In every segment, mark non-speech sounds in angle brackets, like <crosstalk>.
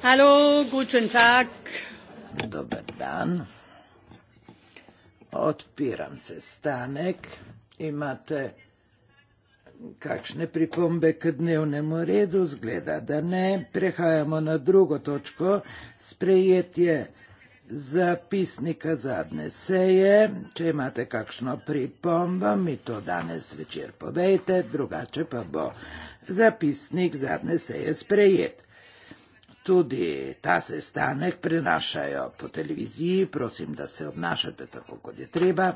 Hallo, guten Tag. Dobar dan. Otpiram se stanek. Imate kakšne pripombe k dnevnemu redu? Zgleda, da ne. Prehajamo na drugo točko. Sprejetje zapisnika zadnje seje. Če imate kakšno pripombo, mi to danes večer povejte, drugače pa bo zapisnik zadnje seje sprejet. Tudi ta sestanek prenašajo po televiziji, prosim, da se obnašate tako, kot je treba.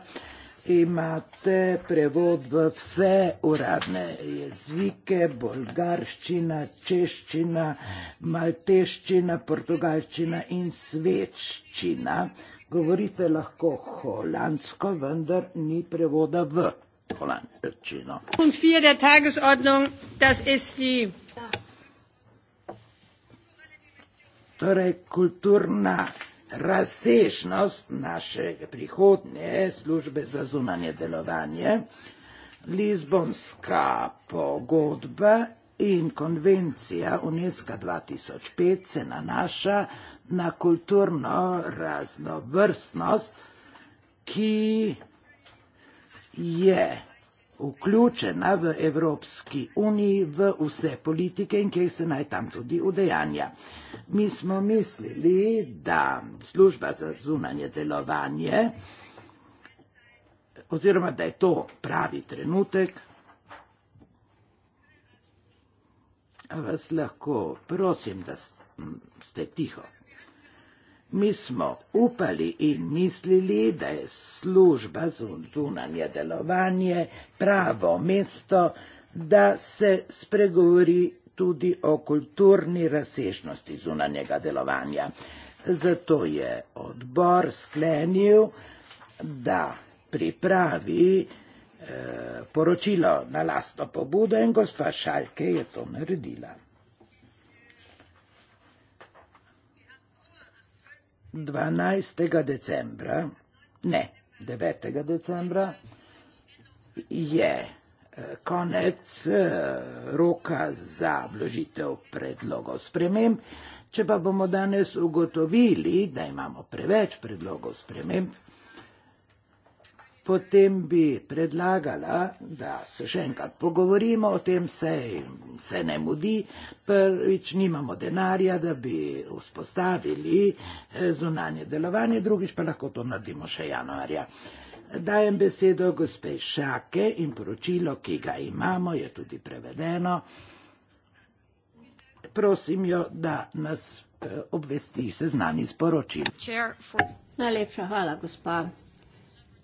Imate prevod v vse uradne jezike, bolgarščina, češčina, malteščina, portugalščina in svečščina. Govorite lahko holandsko, vendar ni prevoda v holandščino. Punkt 4 der Tagesordnung, das ist die Torej, kulturna razsežnost naše prihodnje službe za zunanje delovanje, Lizbonska pogodba in konvencija UNESCO 2005 se nanaša na kulturno raznovrstnost, ki je vključena v Evropski uniji v vse politike in kjer se naj tam tudi udejanja. Mi smo mislili, da služba za zunanje delovanje oziroma da je to pravi trenutek, vas lahko prosim, da ste tiho. Mi smo upali i mislili da je služba za zunanje delovanje pravo mesto da se spregovori tudi o kulturni razsežnosti zunanjega delovanja. Zato je odbor sklenil, da pripravi eh, poročilo na lastno pobudo in gospa Šalke je to naredila. 12. decembra, ne, 9. decembra je eh, konec eh, roka za vložitev predlogov sprememb. Če pa bomo danes ugotovili, da imamo preveč predlogov sprememb, potem bi predlagala, da se še enkrat pogovorimo o tem, se, se ne mudi, prvič nimamo denarja, da bi vzpostavili eh, zunanje delovanje, drugič pa lahko to naredimo še januarja. Dajem besedo gospe Šake in poročilo, ki ga imamo, je tudi prevedeno. Prosim jo, da nas eh, obvesti, seznani s poročilom. Najlepša hvala, gospa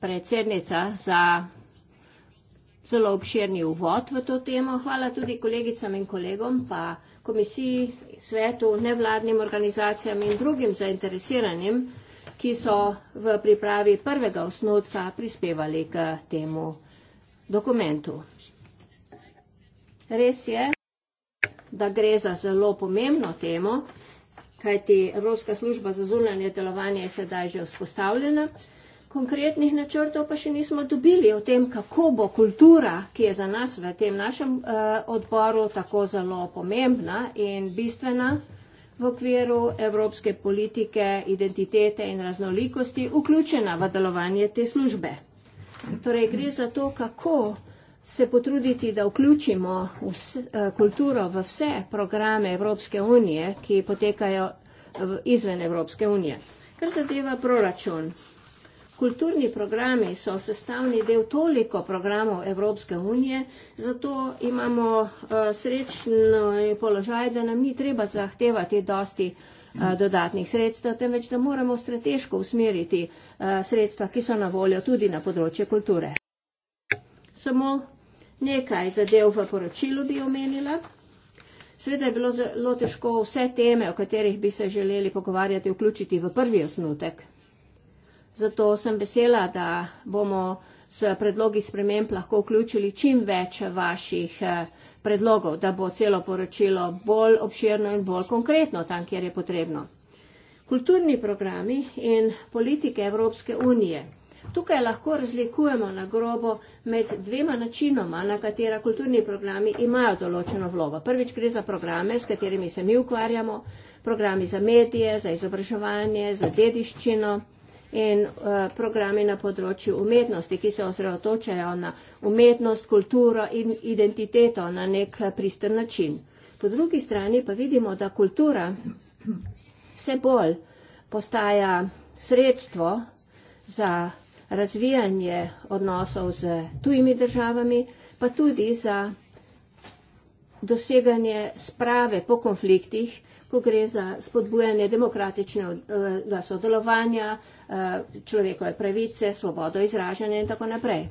predsednica za zelo obširni uvod v to temo. Hvala tudi kolegicam in kolegom, pa komisiji, svetu, nevladnim organizacijam in drugim zainteresiranim, ki so v pripravi prvega osnutka prispevali k temu dokumentu. Res je, da gre za zelo pomembno temo, kajti Evropska služba za zunanje delovanje je sedaj že vzpostavljena Konkretnih načrtov pa še nismo dobili o tem, kako bo kultura, ki je za nas v tem našem uh, odboru tako zelo pomembna in bistvena v okviru evropske politike identitete in raznolikosti, vključena v delovanje te službe. Torej gre za to, kako se potruditi, da vključimo vse, uh, kulturo v vse programe Evropske unije, ki potekajo eh, izven Evropske unije. Kar zadeva proračun. Kulturni programi so sestavni del toliko programov Evropske unije, zato imamo eh, srečni položaj, da nam ni treba zahtevati dosti eh, dodatnih sredstev, temveč da moramo strateško usmeriti eh, sredstva, ki so na voljo tudi na področje kulture. Samo nekaj zadev v poročilu bi omenila. Sveda je bilo zelo težko vse teme, o katerih bi se želeli pogovarjati, vključiti v prvi osnutek Zato sem vesela, da bomo s predlogi sprememb lahko vključili čim več vaših eh, predlogov, da bo celo poročilo bolj obširno in bolj konkretno tam, kjer je potrebno. Kulturni programi in politike Evropske unije. Tukaj lahko razlikujemo na grobo med dvema načinoma, na katera kulturni programi imajo določeno vlogo. Prvič gre za programe, s katerimi se mi ukvarjamo, programi za medije, za izobraževanje, za dediščino in uh, eh, programe na področju umetnosti, ki se osredotočajo na umetnost, kulturo in identiteto na nek eh, pristen način. Po drugi strani pa vidimo, da kultura vse bolj postaja sredstvo za razvijanje odnosov z tujimi državami, pa tudi za doseganje sprave po konfliktih, ko gre za spodbujanje demokratičnega eh, sodelovanja, Eh, človekove pravice, svobodo izražanja in tako naprej.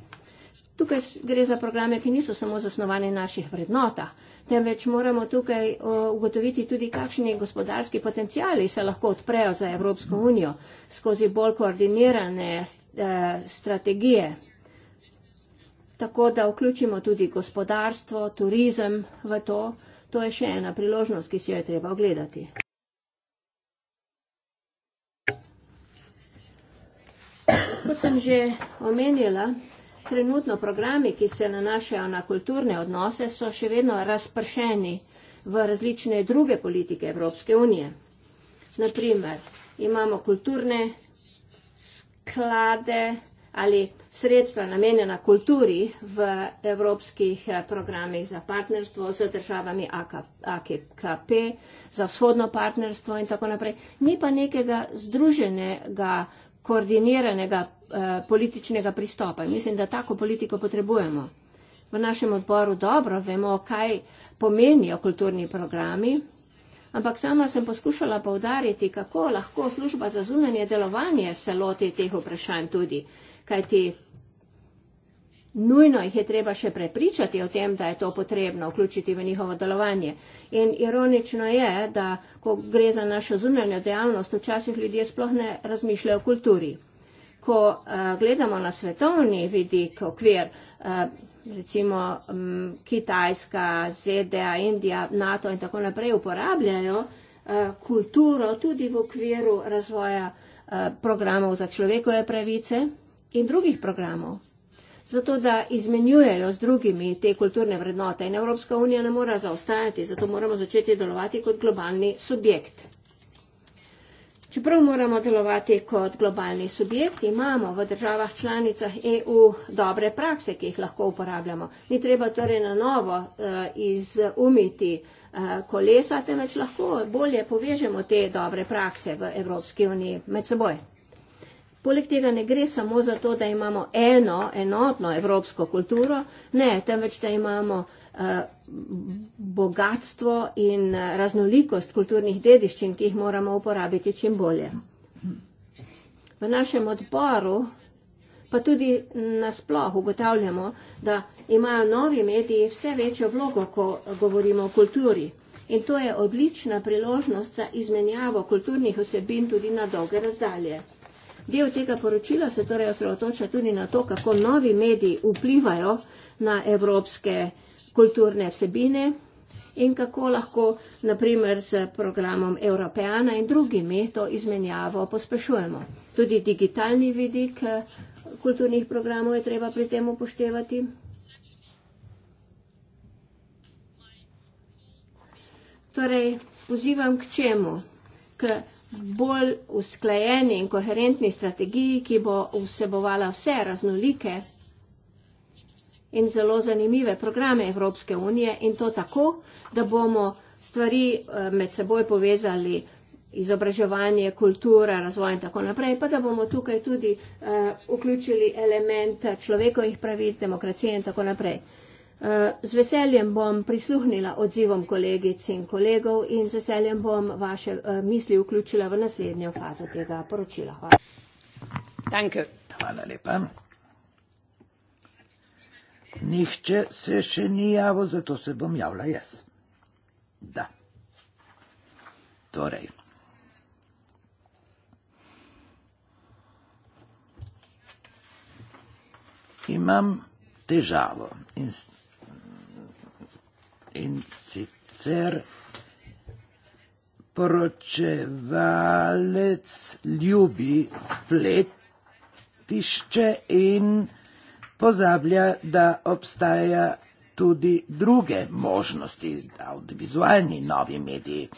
Tukaj gre za programe, ki niso samo zasnovani na naših vrednotah, temveč moramo tukaj eh, ugotoviti tudi, kakšni gospodarski potencijali se lahko odprejo za Evropsko unijo skozi bolj koordinirane eh, strategije, tako da vključimo tudi gospodarstvo, turizem v to. To je še ena priložnost, ki si jo je treba ogledati. Kot sem že omenila, trenutno programi, ki se nanašajo na kulturne odnose, so še vedno razpršeni v različne druge politike Evropske unije. Naprimer, imamo kulturne sklade ali sredstva namenjena kulturi v evropskih eh, programih za partnerstvo z državami AKP, za vzhodno partnerstvo in tako naprej. Ni pa nekega združenega koordiniranega eh, političnega pristopa. Mislim, da tako politiko potrebujemo. V našem odboru dobro vemo, kaj pomenijo kulturni programi, ampak sama sem poskušala povdariti, kako lahko služba za zunanje delovanje se loti teh vprašanj tudi, kajti Nujno jih je treba še prepričati o tem, da je to potrebno vključiti v njihovo delovanje. In ironično je, da ko gre za našo zunanjo dejavnost, včasih ljudje sploh ne razmišljajo o kulturi. Ko uh, gledamo na svetovni vidik okvir, uh, recimo um, Kitajska, ZDA, Indija, NATO in tako naprej uporabljajo uh, kulturo tudi v okviru razvoja uh, programov za človekove pravice in drugih programov zato da izmenjujejo z drugimi te kulturne vrednote. In Evropska unija ne mora zaostajati, zato moramo začeti delovati kot globalni subjekt. Čeprav moramo delovati kot globalni subjekt, imamo v državah članicah EU dobre prakse, ki jih lahko uporabljamo. Ni treba torej na novo uh, izumiti uh, kolesa, temveč lahko bolje povežemo te dobre prakse v Evropski uniji med seboj. Poleg tega ne gre samo za to, da imamo eno enotno evropsko kulturo, ne, temveč da imamo eh, bogatstvo in eh, raznolikost kulturnih dediščin, ki jih moramo uporabiti čim bolje. V našem odboru pa tudi nasploh ugotavljamo, da imajo novi mediji vse večjo vlogo, ko govorimo o kulturi. In to je odlična priložnost za izmenjavo kulturnih osebin tudi na dolge razdalje. Del tega poročila se torej osredotoča tudi na to, kako novi mediji vplivajo na evropske kulturne vsebine in kako lahko naprimer s programom Europeana in drugimi to izmenjavo pospešujemo. Tudi digitalni vidik eh, kulturnih programov je treba pri tem upoštevati. Torej, pozivam k čemu? k bolj usklajeni in koherentni strategiji, ki bo vsebovala vse raznolike in zelo zanimive programe Evropske unije in to tako, da bomo stvari eh, med seboj povezali izobraževanje, kultura, razvoj in tako naprej, pa da bomo tukaj tudi uh, vključili element človekovih pravic, demokracije in tako naprej. Z veseljem bom prisluhnila odzivom kolegic in kolegov in z veseljem bom vaše eh, misli vključila v naslednjo fazo tega poročila. Hvala. Danke. Hvala lepa. Nihče se še ni javil, zato se bom javila jaz. Da. Torej. Imam težavo in in sicer poročevalec ljubi spletišče in pozablja, da obstaja tudi druge možnosti, audiovizualni novi mediji.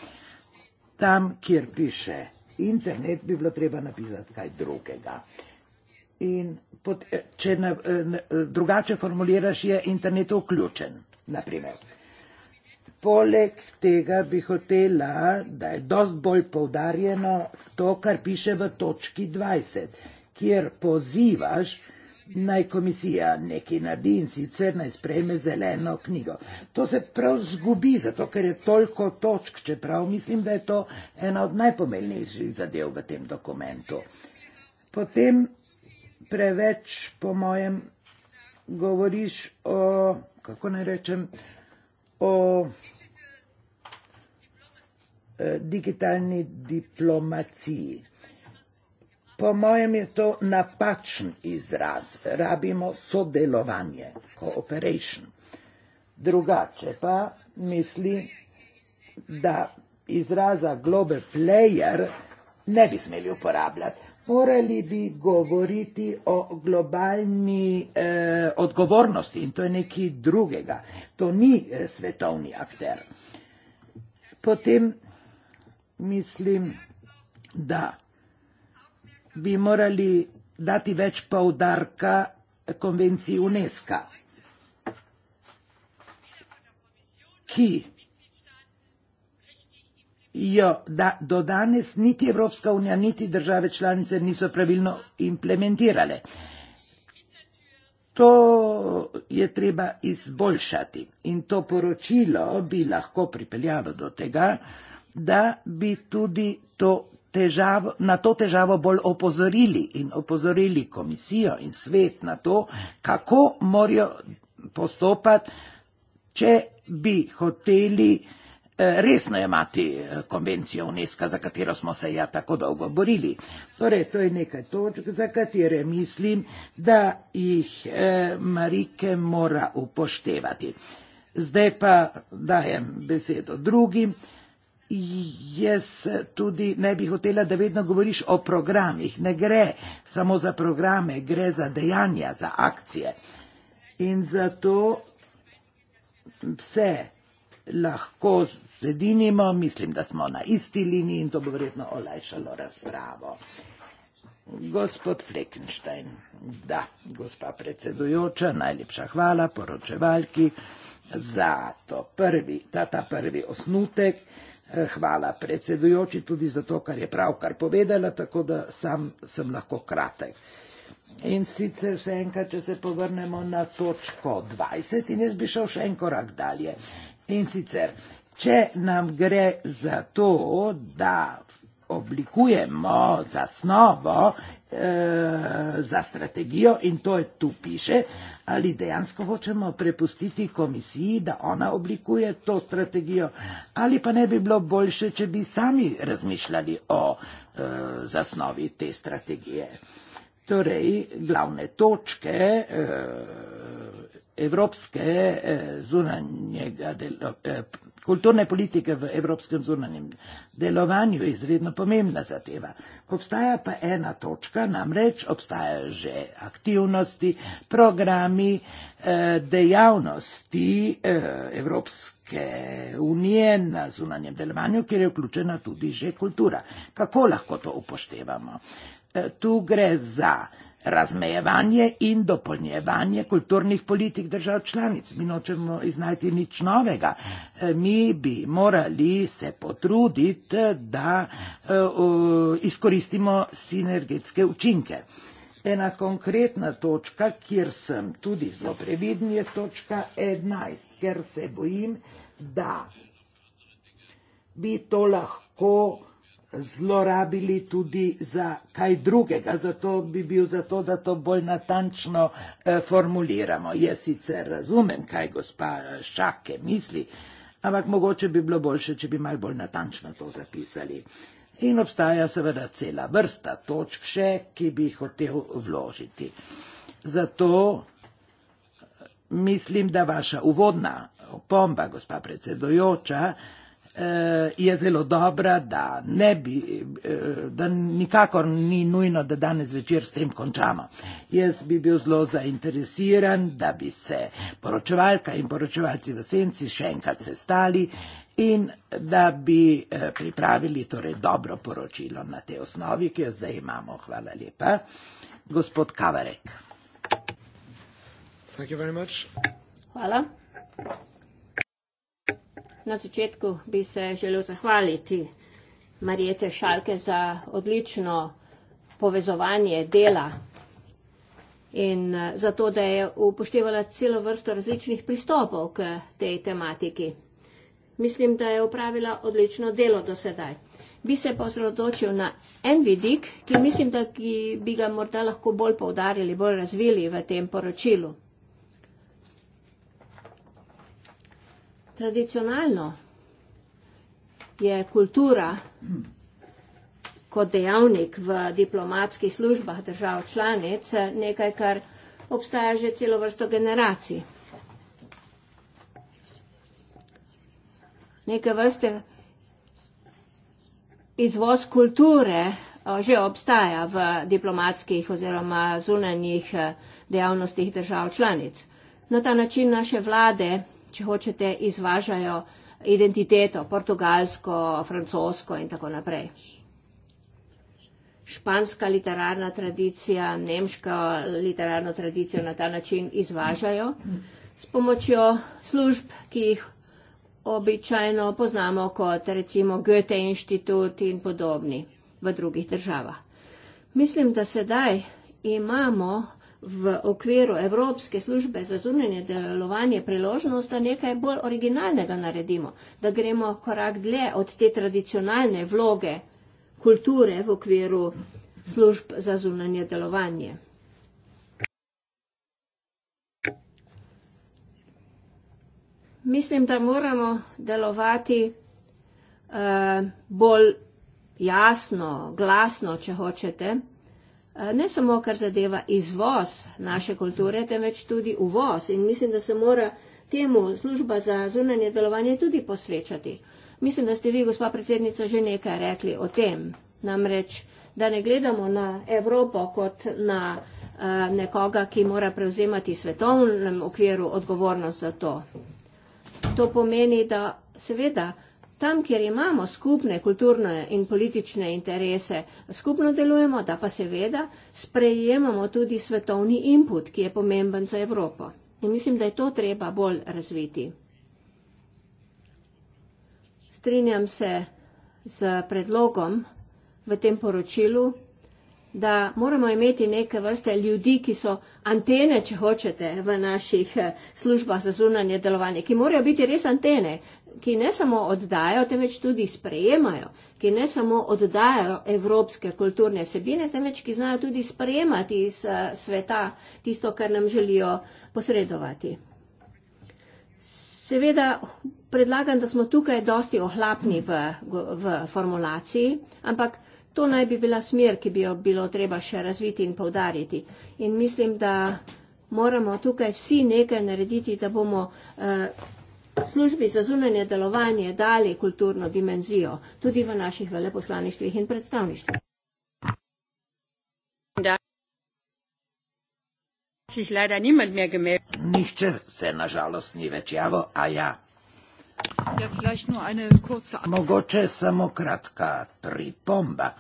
Tam, kjer piše internet, bi bilo treba napisati kaj drugega. In pot, eh, če na, eh, eh, drugače formuliraš, je internet vključen, naprimer. Poleg tega bi hotela, da je dost bolj povdarjeno to, kar piše v točki 20, kjer pozivaš, naj komisija nekaj naredi in sicer naj sprejme zeleno knjigo. To se prav zgubi, zato ker je toliko točk, čeprav mislim, da je to ena od najpomembnejših zadev v tem dokumentu. Potem preveč, po mojem, govoriš o, kako naj rečem, o e, digitalni diplomaciji. Po mojem je to napačen izraz. Rabimo sodelovanje, cooperation. Drugače pa misli, da izraza global player ne bi smeli uporabljati morali bi govoriti o globalni e, odgovornosti in to je neki drugega. To ni e, svetovni akter. Potem mislim, da bi morali dati več poudarka konvenciji UNESCO, ki jo da do danes niti Evropska unija niti države članice niso pravilno implementirale. To je treba izboljšati in to poročilo bi lahko pripeljalo do tega, da bi tudi to težavo, na to težavo bolj opozorili in opozorili komisijo in svet na to, kako morajo postopati, če bi hoteli E, resno imati e, konvencijo UNESCO, za katero smo se ja tako dolgo borili. Torej, to je nekaj točk, za katere mislim, da jih e, Marike mora upoštevati. Zdaj pa dajem besedo drugim. Jaz tudi ne bi hotela, da vedno govoriš o programih. Ne gre samo za programe, gre za dejanja, za akcije. In zato vse lahko sedinimo, mislim, da smo na isti liniji in to bo verjetno olajšalo razpravo. Gospod Fleckenstein, da, gospa predsedujoča, najlepša hvala poročevalki za to prvi, ta, ta prvi osnutek. Hvala predsedujoči tudi za to, kar je pravkar povedala, tako da sam sem lahko kratek. In sicer še enkrat, če se povrnemo na točko 20 in jaz bi šel še en korak dalje. In sicer, če nam gre za to, da oblikujemo zasnovo e, za strategijo in to je tu piše, ali dejansko hočemo prepustiti komisiji, da ona oblikuje to strategijo, ali pa ne bi bilo boljše, če bi sami razmišljali o e, zasnovi te strategije. Torej, glavne točke e, evropske eh, zunanje delo, eh, kulturne politike v evropskem zunanjem delovanju izredno pomembna zadeva. Obstaja pa ena točka, namreč obstajajo že aktivnosti, programi, eh, dejavnosti evropske Evropske unije na zunanjem delovanju, kjer je vključena tudi že kultura. Kako lahko to upoštevamo? Tu gre za razmejevanje in dopolnjevanje kulturnih politik držav članic. Mi nočemo iznajti nič novega. E, mi bi morali se potruditi, da e, izkoristimo sinergetske učinke. Ena konkretna točka, kjer sem tudi zelo previden, je točka 11, ker se bojim, da bi to lahko zlorabili tudi za kaj drugega. Zato bi bil za to, da to bolj natančno eh, formuliramo. Jaz sicer razumem, kaj gospa Šake misli, ampak mogoče bi bilo boljše, če bi mal bolj natančno to zapisali. In obstaja seveda cela vrsta točk še, ki bi jih hotel vložiti. Zato eh, mislim, da vaša uvodna opomba, gospa predsedojoča, Eh, je zelo dobra, da ne bi, eh, da nikakor ni nujno, da danes večer s tem končamo. Jaz bi bil zelo zainteresiran, da bi se poročevalka in poročevalci v senci še enkrat sestali in da bi eh, pripravili torej dobro poročilo na te osnovi, ki jo zdaj imamo. Hvala lepa. Gospod Kavarek. Hvala. Na začetku bi se želel zahvaliti Marijete Šalke za odlično povezovanje dela in eh, za to, da je upoštevala celo vrsto različnih pristopov k tej tematiki. Mislim, da je upravila odlično delo do sedaj. Bi se pa na en vidik, ki mislim, da ki bi ga morda lahko bolj povdarili, bolj razvili v tem poročilu. tradicionalno je kultura kot dejavnik v diplomatskih službah držav članic nekaj, kar obstaja že celo vrsto generacij. Neke vrste izvoz kulture eh, že obstaja v diplomatskih oziroma zunanjih eh, dejavnostih držav članic. Na ta način naše vlade če hočete, izvažajo identiteto, portugalsko, francosko in tako naprej. Španska literarna tradicija, nemška literarna tradicija na ta način izvažajo s pomočjo služb, ki jih običajno poznamo kot recimo Goethe inštitut in podobni v drugih državah. Mislim, da sedaj imamo v okviru Evropske službe za zunanje delovanje priložnost, da nekaj bolj originalnega naredimo, da gremo korak dlje od te tradicionalne vloge kulture v okviru služb za zunanje delovanje. Mislim, da moramo delovati uh, bolj jasno, glasno, če hočete, Eh, ne samo kar zadeva izvoz naše kulture, temveč tudi uvoz. In mislim, da se mora temu služba za zunanje delovanje tudi posvečati. Mislim, da ste vi, gospa predsednica, že nekaj rekli o tem. Namreč, da ne gledamo na Evropo kot na uh, nekoga, ki mora prevzemati svetovnem okviru odgovornost za to. To pomeni, da seveda tam, kjer imamo skupne kulturne in politične interese, skupno delujemo, da pa seveda sprejemamo tudi svetovni input, ki je pomemben za Evropo. In mislim, da je to treba bolj razviti. Strinjam se z predlogom v tem poročilu, da moramo imeti neke vrste ljudi, ki so antene, če hočete, v naših eh, službah za zunanje delovanje, ki morajo biti res antene ki ne samo oddajajo, temveč tudi sprejemajo, ki ne samo oddajajo evropske kulturne sebine, temveč ki znajo tudi sprejemati iz eh, sveta tisto, kar nam želijo posredovati. Seveda predlagam, da smo tukaj dosti ohlapni v, v formulaciji, ampak to naj bi bila smer, ki bi jo bilo treba še razviti in povdariti. In mislim, da moramo tukaj vsi nekaj narediti, da bomo eh, službi za zunanje delovanje dali kulturno dimenzijo tudi v naših veleposlaništvih in predstavništvih. Nihče se nažalost ni več javil, a ja. Mogoče samo kratka pripomba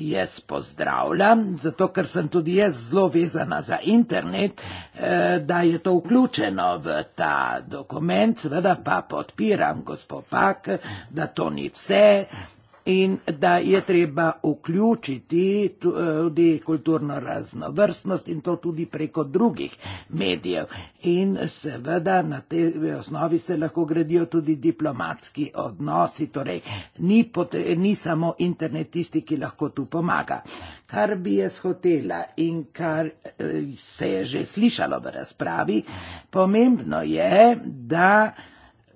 jaz pozdravljam, zato ker sem tudi jaz zelo vezana za internet, eh, da je to vključeno v ta dokument, seveda pa podpiram gospod Pak, da to ni vse, in da je treba vključiti eh, tudi kulturno raznovrstnost in to tudi preko drugih medijev. In seveda na tej osnovi se lahko gradijo tudi diplomatski odnosi, torej ni, ni samo internet tisti, ki lahko tu pomaga. Kar bi jaz hotela in kar eh, se je že slišalo v razpravi, pomembno je, da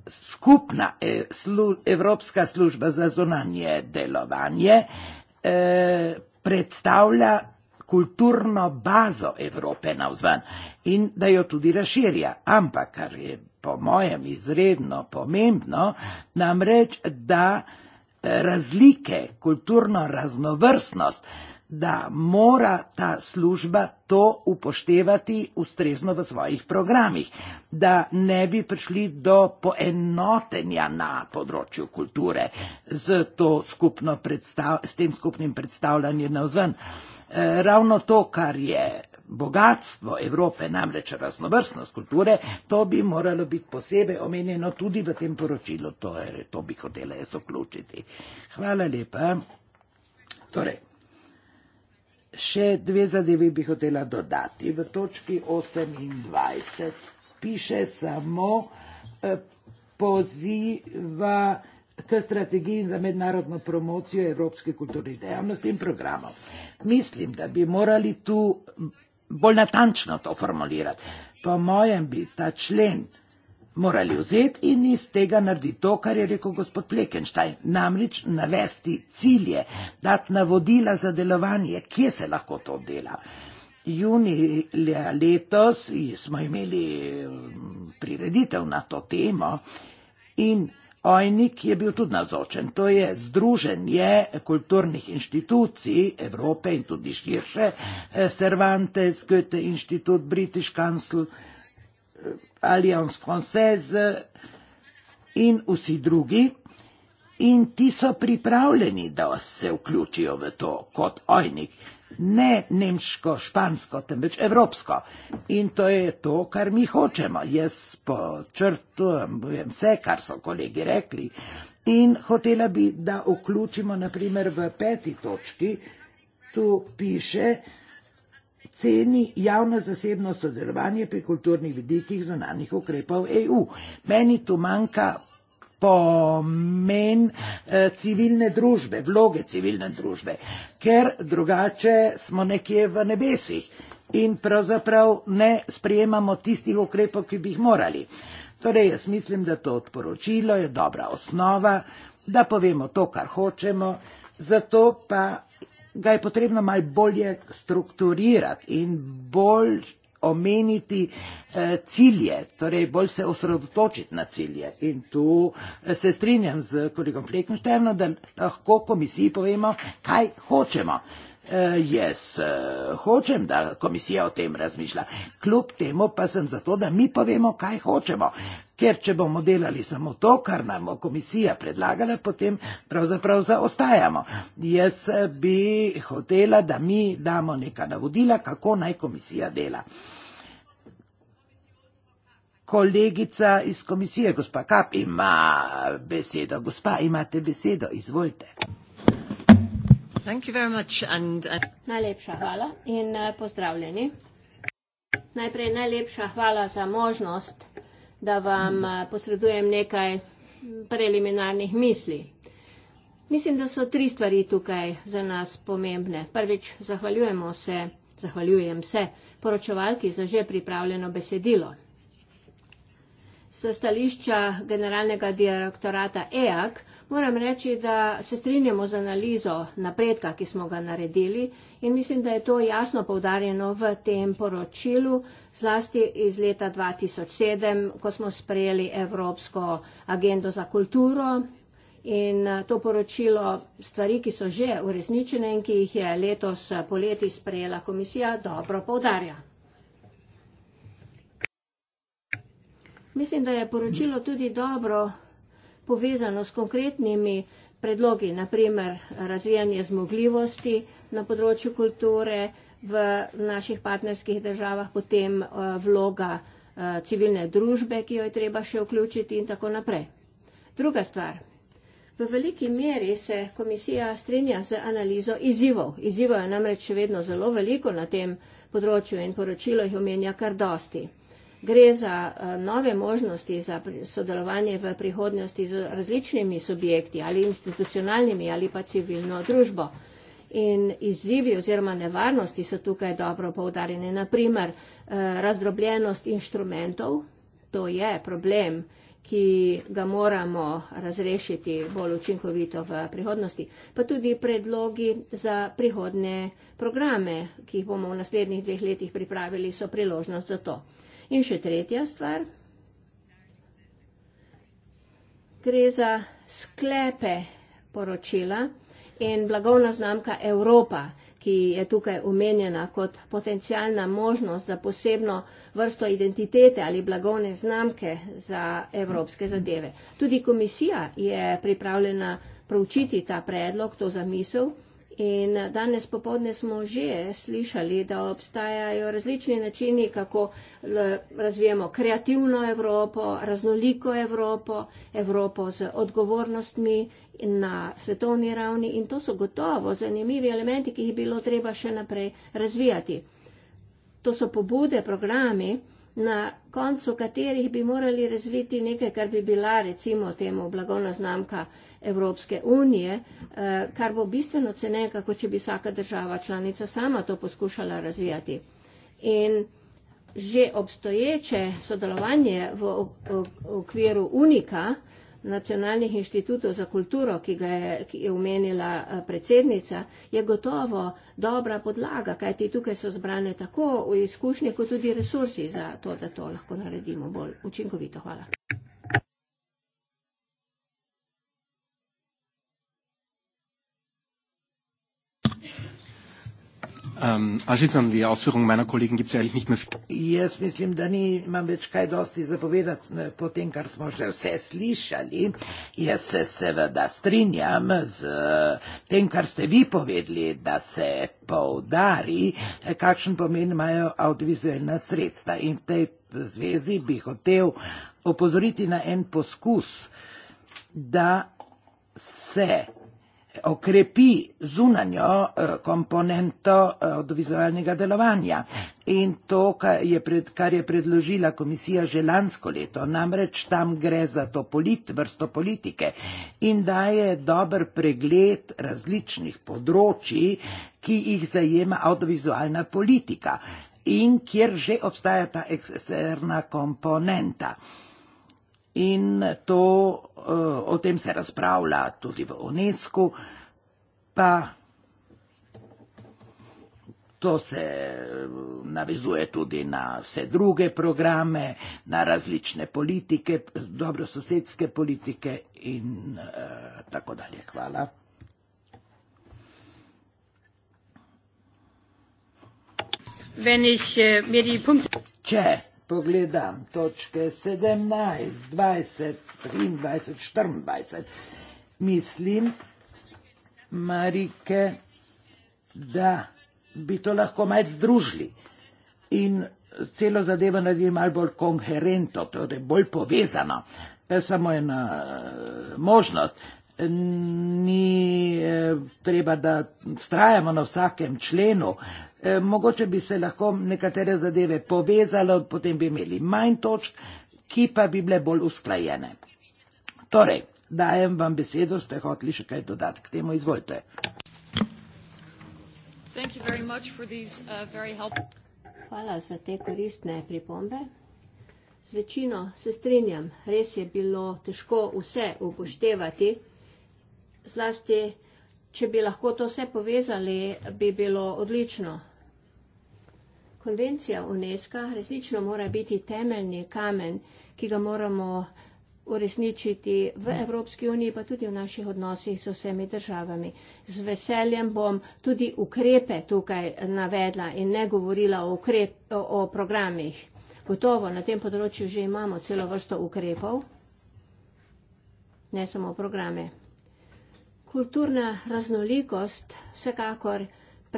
skupna e, slu, Evropska služba za zonanje delovanje e, predstavlja kulturno bazo Evrope navzven in da jo tudi razširja. Ampak, kar je po mojem izredno pomembno, namreč, da e, razlike, kulturno raznovrstnost, da mora ta služba to upoštevati ustrezno v svojih programih, da ne bi prišli do poenotenja na področju kulture z, predstav, s tem skupnim predstavljanjem na vzven. E, ravno to, kar je bogatstvo Evrope, namreč raznovrstnost kulture, to bi moralo biti posebej omenjeno tudi v tem poročilu. To, je, to bi hotela jaz vključiti. Hvala lepa. Torej, Še dve zadevi bi hotela dodati. V točki 28 piše samo eh, poziva k strategiji za mednarodno promocijo evropske kulturne dejavnosti in programov. Mislim, da bi morali tu bolj natančno to formulirati. Po mojem bi ta člen morali vzeti in iz tega narediti to, kar je rekel gospod Plekenštajn, namreč navesti cilje, dati navodila za delovanje, kje se lahko to dela. Junija letos smo imeli mm, prireditev na to temo in Ojnik je bil tudi navzočen, to je združenje kulturnih inštitucij Evrope in tudi širše, eh, Cervantes, Goethe inštitut, British Council, Alliance Française in vsi drugi. In ti so pripravljeni, da se vključijo v to kot ojnik. Ne nemško, špansko, temveč evropsko. In to je to, kar mi hočemo. Jaz počrtujem vse, kar so kolegi rekli. In hotela bi, da vključimo naprimer v peti točki, tu piše, ceni javno-zasebno sodelovanje pri kulturnih vidikih zunanjih ukrepov EU. Meni tu manjka pomen eh, civilne družbe, vloge civilne družbe, ker drugače smo nekje v nebesih in pravzaprav ne sprejemamo tistih ukrepov, ki bi jih morali. Torej, jaz mislim, da to odporočilo je dobra osnova, da povemo to, kar hočemo, zato pa ga je potrebno mal bolje strukturirati in bolj omeniti eh, cilje, torej bolj se osredotočiti na cilje. In tu eh, se strinjam z kolegom Fleckensteino, da lahko komisiji povemo, kaj hočemo. E, jaz e, hočem, da komisija o tem razmišlja. Kljub temu pa sem zato, da mi povemo, kaj hočemo. Ker če bomo delali samo to, kar nam bo komisija predlagala, potem pravzaprav zaostajamo. Jaz e, bi hotela, da mi damo neka navodila, kako naj komisija dela. Kolegica iz komisije, gospa Kap, ima besedo. Gospa, imate besedo, izvolite. Thank you very much and, uh, Najlepša hvala in uh, pozdravljeni. Najprej najlepša hvala za možnost, da vam uh, posredujem nekaj preliminarnih misli. Mislim, da so tri stvari tukaj za nas pomembne. Prvič, zahvaljujemo se, zahvaljujem se poročevalki za že pripravljeno besedilo. S stališča generalnega direktorata EAK Moram reči, da se strinjamo z analizo napredka, ki smo ga naredili in mislim, da je to jasno povdarjeno v tem poročilu, zlasti iz leta 2007, ko smo sprejeli Evropsko agendo za kulturo in eh, to poročilo stvari, ki so že uresničene in ki jih je letos poleti sprejela komisija, dobro povdarja. Mislim, da je poročilo tudi dobro povezano s konkretnimi predlogi, naprimer razvijanje zmogljivosti na področju kulture v naših partnerskih državah, potem eh, vloga eh, civilne družbe, ki jo je treba še vključiti in tako naprej. Druga stvar. V veliki meri se komisija strinja z analizo izzivov. Izzivov je namreč še vedno zelo veliko na tem področju in poročilo jih omenja kar dosti. Gre za e, nove možnosti za sodelovanje v prihodnosti z različnimi subjekti ali institucionalnimi ali pa civilno družbo. In izzivi oziroma nevarnosti so tukaj dobro poudarjene. Naprimer, e, razdrobljenost inštrumentov, to je problem, ki ga moramo razrešiti bolj učinkovito v prihodnosti, pa tudi predlogi za prihodne programe, ki jih bomo v naslednjih dveh letih pripravili, so priložnost za to. In še tretja stvar. Gre za sklepe poročila in blagovna znamka Evropa, ki je tukaj omenjena kot potencijalna možnost za posebno vrsto identitete ali blagovne znamke za evropske zadeve. Tudi komisija je pripravljena proučiti ta predlog, to zamisel In danes popodne smo že slišali, da obstajajo različni načini, kako razvijemo kreativno Evropo, raznoliko Evropo, Evropo z odgovornostmi na svetovni ravni in to so gotovo zanimivi elementi, ki jih je bilo treba še naprej razvijati. To so pobude, programi, na koncu katerih bi morali razviti nekaj, kar bi bila recimo temu blagovna znamka Evropske unije, eh, kar bo bistveno ceneje, kako če bi vsaka država članica sama to poskušala razvijati. In že obstoječe sodelovanje v okviru Unika nacionalnih inštitutov za kulturo, ki ga je, ki je omenila eh, predsednica, je gotovo dobra podlaga, kajti tukaj so zbrane tako izkušnje, kot tudi resursi za to, da to lahko naredimo bolj učinkovito. Hvala. Ähm, die Ausführungen meiner Kollegen gibt es eigentlich nicht mehr viel. Jaz mislim, da ni, imam več kaj dosti zapovedati po tem, kar smo že vse slišali. Jaz se seveda strinjam z tem, kar ste vi povedali, da se poudari, kakšen pomen imajo audiovizualna sredstva. In v tej zvezi bi hotel opozoriti na en poskus, da se okrepi zunanjo eh, komponento audiovizualnega eh, delovanja. In to, kar je, pred, kar je predložila komisija že lansko leto, namreč tam gre za to polit, vrsto politike in daje dober pregled različnih področji, ki jih zajema audiovizualna politika in kjer že obstaja ta eksterna komponenta in to, eh, o tem se razpravlja tudi v UNESCO, pa to se eh, navezuje tudi na vse druge programe, na različne politike, dobrososedske politike in eh, tako dalje. Hvala. Wenn ich, äh, mir die Punkte... Če pogledam točke 17, 20, 23, 24, mislim, Marike, da bi to lahko malce združili in celo zadevo naredili malo bolj konherento, torej bolj povezano. To je Samo ena eh, možnost. Ni eh, treba, da vztrajamo na vsakem členu, Eh, mogoče bi se lahko nekatere zadeve povezalo, potem bi imeli manj točk, ki pa bi bile bolj usklajene. Torej, dajem vam besedo, ste hoteli še kaj dodati k temu, izvolite. Uh, Hvala za te koristne pripombe. Z večino se strinjam, res je bilo težko vse upoštevati, zlasti če bi lahko to vse povezali, bi bilo odlično. Konvencija UNESCO resnično mora biti temeljni kamen, ki ga moramo uresničiti v Evropski uniji, pa tudi v naših odnosih z vsemi državami. Z veseljem bom tudi ukrepe tukaj navedla in ne govorila o, ukrep, o, o programih. Gotovo na tem področju že imamo celo vrsto ukrepov, ne samo programe. Kulturna raznolikost vsekakor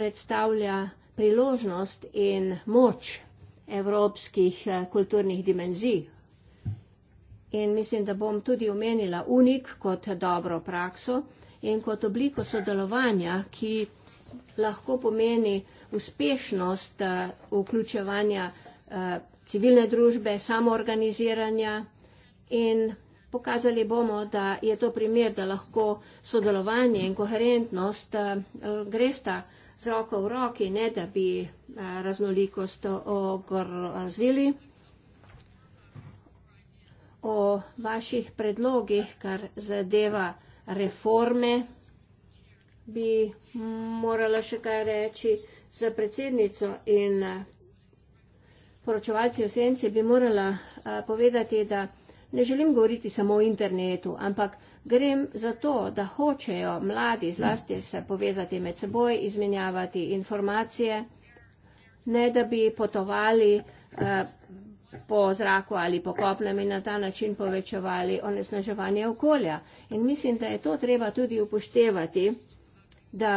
predstavlja priložnost in moč evropskih eh, kulturnih dimenzij. In mislim, da bom tudi omenila unik kot dobro prakso in kot obliko sodelovanja, ki lahko pomeni uspešnost eh, vključevanja eh, civilne družbe, samoorganiziranja in Pokazali bomo, da je to primer, da lahko sodelovanje in koherentnost gresta z roka v roki, ne da eh, bi raznolikost ogrozili. O vaših predlogih, kar zadeva reforme, bi morala še kaj reči za predsednico in eh, poročevalci v senci bi morala eh, povedati, da ne želim govoriti samo o internetu, ampak Grem za to, da hočejo mladi zlasti se povezati med seboj, izmenjavati informacije, ne da bi potovali eh, po zraku ali po kopnem in na ta način povečevali onesnaževanje okolja. In mislim, da je to treba tudi upoštevati, da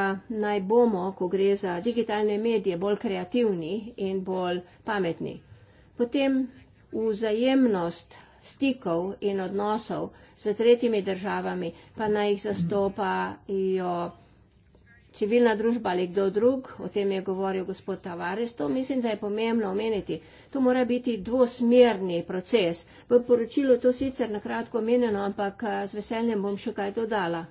naj bomo, ko gre za digitalne medije, bolj kreativni in bolj pametni. Potem vzajemnost stikov in odnosov z tretjimi državami, pa naj jih zastopajo civilna družba ali kdo drug, o tem je govoril gospod Tavares, to mislim, da je pomembno omeniti. To mora biti dvosmerni proces. V poročilu to sicer na kratko omenjeno, ampak eh, z veseljem bom še kaj dodala.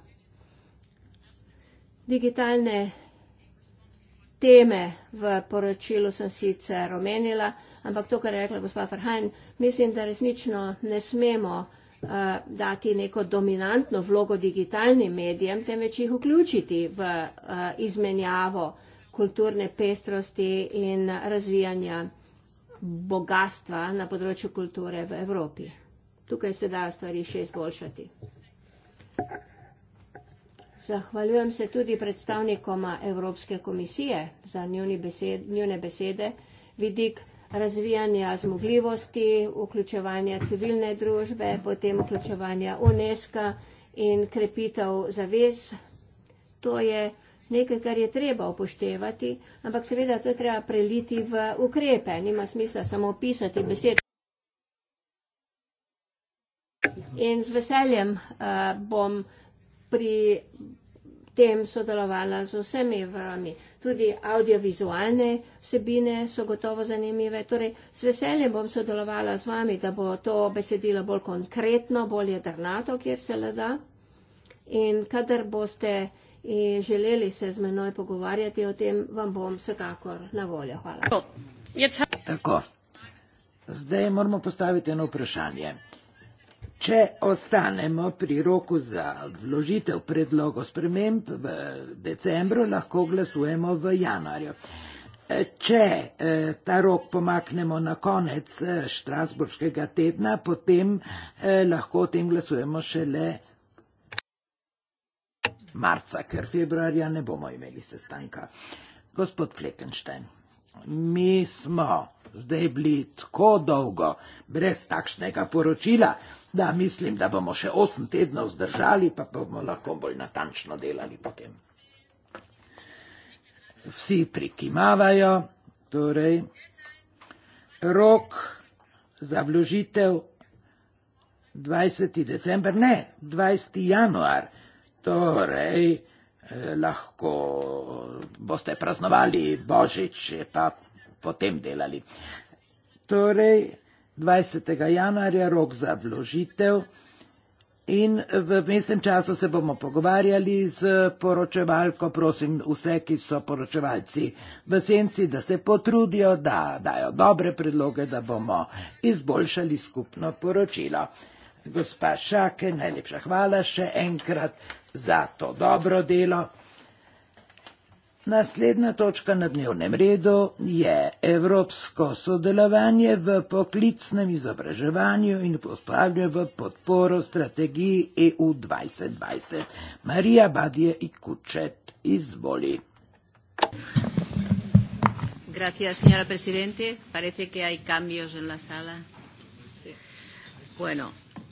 Digitalne teme v poročilu sem sicer omenila, Ampak to, kar je rekla gospa Farhajn, mislim, da resnično ne smemo uh, dati neko dominantno vlogo digitalnim medijem, temveč jih vključiti v uh, izmenjavo kulturne pestrosti in razvijanja bogatstva na področju kulture v Evropi. Tukaj se dajo stvari še izboljšati. Zahvaljujem se tudi predstavnikoma Evropske komisije za njune besede, njune besede. Vidik razvijanja zmogljivosti, vključevanja civilne družbe, potem vključevanja UNESCO in krepitev zavez. To je nekaj, kar je treba upoštevati, ampak seveda to je treba preliti v ukrepe. Nima smisla samo pisati besed. In z veseljem uh, bom pri tem sodelovala z vsemi vrami. Tudi audiovizualne vsebine so gotovo zanimive. Torej, s veseljem bom sodelovala z vami, da bo to besedilo bolj konkretno, bolj jedrnato, kjer se le da. In kadar boste eh, želeli se z menoj pogovarjati o tem, vam bom vsekakor na voljo. Hvala. Tako. Zdaj moramo postaviti eno vprašanje. Če ostanemo pri roku za vložitev predlogov sprememb v decembru, lahko glasujemo v januarju. Če eh, ta rok pomaknemo na konec eh, Štrasburškega tedna, potem eh, lahko o tem glasujemo šele marca, ker februarja ne bomo imeli sestanka. Gospod Fleckenstein, mi smo zdaj bili tako dolgo brez takšnega poročila, da mislim, da bomo še osem tednov zdržali, pa bomo lahko bolj natančno delali potem. Vsi prikimavajo, torej rok za vložitev 20. december, ne, 20. januar. Torej, eh, lahko boste praznovali Božič, pa potem delali. Torej, 20. januarja rok za vložitev in v mestnem času se bomo pogovarjali z poročevalko, prosim vse, ki so poročevalci v senci, da se potrudijo, da dajo dobre predloge, da bomo izboljšali skupno poročilo. Gospa Šake, najlepša hvala še enkrat za to dobro delo Naslednja točka na dnevnem redu je evropsko sodelovanje v poklicnem izobraževanju in postavljanju v podporo strategiji EU 2020. Marija Badje Kučet, izvoli. Gracias, señora presidente. Parece que hay cambios en la sala. Sí. Bueno,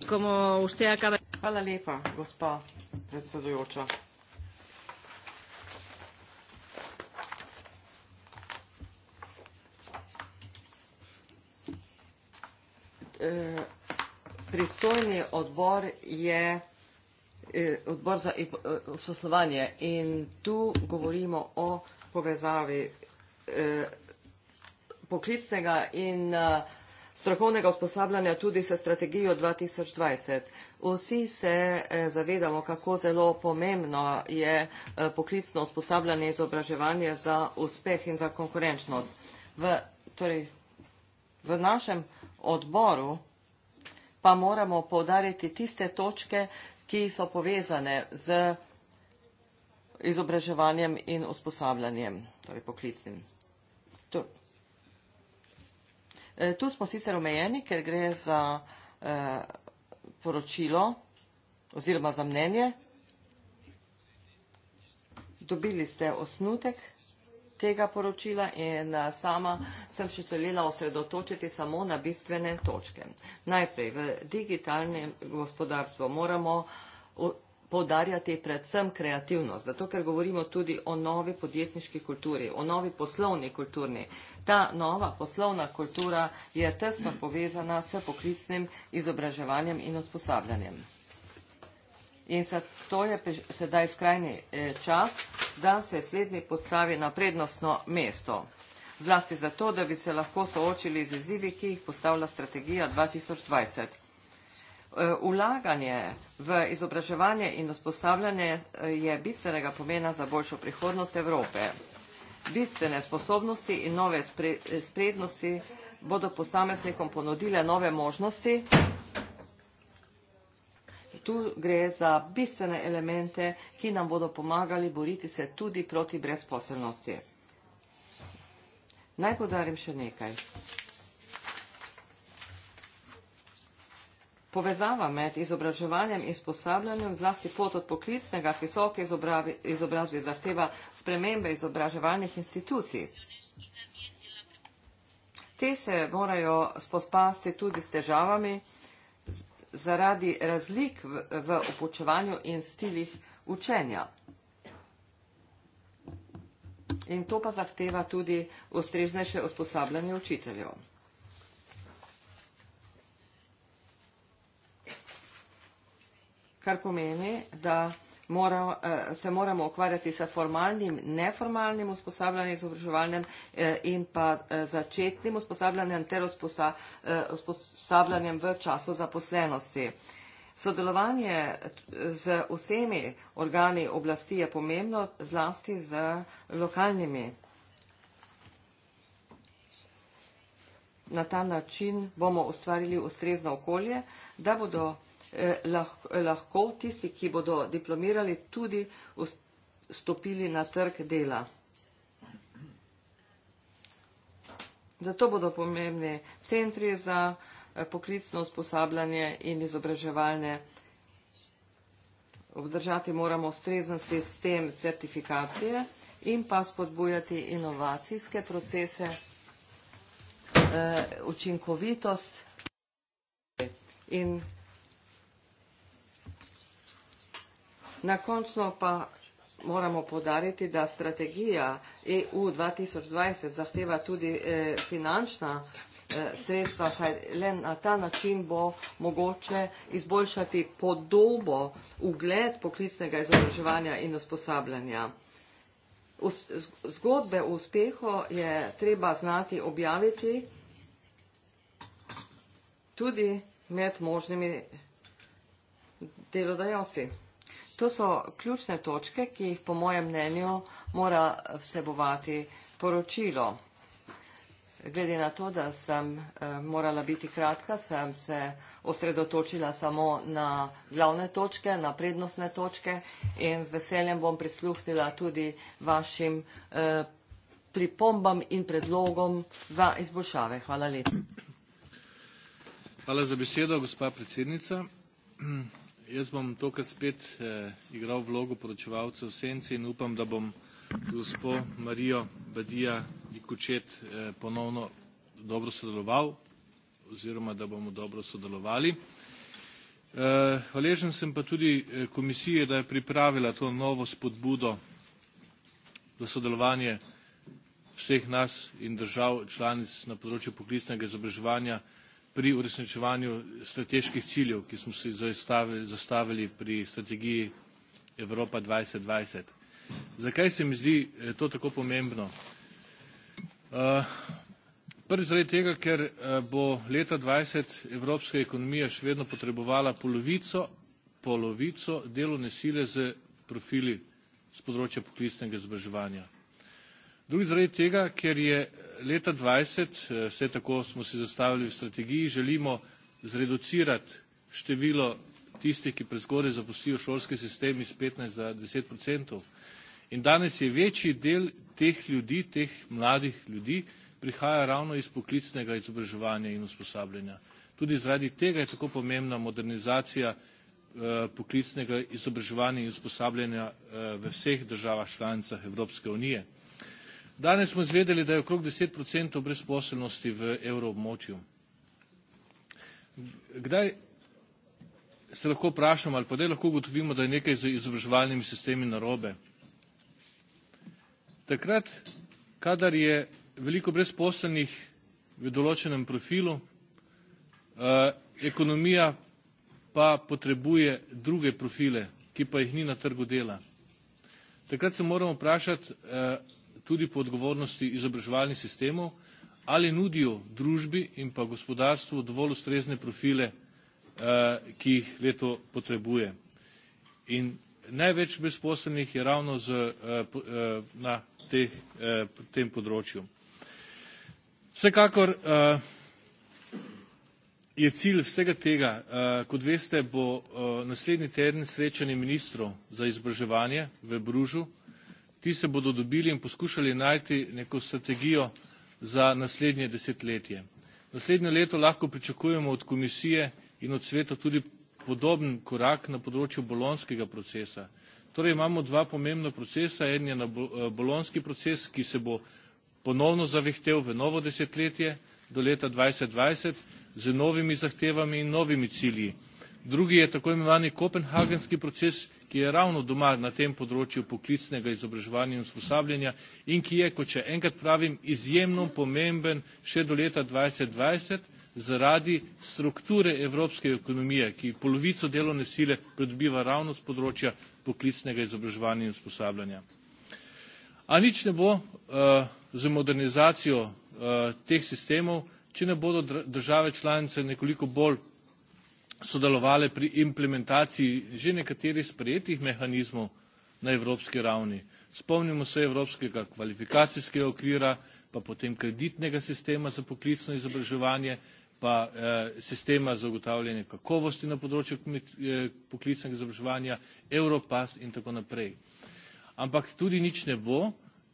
como usted acaba. Hvala lepa, gospa predsedujoča. E, pristojni odbor je e, odbor za poslovanje e, in tu govorimo o povezavi poklicnega in strokovnega usposabljanja tudi s strategijo 2020. Vsi se zavedamo, kako zelo pomembno je poklicno usposabljanje in izobraževanje za uspeh in za konkurenčnost. V, torej, v našem odboru pa moramo povdarjati tiste točke, ki so povezane z izobraževanjem in usposabljanjem, torej poklicnim. Tu, e, tu smo sicer omejeni, ker gre za eh, poročilo oziroma za mnenje. Dobili ste osnutek tega poročila in sama sem še želela osredotočiti samo na bistvene točke. Najprej v digitalnem gospodarstvu moramo podarjati predvsem kreativnost, zato ker govorimo tudi o novi podjetniški kulturi, o novi poslovni kulturni. Ta nova poslovna kultura je tesno povezana s poklicnim izobraževanjem in usposabljanjem. In to je sedaj skrajni e, čas, da se slednji postavi na prednostno mesto. Zlasti zato, da bi se lahko soočili z izzivi, ki jih postavlja strategija 2020. E, ulaganje v izobraževanje in usposabljanje e, je bistvenega pomena za boljšo prihodnost Evrope. Bistvene sposobnosti in nove sprednosti bodo posameznikom ponudile nove možnosti tu gre za bistvene elemente, ki nam bodo pomagali boriti se tudi proti brezposelnosti. Naj podarim še nekaj. Povezava med izobraževanjem in usposabljanjem, zlasti pot od poklicnega k visoke izobrazbi, zahteva spremembe izobraževalnih institucij. Te se morajo spopasti tudi s težavami, zaradi razlik v, v upočevanju in stilih učenja. In to pa zahteva tudi ustreznejše usposabljanje učiteljev. Kar pomeni, da mora, e, se moramo ukvarjati sa formalnim, neformalnim usposabljanjem, izobraževalnem e, in pa e, začetnim usposabljanjem ter usposabljanjem v času zaposlenosti. Sodelovanje z vsemi organi oblasti je pomembno, zlasti z lokalnimi. Na ta način bomo ustvarili ustrezno okolje, da bodo Eh, lahko tisti, ki bodo diplomirali, tudi stopili na trg dela. Zato bodo pomembni centri za eh, poklicno usposabljanje in izobraževalne. Obdržati moramo ustrezen sistem certifikacije in pa spodbujati inovacijske procese, eh, učinkovitost in Na končno pa moramo podariti, da strategija EU 2020 zahteva tudi eh, finančna eh, sredstva, saj le na ta način bo mogoče izboljšati podobo, ugled poklicnega izobraževanja in usposabljanja. Zgodbe o uspehu je treba znati objaviti tudi med možnimi delodajalci. To so ključne točke, ki jih po mojem mnenju mora vsebovati poročilo. Glede na to, da sem eh, morala biti kratka, sem se osredotočila samo na glavne točke, na prednostne točke in z veseljem bom prisluhnila tudi vašim eh, pripombam in predlogom za izboljšave. Hvala lepa. Hvala za besedo, gospa predsednica. Jaz bom tokrat spet eh, igral vlogo poročevalca v senci in upam, da bom gospo Marijo Badija Dikučet eh, ponovno dobro sodeloval oziroma da bomo dobro sodelovali. Eh, hvaležen sem pa tudi eh, komisiji, da je pripravila to novo spodbudo za sodelovanje vseh nas in držav članic na področju poklicnega izobraževanja pri uresničevanju strateških ciljev, ki smo si zastavili pri strategiji Evropa 2020. Zakaj se mi zdi eh, to tako pomembno? Eh, prvič zaradi tega, ker eh, bo leta 2020 evropska ekonomija še vedno potrebovala polovico, polovico delovne sile z profili z področja poklicnega izobraževanja. Drugi zaradi tega, ker je leta dvajset eh, vse tako smo si zastavili v strategiji, želimo zreducirati število tistih, ki prezgodaj zapustijo šolski sistem iz petnajst na deset procentov In danes je večji del teh ljudi, teh mladih ljudi, prihaja ravno iz poklicnega izobraževanja in usposabljanja. Tudi zaradi tega je tako pomembna modernizacija eh, poklicnega izobraževanja in usposabljanja eh, v vseh državah članicah Evropske unije. Danes smo izvedeli, da je okrog 10% brezposelnosti v evroobmočju. Kdaj se lahko vprašamo ali pa kdaj lahko ugotovimo, da je nekaj z izobraževalnimi sistemi narobe? Takrat, kadar je veliko brezposelnih v določenem profilu, eh, ekonomija pa potrebuje druge profile, ki pa jih ni na trgu dela. Takrat se moramo vprašati, eh, tudi po odgovornosti izobraževalnih sistemov, ali nudijo družbi in pa gospodarstvu dovolj ustrezne profile, eh, ki jih leto potrebuje. In največ brezposelnih je ravno z, eh, eh, na teh, tem področju. Vsekakor je cilj vsega tega, kot veste, bo naslednji teden srečanje ministrov za izobraževanje v Bružu Ti se bodo dobili in poskušali najti neko strategijo za naslednje desetletje. Naslednje leto lahko pričakujemo od komisije in od sveta tudi podoben korak na področju bolonskega procesa. Torej imamo dva pomembna procesa. En je na eh, bolonski proces, ki se bo ponovno zavihtel v novo desetletje do leta 2020 z novimi zahtevami in novimi cilji. Drugi je tako imenovani kopenhagenski proces, ki je ravno doma na tem področju poklicnega izobraževanja in usposabljanja in ki je, kot še enkrat pravim, izjemno pomemben še do leta 2020 zaradi strukture evropske ekonomije, ki polovico delovne sile pridobiva ravno z področja poklicnega izobraževanja in usposabljanja. A nič ne bo uh, z modernizacijo uh, teh sistemov, če ne bodo države članice nekoliko bolj sodelovale pri implementaciji že nekaterih sprejetih mehanizmov na evropski ravni. Spomnimo se evropskega kvalifikacijskega okvira, pa potem kreditnega sistema za poklicno izobraževanje, pa eh, sistema zagotavljanja kakovosti na področju eh, poklicnega izobraževanja, Europass in tako naprej. Ampak tudi nič ne bo,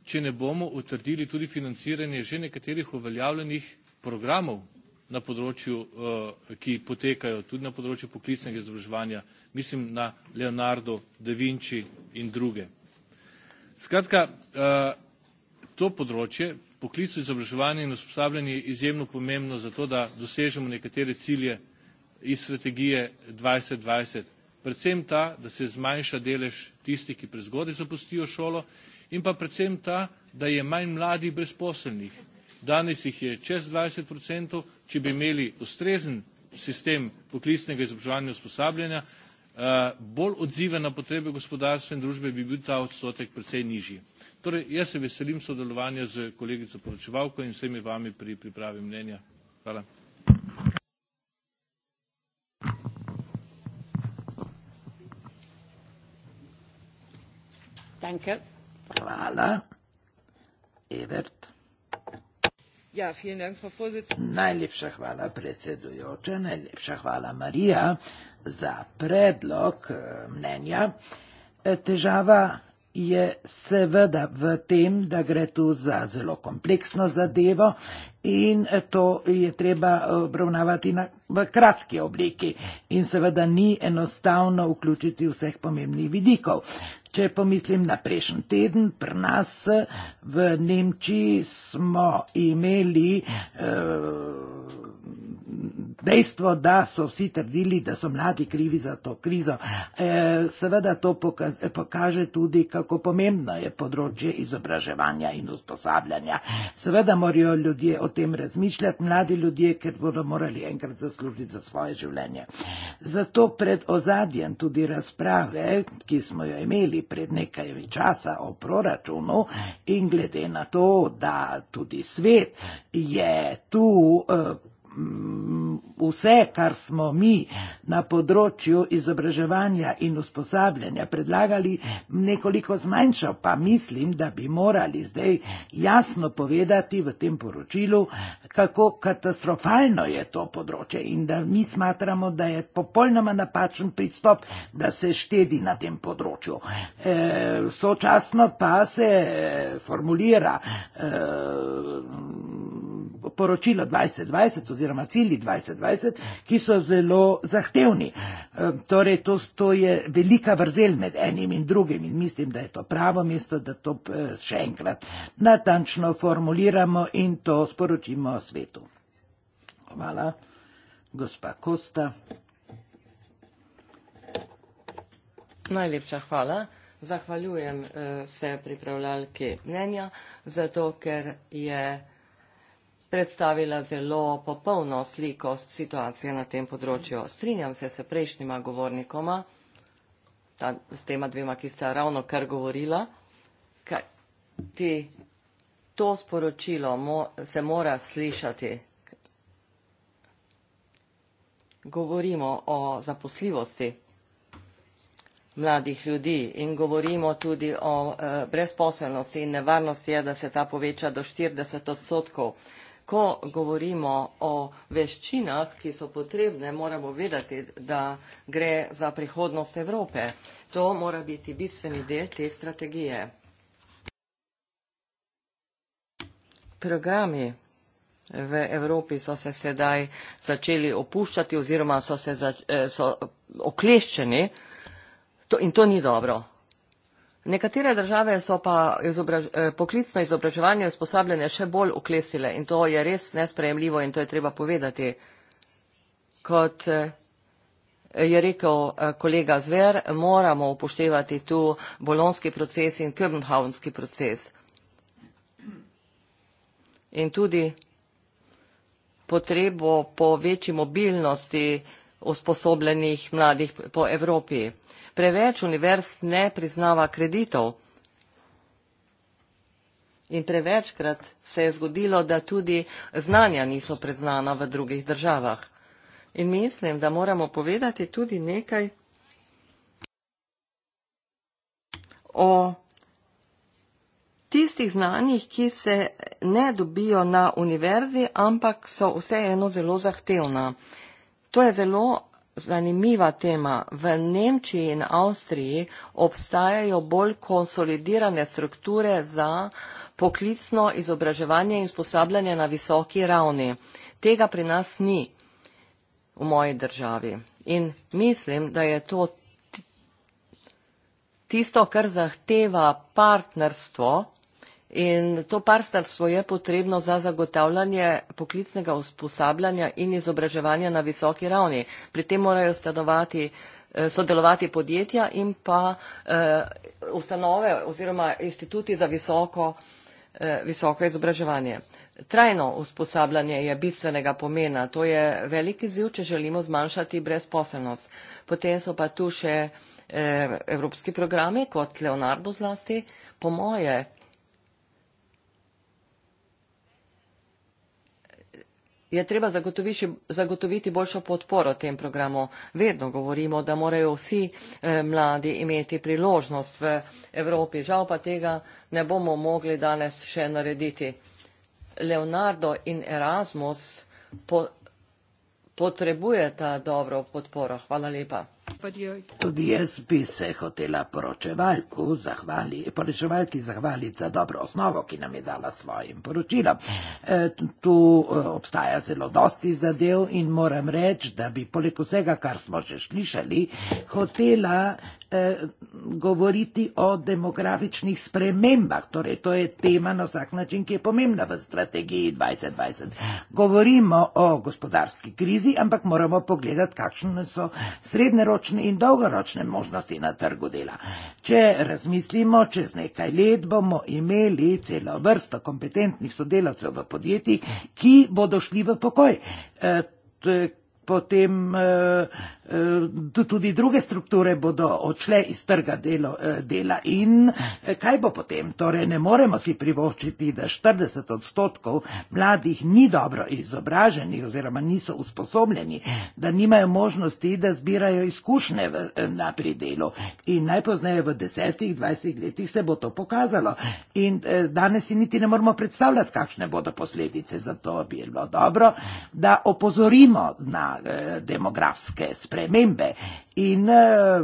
če ne bomo utrdili tudi financiranje že nekaterih uveljavljenih programov na področju, eh, ki potekajo tudi na področju poklicnega izobraževanja, mislim na Leonardo da Vinci in druge. Skratka, eh, to področje, poklicno izobraževanje in usposabljanje je izjemno pomembno za to, da dosežemo nekatere cilje iz strategije 2020. Predvsem ta, da se zmanjša delež tistih, ki prezgodaj zapustijo šolo in pa predvsem ta, da je manj mladih brezposelnih. Danes jih je čez 20 če bi imeli ustrezen sistem poklicnega izobraževanja in usposabljanja, eh, bolj odziven na potrebe gospodarstva in družbe, bi bil ta odstotek precej nižji. Torej, jaz se veselim sodelovanja z kolegico poročevalko in vsemi vami pri pripravi mnenja. Hvala. Danke. Hvala. Evert. Ja, Dank, najlepša hvala predsedujoče, najlepša hvala Marija za predlog eh, mnenja. Eh, težava je seveda v tem, da gre tu za zelo kompleksno zadevo in eh, to je treba obravnavati na, v kratki obliki in seveda ni enostavno vključiti vseh pomembnih vidikov. Če pomislim na prejšnji teden, pri nas eh, v Nemčiji smo imeli eh, Dejstvo, da so vsi trdili, da so mladi krivi za to krizo, e, seveda to pokaže tudi, kako pomembno je področje izobraževanja in usposabljanja. Seveda morajo ljudje o tem razmišljati, mladi ljudje, ker bodo morali enkrat zaslužiti za svoje življenje. Zato pred ozadjem tudi razprave, ki smo jo imeli pred nekaj časa o proračunu in glede na to, da tudi svet je tu e, Mm, vse, kar smo mi na področju izobraževanja in usposabljanja predlagali, nekoliko zmanjšal, pa mislim, da bi morali zdaj jasno povedati v tem poročilu, kako katastrofalno je to področje in da mi smatramo, da je popolnoma napačen pristop, da se štedi na tem področju. E, sočasno pa se formulira e, poročilo 2020 oziroma oziroma cilji 2020, ki so zelo zahtevni. E, torej, to, to je velika vrzel med enim in drugim in mislim, da je to pravo mesto, da to e, še enkrat natančno formuliramo in to sporočimo svetu. Hvala. Gospa Kosta. Najlepša hvala. Zahvaljujem e, se pripravljalki mnenja, zato ker je predstavila zelo popolno sliko situacije na tem področju. Strinjam se s prejšnjima govornikoma, ta, s tema dvema, ki sta ravno kar govorila, kaj ti to sporočilo mo, se mora slišati. Govorimo o zaposljivosti mladih ljudi in govorimo tudi o e, brezposelnosti in nevarnosti je, da se ta poveča do 40 odstotkov ko govorimo o veščinah, ki so potrebne, moramo vedeti, da gre za prihodnost Evrope. To mora biti bistveni del te strategije. Programi v Evropi so se sedaj začeli opuščati oziroma so se za, eh, so okleščeni to, in to ni dobro. Nekatere države so pa izobraž eh, poklicno izobraževanje in usposabljanje še bolj uklesile in to je res nesprejemljivo in to je treba povedati. Kot eh, je rekel eh, kolega Zver, moramo upoštevati tu bolonski proces in Köbenhavnski proces. In tudi potrebo po večji mobilnosti usposobljenih mladih po Evropi. Preveč univerz ne priznava kreditov. In prevečkrat se je zgodilo, da tudi znanja niso priznana v drugih državah. In mislim, da moramo povedati tudi nekaj o tistih znanjih, ki se ne dobijo na univerzi, ampak so vseeno zelo zahtevna. To je zelo zanimiva tema. V Nemčiji in Avstriji obstajajo bolj konsolidirane strukture za poklicno izobraževanje in usposabljanje na visoki ravni. Tega pri nas ni v moji državi. In mislim, da je to tisto, kar zahteva partnerstvo In to partnerstvo je potrebno za zagotavljanje poklicnega usposabljanja in izobraževanja na visoki ravni. Pri tem morajo stanovati eh, sodelovati podjetja in pa eh, ustanove oziroma inštituti za visoko, eh, visoko izobraževanje. Trajno usposabljanje je bistvenega pomena, to je velik izziv, če želimo zmanjšati brezposelnost. Potem so pa tu še eh, evropski programi, kot Leonardo zlasti. Po moje je treba zagotoviti boljšo podporo tem programu. Vedno govorimo, da morajo vsi eh, mladi imeti priložnost v Evropi. Žal pa tega ne bomo mogli danes še narediti. Leonardo in Erasmus po, potrebujeta dobro podporo. Hvala lepa. Tudi jaz bi se hotela poročevalku zahvali, poročevalki zahvaliti za dobro osnovo, ki nam je dala svojim poročilom. E, tu e, obstaja zelo dosti zadev in moram reči, da bi poleg vsega, kar smo že slišali, hotela E, govoriti o demografičnih spremembah, torej to je tema na vsak način, ki je pomembna v strategiji 2020. Govorimo o gospodarski krizi, ampak moramo pogledati, kakšne so srednjeročne in dolgoročne možnosti na trgu dela. Če razmislimo, čez nekaj let bomo imeli celo vrsto kompetentnih sodelavcev v podjetjih, ki bodo šli v pokoj. E, potem e, Eh, tudi druge strukture bodo odšle iz trga delo, eh, dela in eh, kaj bo potem? Torej, ne moremo si privoščiti, da 40 odstotkov mladih ni dobro izobraženih oziroma niso usposobljeni, da nimajo možnosti, da zbirajo izkušnje v, na pridelu in najpozneje v desetih, dvajsetih letih se bo to pokazalo in danes si niti ne moremo predstavljati, kakšne bodo posledice. Zato bi bilo dobro, da opozorimo na demografske spremembe remember in eh,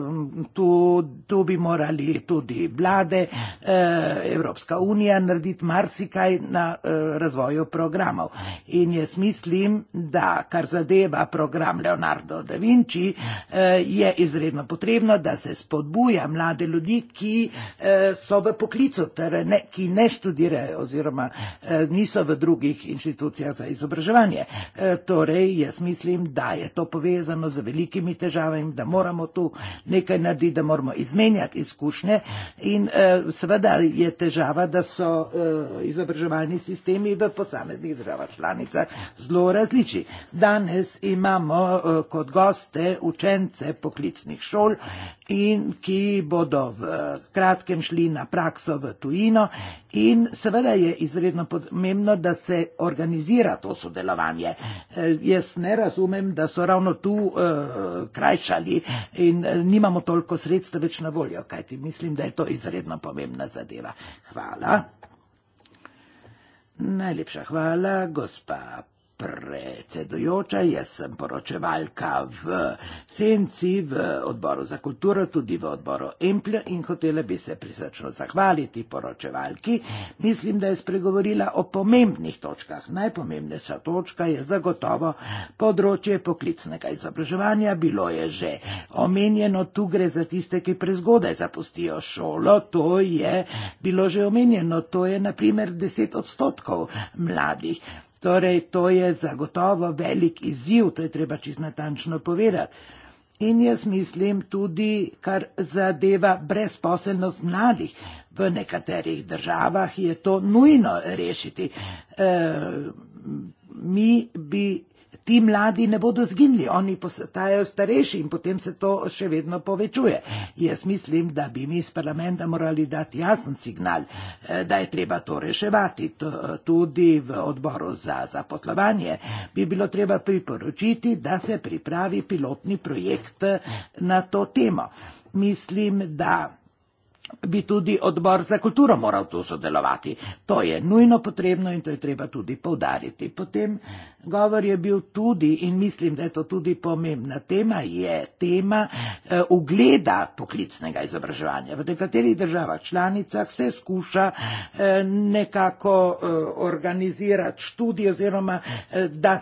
tu, tu bi morali tudi vlade, eh, Evropska unija narediti marsikaj na eh, razvoju programov. In jaz mislim, da kar zadeva program Leonardo da Vinci, je izredno potrebno, da se spodbuja mlade ljudi, ki so v poklicu, torej ne, ki ne študirajo oziroma niso v drugih inštitucijah za izobraževanje. Torej, jaz mislim, da je to povezano z velikimi težavami, da moramo moramo tu nekaj narediti, da moramo izmenjati izkušnje in eh, seveda je težava, da so eh, izobraževalni sistemi v posameznih državah članicah zelo različni. Danes imamo eh, kot goste učence poklicnih šol in ki bodo v kratkem šli na prakso v tujino in seveda je izredno pomembno, da se organizira to sodelovanje. Jaz ne razumem, da so ravno tu eh, krajšali in eh, nimamo toliko sredstev več na voljo, kajti mislim, da je to izredno pomembna zadeva. Hvala. Najlepša hvala, gospa predsedujoča, jaz sem poročevalka v Senci, v odboru za kulturo, tudi v odboru Emplja in hotela bi se prisrčno zahvaliti poročevalki. Mislim, da je spregovorila o pomembnih točkah. Najpomembnejša točka je zagotovo področje poklicnega izobraževanja. Bilo je že omenjeno, tu gre za tiste, ki prezgodaj zapustijo šolo. To je bilo že omenjeno, to je naprimer 10 odstotkov mladih Torej, to je zagotovo velik izziv, to je treba čist natančno povedati. In jaz mislim tudi, kar zadeva brezposelnost mladih. V nekaterih državah je to nujno rešiti. E, mi bi ti mladi ne bodo zginili, oni postajajo starejši in potem se to še vedno povečuje. Jaz mislim, da bi mi iz parlamenta morali dati jasen signal, eh, da je treba to reševati. Tudi v odboru za zaposlovanje bi bilo treba priporočiti, da se pripravi pilotni projekt eh, na to temo. Mislim, da bi tudi odbor za kulturo moral tu sodelovati. To je nujno potrebno in to je treba tudi povdariti. Potem govor je bil tudi in mislim, da je to tudi pomembna tema, je tema eh, ugleda poklicnega izobraževanja. V nekaterih državah članicah se skuša eh, nekako eh, organizirati študij oziroma eh, da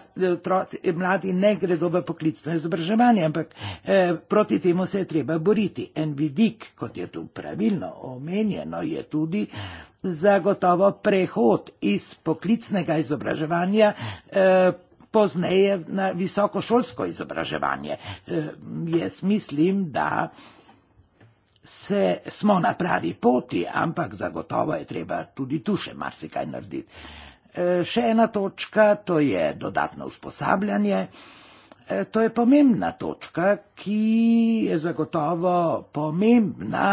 eh, mladi ne gredo v poklicno izobraževanje, ampak eh, proti temu se je treba boriti. En vidik, kot je tu pravilno, delno omenjeno je tudi zagotovo prehod iz poklicnega izobraževanja eh, pozneje na visokošolsko izobraževanje. Eh, jaz mislim, da se smo na pravi poti, ampak zagotovo je treba tudi tu še marsikaj narediti. Eh, še ena točka, to je dodatno usposabljanje. Eh, to je pomembna točka, ki je zagotovo pomembna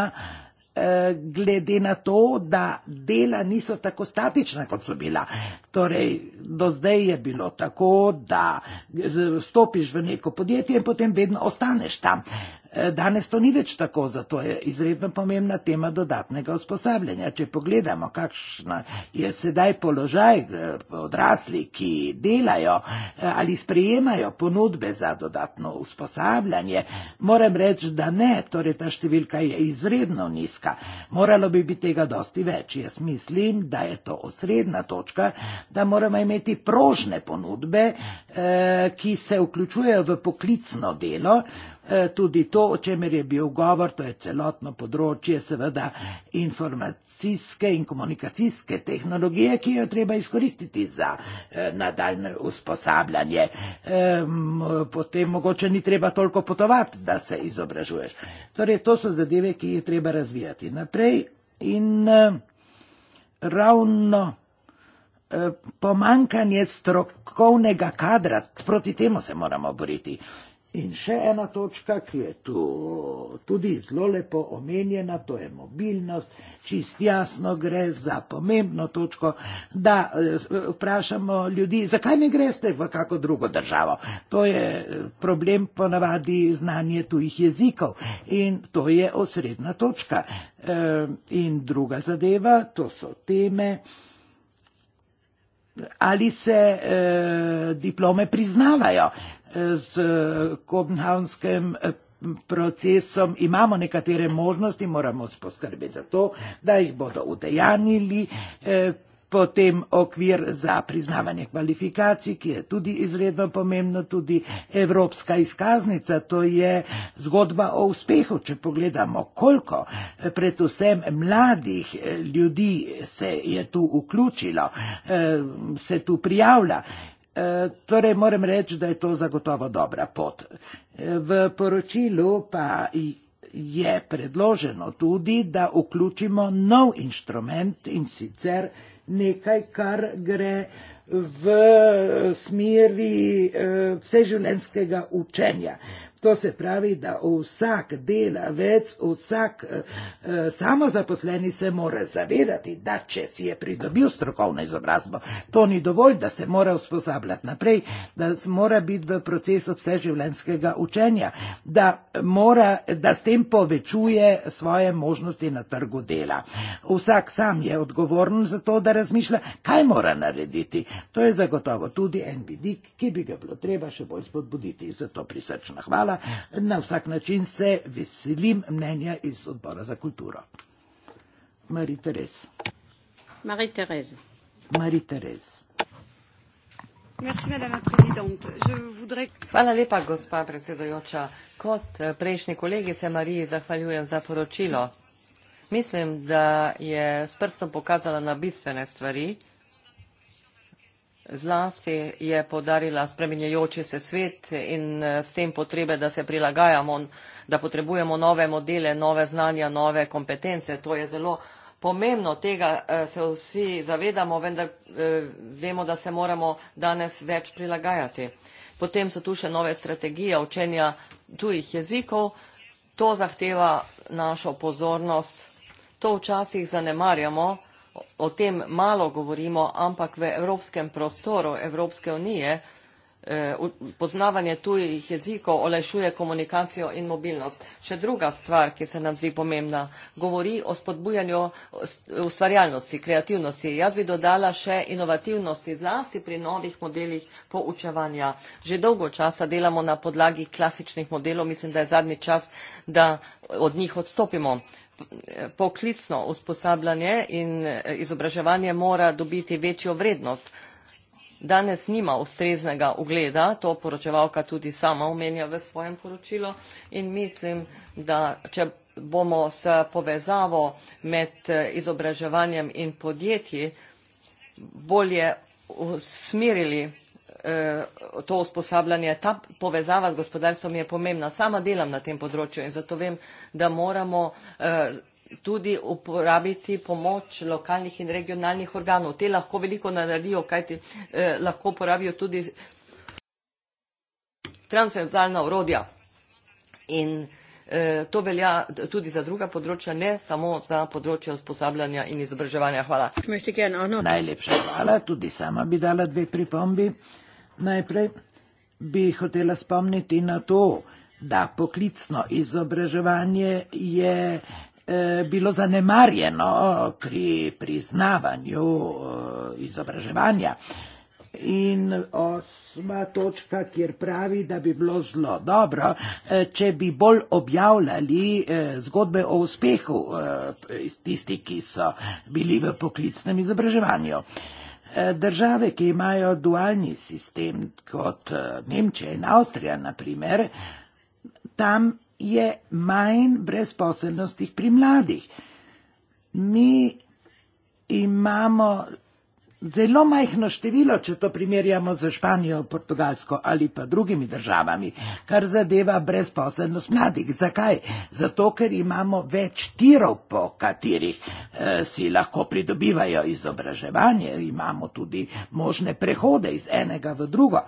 Eh, glede na to, da dela niso tako statična, kot so bila. Torej, do zdaj je bilo tako, da stopiš v neko podjetje in potem vedno ostaneš tam. Eh, danes to ni več tako, zato je izredno pomembna tema dodatnega usposabljanja. Če pogledamo, kakšna je sedaj položaj eh, odraslih, ki delajo eh, ali sprejemajo ponudbe za dodatno usposabljanje, moram reči, da ne, torej ta številka je izredno nizka. Moralo bi biti tega dosti več. Jaz mislim, da je to osredna točka, da moramo imeti prožne ponudbe, ki se vključujejo v poklicno delo, E, tudi to, o čemer je bil govor, to je celotno področje seveda informacijske in komunikacijske tehnologije, ki jo treba izkoristiti za e, nadaljne usposabljanje. E, potem mogoče ni treba toliko potovati, da se izobražuješ. Torej, to so zadeve, ki jih treba razvijati naprej in ravno pomankanje strokovnega kadra, proti temu se moramo boriti. In še ena točka, ki je tu tudi zelo lepo omenjena, to je mobilnost. Čist jasno gre za pomembno točko, da eh, vprašamo ljudi, zakaj ne greste v kako drugo državo. To je eh, problem ponavadi znanje tujih jezikov in to je osrednja točka. Eh, in druga zadeva, to so teme ali se e, diplome priznavajo s e, Kopenhavnskim e, procesom imamo nekatere možnosti, moramo poskrbeti za to, da jih bodo udejanili, e, potem okvir za priznavanje kvalifikacij, ki je tudi izredno pomembno, tudi evropska izkaznica, to je zgodba o uspehu, če pogledamo, koliko predvsem mladih ljudi se je tu vključilo, se tu prijavlja Torej moram reči, da je to zagotovo dobra pot. V poročilu pa je predloženo tudi, da vključimo nov inštrument in sicer nekaj, kar gre v smeri eh, vseživljenjskega učenja. To se pravi, da vsak delavec, vsak eh, eh, samozaposleni se mora zavedati, da če si je pridobil strokovno izobrazbo, to ni dovolj, da se mora usposabljati naprej, da mora biti v procesu vseživljenjskega učenja, da, mora, da s tem povečuje svoje možnosti na trgu dela. Vsak sam je odgovoren za to, da razmišlja, kaj mora narediti. To je zagotovo tudi en vidik, ki bi ga bilo treba še bolj spodbuditi. Zato prisrčna hvala култура. na vsak način se veselim mnenja iz odbora za kulturo. Marie Therese. Marie Therese. Marie Therese. Hvala lepa, gospa predsedojoča. Kot eh, prejšnji kolegi se Mariji zahvaljujem za poročilo. Mislim, da je s prstom pokazala na bistvene stvari, zlasti je podarila spreminjajoči se svet in eh, s tem potrebe, da se prilagajamo, da potrebujemo nove modele, nove znanja, nove kompetence. To je zelo pomembno, tega eh, se vsi zavedamo, vendar eh, vemo, da se moramo danes več prilagajati. Potem so tu še nove strategije učenja tujih jezikov. To zahteva našo pozornost. To včasih zanemarjamo o tem malo govorimo, ampak v evropskem prostoru Evropske e, unije poznavanje tujih jezikov olajšuje komunikacijo in mobilnost. Še druga stvar, ki se nam zdi pomembna, govori o spodbujanju ustvarjalnosti, kreativnosti. Jaz bi dodala še inovativnosti, zlasti pri novih modelih poučevanja. Že dolgo časa delamo na podlagi klasičnih modelov, mislim, da je zadnji čas, da od njih odstopimo poklicno usposabljanje in eh, izobraževanje mora dobiti večjo vrednost. Danes nima ustreznega ugleda, to poročevalka tudi sama omenja v svojem poročilu in mislim, da če bomo s povezavo med eh, izobraževanjem in podjetji bolje usmerili Eh, to usposabljanje, ta povezava z gospodarstvom je pomembna. Sama delam na tem področju in zato vem, da moramo eh, tudi uporabiti pomoč lokalnih in regionalnih organov. Te lahko veliko naredijo, kajti eh, lahko uporabijo tudi transverzalna urodja. In to velja tudi za druga področja, ne samo za področje usposabljanja in izobraževanja. Hvala. Najlepša hvala. Tudi sama bi dala dve pripombi. Najprej bi hotela spomniti na to, da poklicno izobraževanje je eh, bilo zanemarjeno pri priznavanju eh, izobraževanja. In osma točka, kjer pravi, da bi bilo zelo dobro, eh, če bi bolj objavljali zgodbe o uspehu tistih, ki so bili v poklicnem izobraževanju. Države, ki imajo dualni sistem, kot eh, Nemčija in Avstrija, naprimer, tam je manj brezposelnosti pri mladih. Mi imamo zelo majhno število, če to primerjamo z Španijo, Portugalsko ali pa drugimi državami, kar zadeva brezposelnost mladih. Zakaj? Zato, ker imamo več tirov, po katerih eh, si lahko pridobivajo izobraževanje, imamo tudi možne prehode iz enega v drugo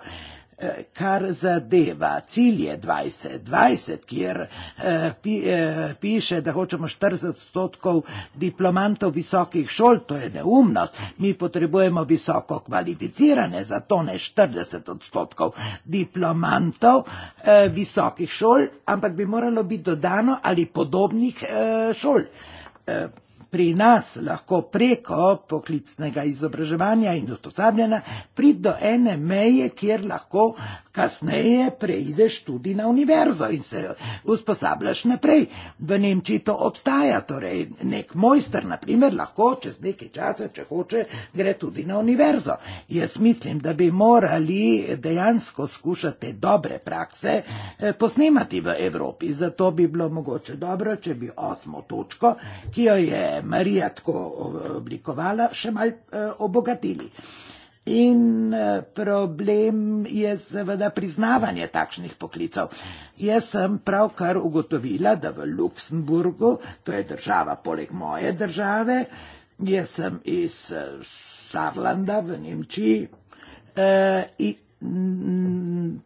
kar zadeva cilje 2020, kjer eh, pi, eh, piše, da hočemo 40 odstotkov diplomantov visokih šol, to je neumnost. Mi potrebujemo visoko kvalificirane, zato ne 40 odstotkov diplomantov eh, visokih šol, ampak bi moralo biti dodano ali podobnih šol pri nas lahko preko poklicnega izobraževanja in usposabljanja priti do ene meje, kjer lahko Kasneje preideš tudi na univerzo in se usposabljaš naprej. V Nemčiji to obstaja, torej nek mojster, naprimer, lahko čez nekaj časa, če hoče, gre tudi na univerzo. Jaz mislim, da bi morali dejansko skušati dobre prakse eh, posnemati v Evropi. Zato bi bilo mogoče dobro, če bi osmo točko, ki jo je Marija tako eh, oblikovala, še mal eh, obogatili. In eh, problem je seveda priznavanje takšnih poklicov. Jaz sem pravkar ugotovila, da v Luksemburgu, to je država poleg moje države, jaz sem iz eh, Sarlanda v Nemčiji, eh, mm,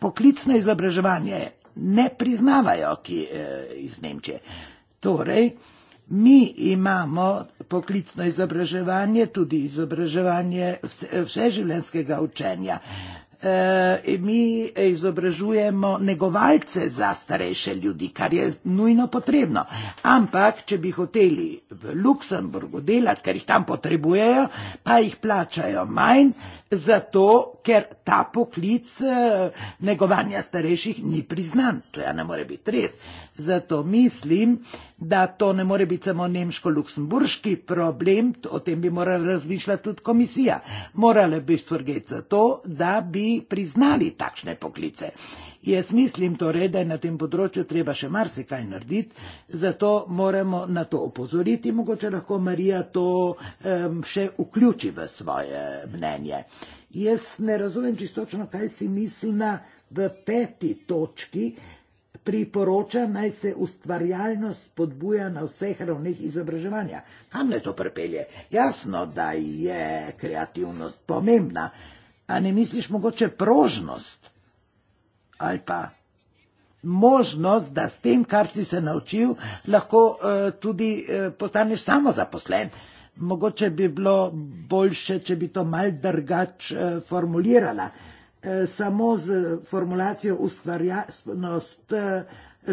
poklicne izobraževanje ne priznavajo ki, eh, iz Nemčije. Torej, mi imamo poklicno izobraževanje, tudi izobraževanje vseživljenjskega učenja. E, mi izobražujemo negovalce za starejše ljudi, kar je nujno potrebno. Ampak, če bi hoteli v Luksemburgu delati, ker jih tam potrebujejo, pa jih plačajo manj, zato ker ta poklic eh, negovanja starejših ni priznan. To ja ne more biti res. Zato mislim, da to ne more biti samo nemško-luksemburški problem, o tem bi morala razmišljati tudi komisija. Morala bi stvrgeti za to, da bi priznali takšne poklice. Jaz mislim torej, da je na tem področju treba še marsikaj narediti, zato moramo na to opozoriti. Mogoče lahko Marija to um, še vključi v svoje mnenje. Jaz ne razumem čistočno, kaj si mislila v peti točki, priporoča naj se ustvarjalnost spodbuja na vseh ravneh izobraževanja. Kam ne to pripelje? Jasno, da je kreativnost pomembna. A ne misliš mogoče prožnost? ali pa možnost, da s tem, kar si se naučil, lahko uh, tudi uh, postaneš samozaposlen. Mogoče bi bilo boljše, če bi to mal drgač uh, eh, formulirala. Uh, samo z formulacijo ustvarjalnost, uh,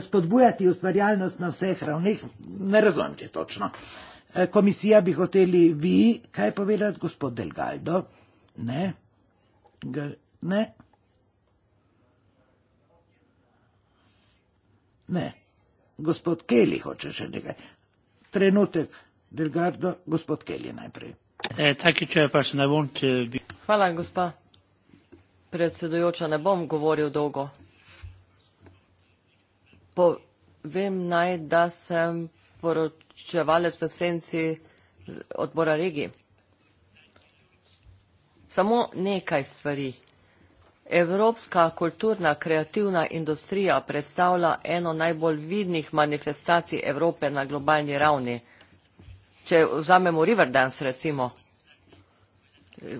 spodbujati ustvarjalnost na vseh ravneh, ne razumem, če točno. Uh, komisija bi hoteli vi, kaj povedati, gospod Delgaldo? Ne? ne? Ne, gospod Kelly hoče še nekaj. Trenutek, Delgardo, gospod Kelly najprej. Eh, eh, Hvala, gospa predsedujoča. Ne bom govoril dolgo. Povem naj, da sem poročevalec v senci odbora regi. Samo nekaj stvari Evropska kulturna kreativna industrija predstavlja eno najbolj vidnih manifestacij Evrope na globalni ravni. Če vzamemo Riverdance recimo,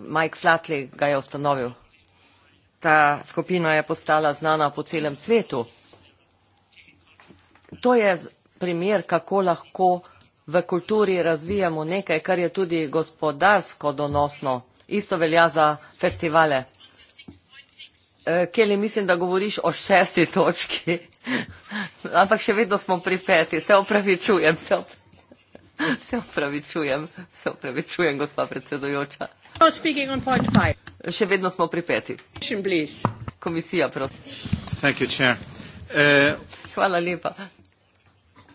Mike Flatley ga je ustanovil. Ta skupina je postala znana po celem svetu. To je primer, kako lahko v kulturi razvijamo nekaj, kar je tudi gospodarsko donosno. Isto velja za festivale. E, Keli, mislim, da govoriš o šesti točki, ampak še vedno smo pri peti. Se opravičujem, se, opravičujem, se opravičujem, se opravičujem, gospa predsedujoča. Še vedno smo pri peti. Komisija, prosim. E, Hvala lepa.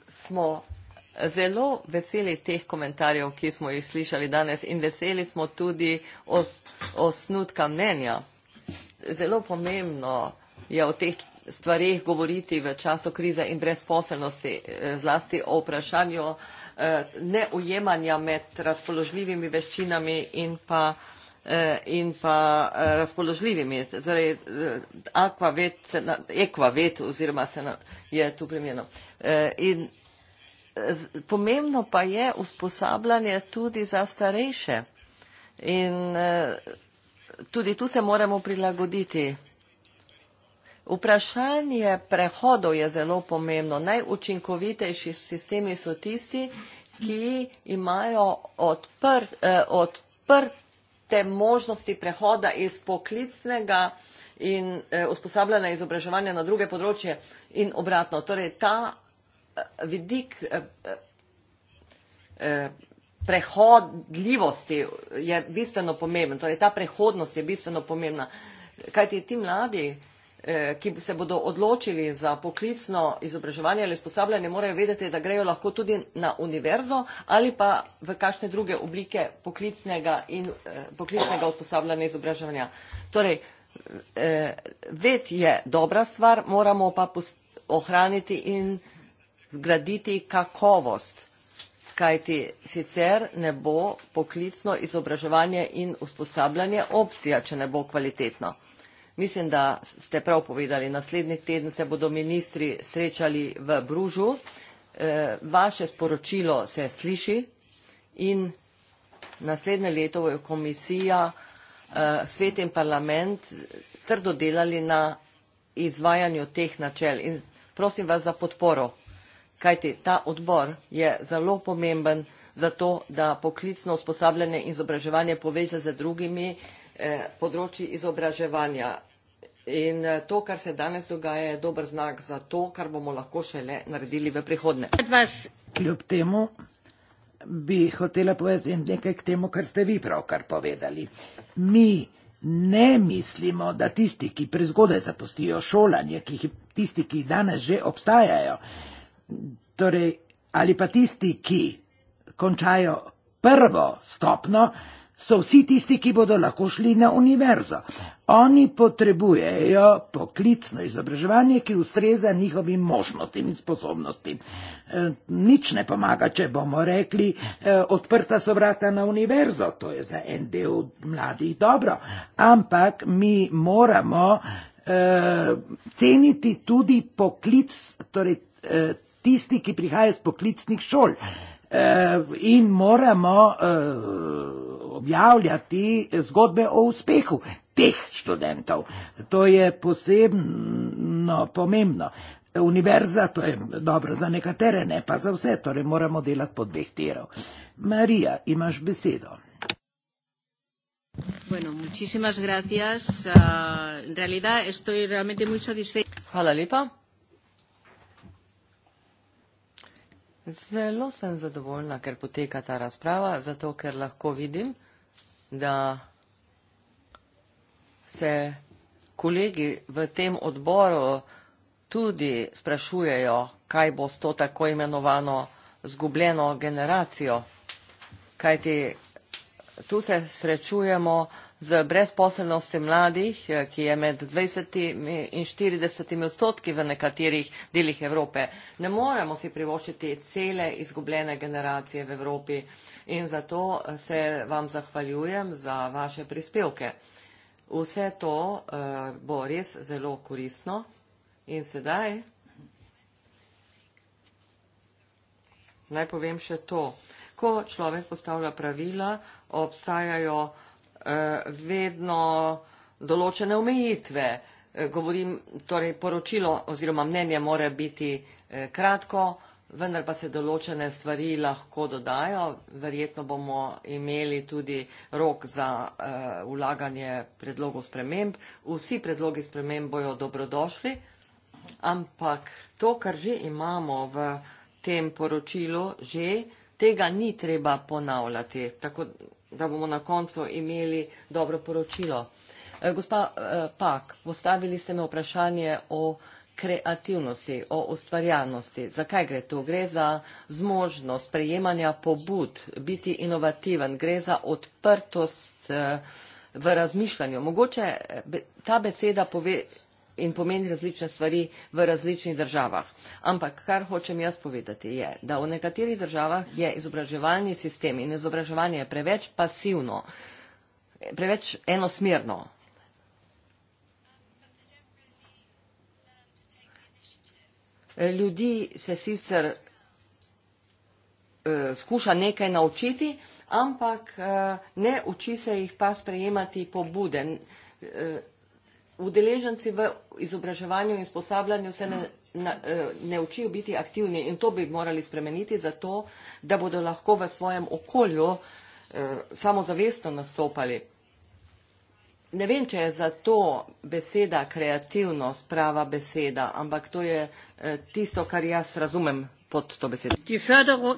Smo zelo veseli teh komentarjev, ki smo jih slišali danes in veseli smo tudi os osnutka mnenja Zelo pomembno je o teh stvarih govoriti v času krize in brezposelnosti, eh, zlasti o vprašanju eh, neujemanja med razpoložljivimi veščinami in pa eh, in pa razpoložljivimi. Zdaj, akvavet, ekvavet oziroma se na, je tu primerno. In pomembno pa je usposabljanje tudi za starejše. In tudi tu se moramo prilagoditi. Vprašanje prehodov je zelo pomembno. Najučinkovitejši sistemi so tisti, ki imajo odprt, eh, odprte možnosti prehoda iz poklicnega in eh, usposabljanja izobraževanja na druge področje in obratno. Torej, ta eh, vidik eh, eh, eh prehodljivosti je bistveno pomemben, torej ta prehodnost je bistveno pomembna. Kajti ti mladi, eh, ki se bodo odločili za poklicno izobraževanje ali usposabljanje, morajo vedeti, da grejo lahko tudi na univerzo ali pa v kakšne druge oblike poklicnega, in, eh, poklicnega usposabljanja in izobraževanja. Torej, eh, ved je dobra stvar, moramo pa ohraniti in zgraditi kakovost kajti sicer ne bo poklicno izobraževanje in usposabljanje opcija, če ne bo kvalitetno. Mislim, da ste prav povedali, naslednji teden se bodo ministri srečali v Bružu. Eh, vaše sporočilo se sliši in naslednje leto bojo komisija, eh, svet in parlament trdo delali na izvajanju teh načel in prosim vas za podporo kajti ta odbor je zelo pomemben za to, da poklicno usposabljanje in izobraževanje poveže z drugimi eh, področji izobraževanja. In eh, to, kar se danes dogaja, je dober znak za to, kar bomo lahko šele naredili v prihodnje. Kljub temu bi hotela povedati nekaj k temu, kar ste vi pravkar povedali. Mi ne mislimo, da tisti, ki prezgodaj zapustijo šolanje, ki jih, tisti, ki danes že obstajajo, torej ali pa tisti, ki končajo prvo stopno, so vsi tisti, ki bodo lahko šli na univerzo. Oni potrebujejo poklicno izobraževanje, ki ustreza njihovim možnostim in sposobnostim. E, nič ne pomaga, če bomo rekli, e, odprta so vrata na univerzo, to je za en del mladih dobro, ampak mi moramo e, ceniti tudi poklic, torej e, tisti, ki prihaja iz poklicnih šol. Eh, in moramo eh, objavljati zgodbe o uspehu teh študentov. To je posebno pomembno. Univerza, to je dobro za nekatere, ne pa za vse, torej moramo delati po dveh tirov. Marija, imaš besedo. Bueno, muchísimas gracias. Uh, en realidad estoy realmente muy satisfecha. Hvala lepa. Zelo sem zadovoljna, ker poteka ta razprava, zato ker lahko vidim, da se kolegi v tem odboru tudi sprašujejo, kaj bo s to tako imenovano zgubljeno generacijo. Kajti tu se srečujemo z brezposelnosti mladih, eh, ki je med 20 in 40 odstotki v nekaterih delih Evrope. Ne moremo si privoščiti cele izgubljene generacije v Evropi in zato eh, se vam zahvaljujem za vaše prispevke. Vse to eh, bo res zelo koristno in sedaj naj povem še to. Ko človek postavlja pravila, obstajajo vedno določene omejitve. E, govorim, torej poročilo oziroma mnenje mora biti e, kratko, vendar pa se določene stvari lahko dodajo. Verjetno bomo imeli tudi rok za e, vlaganje ulaganje predlogov sprememb. Vsi predlogi sprememb bojo dobrodošli, ampak to, kar že imamo v tem poročilu, že tega ni treba ponavljati. Tako da bomo na koncu imeli dobro poročilo. Eh, gospa eh, Pak, postavili ste me vprašanje o kreativnosti, o ustvarjalnosti. Zakaj gre tu? Gre za zmožnost prejemanja pobud, biti inovativen, gre za odprtost eh, v razmišljanju. Mogoče ta beseda pove in pomeni različne stvari v različnih državah. Ampak kar hočem jaz povedati je, da v nekaterih državah je izobraževalni sistem in izobraževanje preveč pasivno, preveč enosmerno. Ljudi se sicer eh, skuša nekaj naučiti, ampak eh, ne uči se jih pa sprejemati pobude. Eh, udeleženci v izobraževanju in usposabljanju se ne, na, eh, ne učijo biti aktivni in to bi morali spremeniti zato, da bodo lahko v svojem okolju eh, samozavestno nastopali. Ne vem, če je za to beseda kreativnost prava beseda, ampak to je eh, tisto, kar jaz razumem pod to besedo.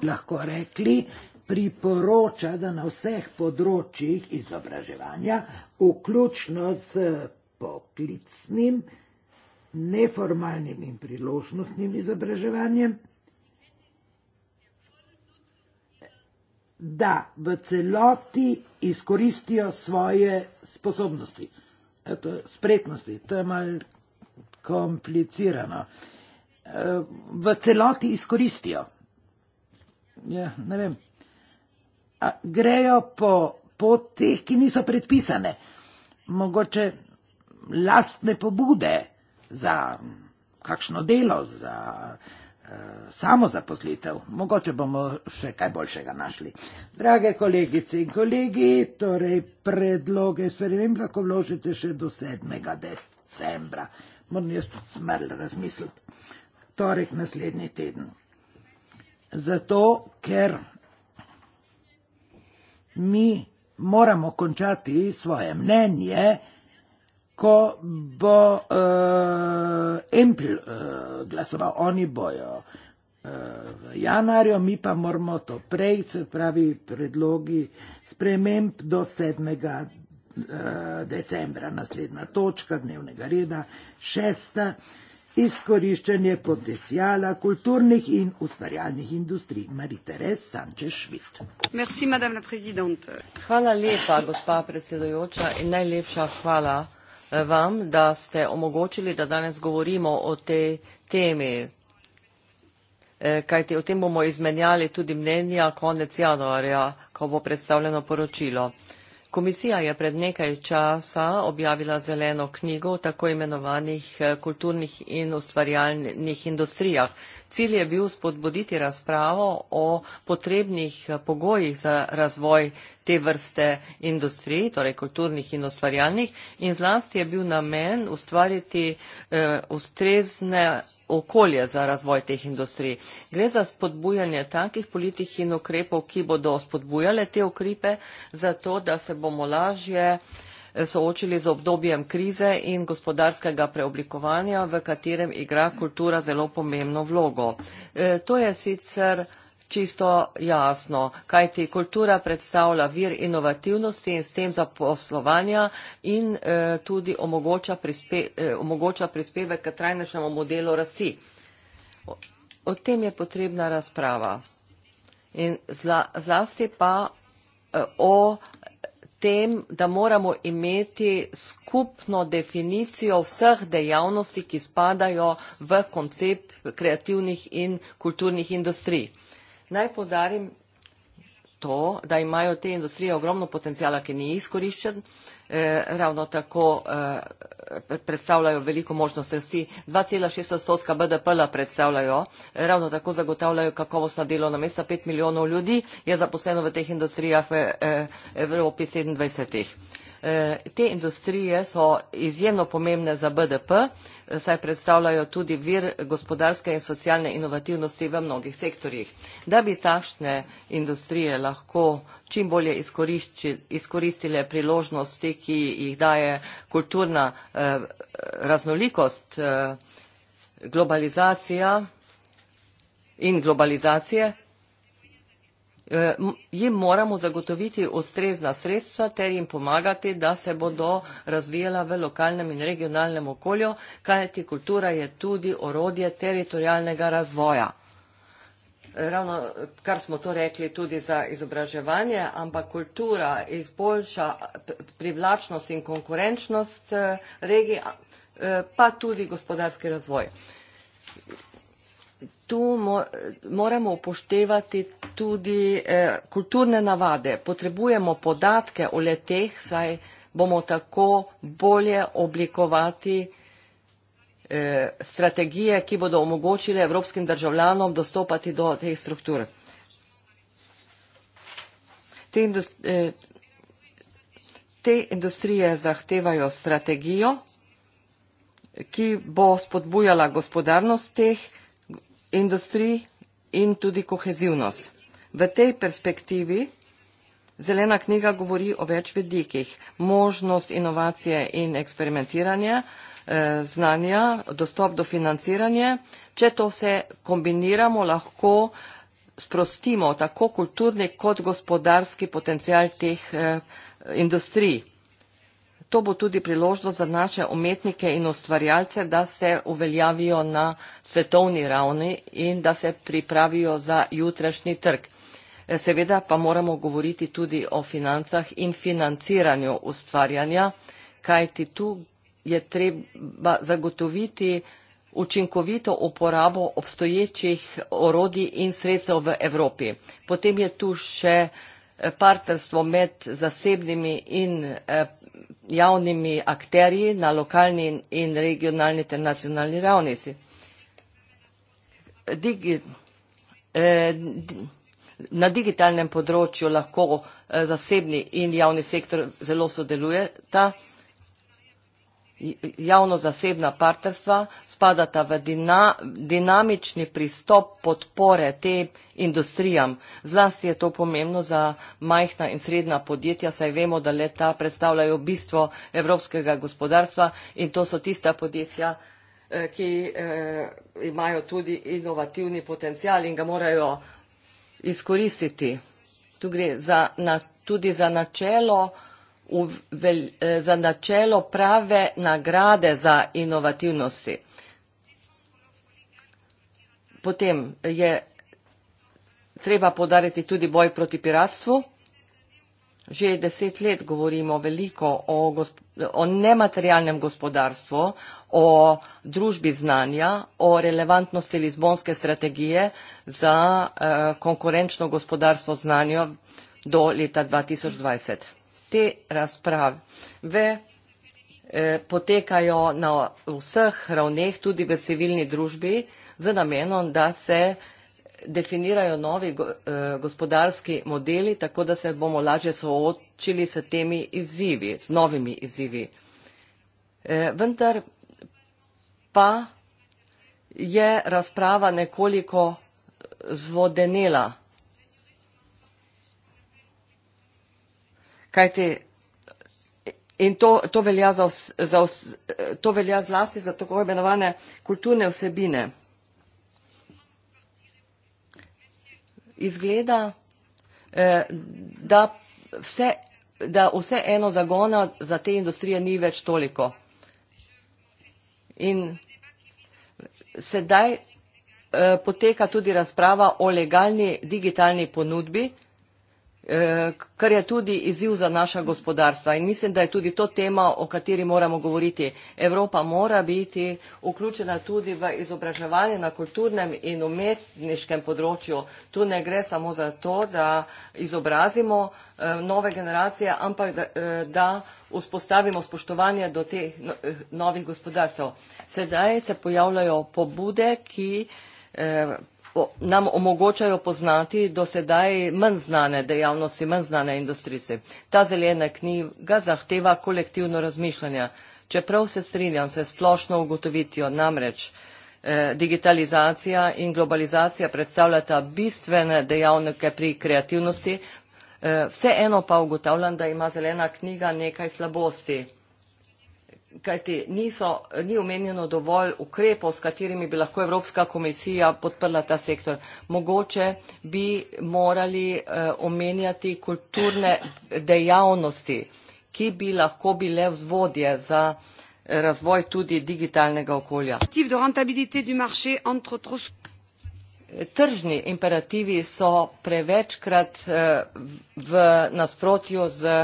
Lahko rekli, priporoča, da na vseh področjih izobraževanja, vključno s poklicnim, neformalnim in priložnostnim izobraževanjem, da v celoti izkoristijo svoje sposobnosti, e, to, spretnosti. To je malo komplicirano. E, v celoti izkoristijo. Ja, ne vem. A grejo po poteh, ki niso predpisane. Mogoče lastne pobude za kakšno delo, za e, samozaposlitev. Mogoče bomo še kaj boljšega našli. Drage kolegice in kolegi, torej predloge sprememb lahko vložite še do 7. decembra. Moram jaz tudi smrl razmisliti. Torek naslednji teden. Zato, ker mi moramo končati svoje mnenje, ko bo uh, eh, Empil uh, eh, glasoval, oni bojo uh, eh, v januarju, mi pa moramo to prej, se pravi predlogi sprememb do 7. decembra, naslednja točka dnevnega reda, šesta, izkoriščanje potencijala kulturnih in ustvarjalnih industrij. Mariteres Sanče Švit. Hvala lepa, gospa predsedujoča, in najlepša hvala vam, da ste omogočili, da danes govorimo o tej temi. E, kajti o tem bomo izmenjali tudi mnenja konec januarja, ko bo predstavljeno poročilo. Komisija je pred nekaj časa objavila zeleno knjigo o tako imenovanih e, kulturnih in ustvarjalnih industrijah. Cilj je bil spodbuditi razpravo o potrebnih e, pogojih za razvoj te vrste industrij, torej kulturnih in ustvarjalnih. In zlasti je bil namen ustvariti eh, ustrezne okolje za razvoj teh industrij. Gre za spodbujanje takih politik in ukrepov, ki bodo spodbujale te ukrepe, zato da se bomo lažje eh, soočili z obdobjem krize in gospodarskega preoblikovanja, v katerem igra kultura zelo pomembno vlogo. Eh, to je sicer čisto jasno, kajti kultura predstavlja vir inovativnosti in s tem zaposlovanja in eh, tudi omogoča, prispe, eh, omogoča prispevek k trajnejšemu modelu rasti. O, o tem je potrebna razprava in zla, zlasti pa eh, o tem, da moramo imeti skupno definicijo vseh dejavnosti, ki spadajo v koncept kreativnih in kulturnih industrij. Naj podarim to, da imajo te industrije ogromno potencijala, ki ni izkoriščen, eh, ravno tako eh, predstavljajo veliko možnost rasti. 2,6 stotka BDP-la predstavljajo, ravno tako zagotavljajo kakovostna delovna mesta. 5 milijonov ljudi je zaposleno v teh industrijah v eh, Evropi 27. Eh, te industrije so izjemno pomembne za BDP, eh, saj predstavljajo tudi vir gospodarske in socialne inovativnosti v mnogih sektorjih. Da bi takšne industrije lahko čim bolje izkoristile priložnosti, ki jih daje kulturna eh, raznolikost, globalizacija in globalizacije, jim moramo zagotoviti ustrezna sredstva ter jim pomagati, da se bodo razvijala v lokalnem in regionalnem okolju, kajti kultura je tudi orodje teritorijalnega razvoja. Ravno kar smo to rekli tudi za izobraževanje, ampak kultura izboljša privlačnost in konkurenčnost regij, pa tudi gospodarski razvoj tu mo moramo upoštevati tudi eh, kulturne navade. Potrebujemo podatke o leteh, saj bomo tako bolje oblikovati eh, strategije, ki bodo omogočile evropskim državljanom dostopati do teh struktur. Te, eh, te industrije zahtevajo strategijo, ki bo spodbujala gospodarnost teh industriji in tudi kohezivnost. V tej perspektivi Zelena knjiga govori o več vedikih. Možnost inovacije in eksperimentiranja, e, znanja, dostop do financiranja. Če to vse kombiniramo, lahko sprostimo tako kulturni kot gospodarski potencial teh e, industrij. To bo tudi priložnost za naše umetnike in ustvarjalce, da se uveljavijo na svetovni ravni in da se pripravijo za jutrašnji trg. E, seveda pa moramo govoriti tudi o financah in financiranju ustvarjanja, kajti tu je treba zagotoviti učinkovito uporabo obstoječih orodij in sredstev v Evropi. Potem je tu še partnerstvo med zasebnimi in eh, javnimi akterji na lokalni in regionalni ter nacionalni ravni. Eh, na digitalnem področju lahko eh, zasebni in javni sektor zelo sodelujeta javno-zasebna partnerstva spadata v dina, dinamični pristop podpore tem industrijam. Zlasti je to pomembno za majhna in srednja podjetja, saj vemo, da leta predstavljajo bistvo evropskega gospodarstva in to so tista podjetja, eh, ki eh, imajo tudi inovativni potencial in ga morajo izkoristiti. Tu gre za, na, tudi za načelo, uvelj, e, za načelo prave nagrade za inovativnosti. Potem je treba podariti tudi boj proti piratstvu. Že deset let govorimo veliko o, o nematerialnem gospodarstvu, o družbi znanja, o relevantnosti Lizbonske strategije za e, konkurenčno gospodarstvo znanja do leta 2020 Te razprave eh, potekajo na vseh ravneh, tudi v civilni družbi, z namenom, da se definirajo novi eh, gospodarski modeli, tako da se bomo lažje soočili s temi izzivi, z novimi izzivi. Eh, vendar pa je razprava nekoliko zvodenela. Kajti in to, to, velja za, za, to velja zlasti za tako imenovane kulturne vsebine. Izgleda, eh, da, vse, da vse eno zagona za te industrije ni več toliko. In sedaj eh, poteka tudi razprava o legalni digitalni ponudbi, Eh, kar je tudi izziv za naša gospodarstva. In mislim, da je tudi to tema, o kateri moramo govoriti. Evropa mora biti vključena tudi v izobraževanje na kulturnem in umetniškem področju. Tu ne gre samo za to, da izobrazimo eh, nove generacije, ampak da, eh, da vzpostavimo spoštovanje do teh no, novih gospodarstv. Sedaj se pojavljajo pobude, ki nam omogočajo poznati do sedaj manj znane dejavnosti, manj znane industrice. Ta zelena knjiga zahteva kolektivno razmišljanje. Čeprav se strinjam se splošno ugotovitjo, namreč eh, digitalizacija in globalizacija predstavljata bistvene dejavnike pri kreativnosti, eh, vseeno pa ugotavljam, da ima zelena knjiga nekaj slabosti kajti niso, ni omenjeno dovolj ukrepov, s katerimi bi lahko Evropska komisija podprla ta sektor. Mogoče bi morali eh, omenjati kulturne dejavnosti, ki bi lahko bile vzvodje za eh, razvoj tudi digitalnega okolja. Tržni imperativi so prevečkrat eh, v nasprotju z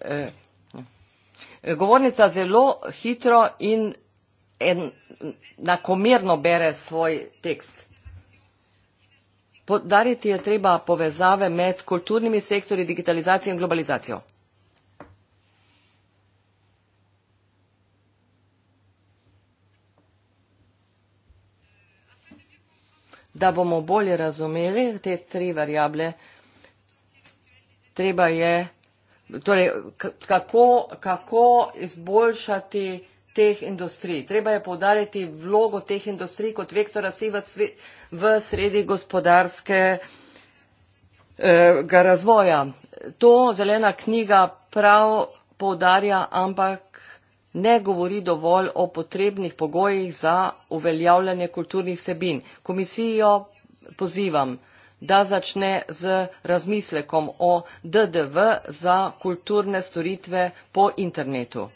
eh, Govornica zelo hitro in enakomerno bere svoj tekst. Podariti je treba povezave med kulturnimi sektorji, digitalizacijo in globalizacijo. Da bomo bolje razumeli te tri variable, treba je torej, kako, kako izboljšati teh industrij. Treba je povdariti vlogo teh industrij kot vektor rasti v, v sredi gospodarskega eh, razvoja. To zelena knjiga prav povdarja, ampak ne govori dovolj o potrebnih pogojih za uveljavljanje kulturnih sebin. Komisijo pozivam, da začne z razmislekom o DDV za kulturne storitve po internetu.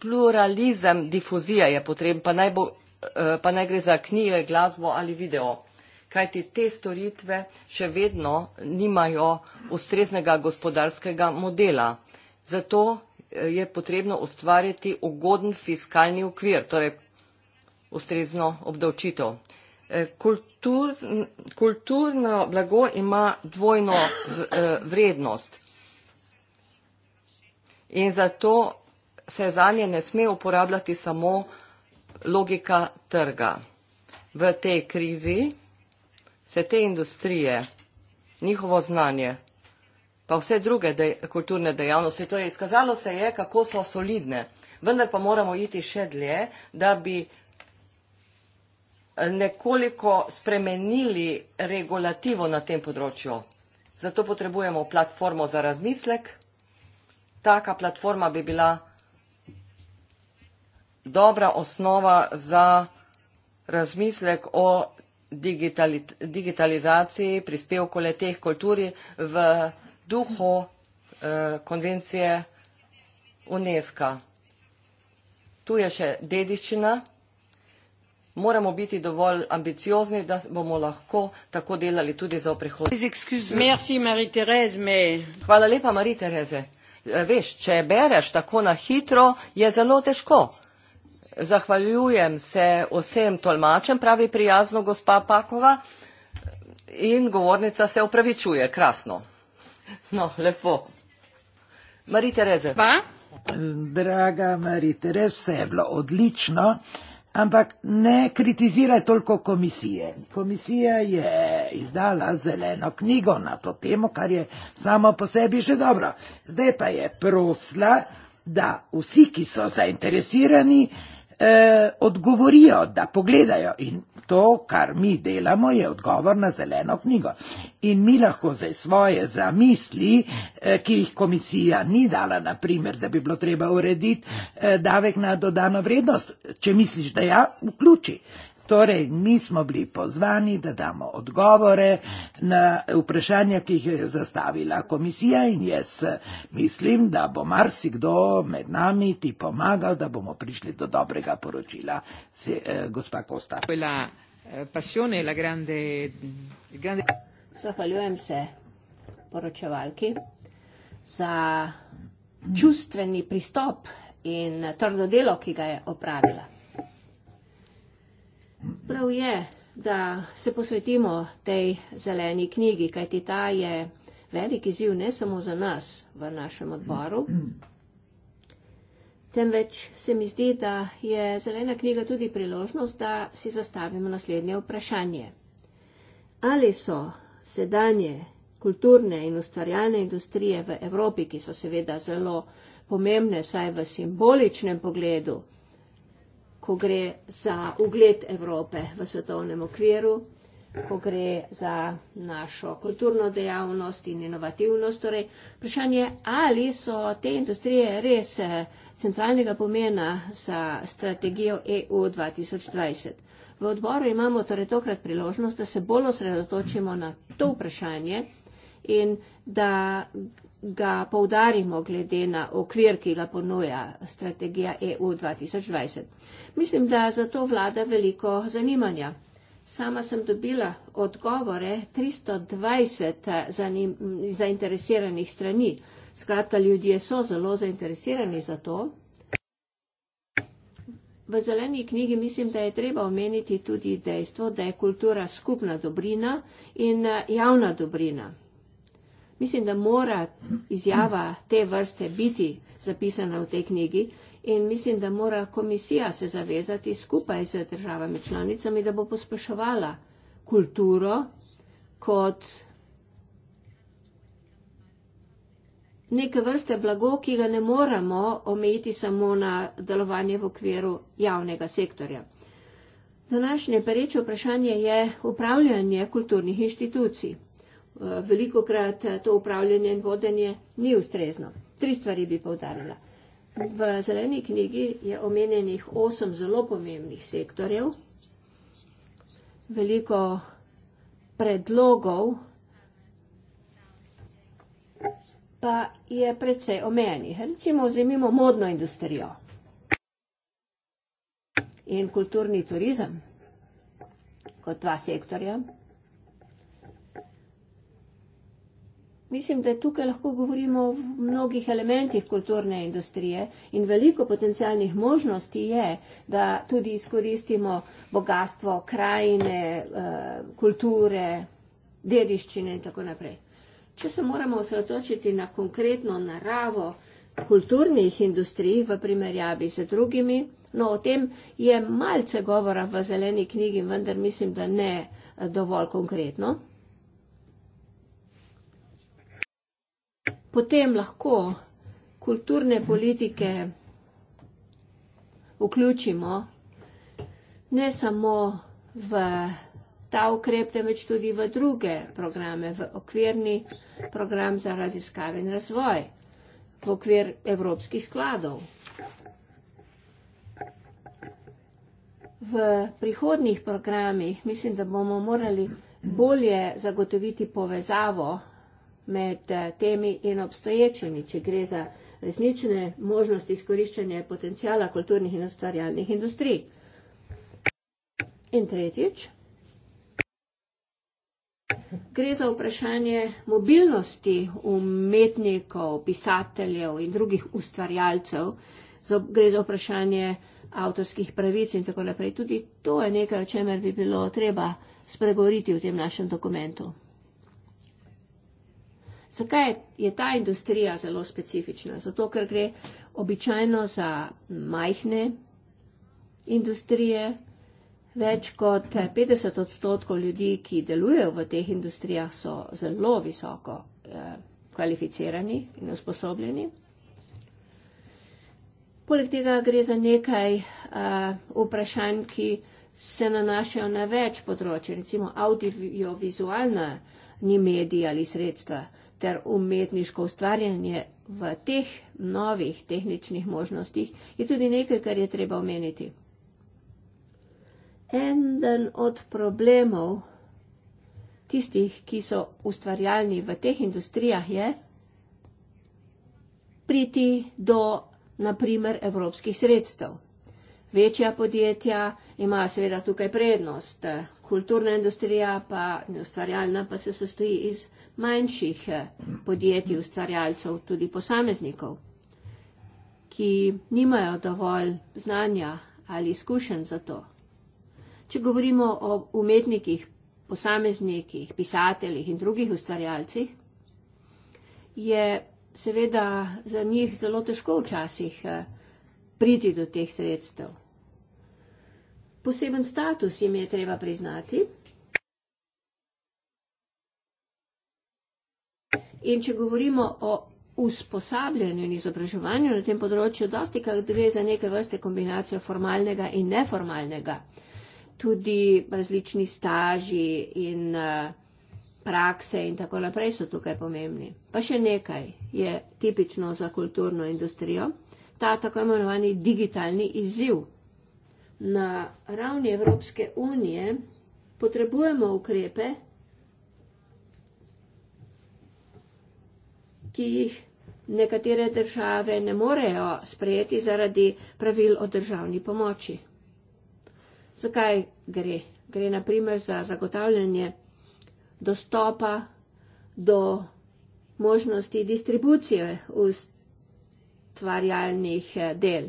pluralizem difuzije je potreben, pa naj, bo, eh, pa naj gre za knjige, glasbo ali video kajti te storitve še vedno nimajo ustreznega gospodarskega modela. Zato eh, je potrebno ustvariti ugoden fiskalni okvir, torej ustrezno obdavčitev. Kultur, kulturno blago ima dvojno eh, vrednost in zato se za nje ne sme uporabljati samo logika trga. V tej krizi se te industrije, njihovo znanje, pa vse druge dej, kulturne dejavnosti, torej izkazalo se je, kako so solidne vendar pa moramo iti še dlje, da bi nekoliko spremenili regulativo na tem področju. Zato potrebujemo platformo za razmislek. Taka platforma bi bila dobra osnova za razmislek o digitalizaciji prispevkov leteh kulturi v duhu eh, konvencije UNESCO. Tu je še dediščina moramo biti dovolj ambiciozni, da bomo lahko tako delali tudi za prihodnost. Hvala lepa, Marija Tereze. Eh, veš, če bereš tako na hitro, je zelo težko. Zahvaljujem se vsem tolmačem, pravi prijazno gospa Pakova in govornica se opravičuje, krasno. <laughs> No, lepo. Marie Tereze. Pa? Draga Marie Terez, vse je bilo odlično ampak ne kritiziraj toliko komisije. Komisija je izdala zeleno knjigo na to temo, kar je samo po sebi že dobro. Zdaj pa je prosla, da vsi, ki so zainteresirani, eh, odgovorijo, da pogledajo in to, kar mi delamo, je odgovor na zeleno knjigo. In mi lahko zdaj svoje zamisli, eh, ki jih komisija ni dala, naprimer, da bi bilo treba urediti eh, davek na dodano vrednost, če misliš, da ja, vključi. Torej, mi smo bili pozvani, da damo odgovore na vprašanja, ki jih je zastavila komisija in jaz mislim, da bo marsikdo med nami ti pomagal, da bomo prišli do dobrega poročila. Se, eh, gospa Kosta. Eh, Zahvaljujem se poročevalki za čustveni pristop in trdo delo, ki ga je opravila. Prav je, da se posvetimo tej zeleni knjigi, kajti ta je velik izziv ne samo za nas v našem odboru, temveč se mi zdi, da je zelena knjiga tudi priložnost, da si zastavimo naslednje vprašanje. Ali so sedanje kulturne in ustvarjalne industrije v Evropi, ki so seveda zelo pomembne, saj v simboličnem pogledu, ko gre za ugled Evrope v svetovnem okviru, ko gre za našo kulturno dejavnost in inovativnost. Torej, vprašanje, ali so te industrije res eh, centralnega pomena za strategijo EU 2020. V odboru imamo torej tokrat priložnost, da se bolj osredotočimo na to vprašanje in da ga poudarimo glede na okvir, ki ga ponuja strategija EU 2020. Mislim, da za to vlada veliko zanimanja. Sama sem dobila odgovore 320 zanim, zainteresiranih strani. Skratka, ljudje so zelo zainteresirani za to. V zeleni knjigi mislim, da je treba omeniti tudi dejstvo, da je kultura skupna dobrina in javna dobrina. Mislim, da mora izjava te vrste biti zapisana v tej knjigi in mislim, da mora komisija se zavezati skupaj z državami članicami, da bo pospeševala kulturo kot neke vrste blago, ki ga ne moramo omejiti samo na delovanje v okviru javnega sektorja. Današnje pereče vprašanje je upravljanje kulturnih inštitucij veliko krat to upravljanje in vodenje ni ustrezno. Tri stvari bi povdarila. V zeleni knjigi je omenjenih osem zelo pomembnih sektorjev, veliko predlogov pa je predvsej omejenih. Recimo vzemimo modno industrijo in kulturni turizem kot dva sektorja. Mislim, da tukaj lahko govorimo o mnogih elementih kulturne industrije in veliko potencijalnih možnosti je, da tudi izkoristimo bogatstvo krajine, eh, kulture, dediščine in tako naprej. Če se moramo osredotočiti na konkretno naravo kulturnih industrij v primerjavi z drugimi, no o tem je malce govora v zeleni knjigi, vendar mislim, da ne eh, dovolj konkretno. potem lahko kulturne politike vključimo ne samo v ta ukrep, temveč tudi v druge programe, v okvirni program za raziskave in razvoj, v okvir evropskih skladov. V prihodnih programih mislim, da bomo morali bolje zagotoviti povezavo med eh, temi in obstoječimi, če gre za resnične možnosti izkoriščanja potencijala kulturnih in ustvarjalnih industrij. In tretjič, gre za vprašanje mobilnosti umetnikov, pisateljev in drugih ustvarjalcev, gre za vprašanje avtorskih pravic in tako naprej. Tudi to je nekaj, o čemer bi bilo treba spregovoriti v tem našem dokumentu. Zakaj je ta industrija zelo specifična? Zato, ker gre običajno za majhne industrije. Več kot 50 odstotkov ljudi, ki delujejo v teh industrijah, so zelo visoko eh, kvalificirani in usposobljeni. Poleg tega gre za nekaj eh, vprašanj, ki se nanašajo na več področje, recimo audiovizualna ni medij ali sredstva ter umetniško ustvarjanje v teh novih tehničnih možnostih je tudi nekaj, kar je treba omeniti. Eden od problemov tistih, ki so ustvarjalni v teh industrijah, je priti do, naprimer, evropskih sredstev. Večja podjetja imajo seveda tukaj prednost, kulturna industrija pa ustvarjalna pa se sestoji iz manjših eh, podjetij, ustvarjalcev, tudi posameznikov, ki nimajo dovolj znanja ali izkušenj za to. Če govorimo o umetnikih, posameznikih, pisateljih in drugih ustvarjalcih, je seveda za njih zelo težko včasih eh, priti do teh sredstev. Poseben status jim je treba priznati In če govorimo o usposabljanju in izobraževanju na tem področju, dosti krat gre za neke vrste kombinacijo formalnega in neformalnega. Tudi različni staži in eh, prakse in tako naprej so tukaj pomembni. Pa še nekaj je tipično za kulturno industrijo, ta tako imenovani digitalni izziv. Na ravni Evropske unije potrebujemo ukrepe, ki jih nekatere države ne morejo sprejeti zaradi pravil o državni pomoči. Zakaj gre? Gre naprimer za zagotavljanje dostopa do možnosti distribucije ustvarjalnih eh, del.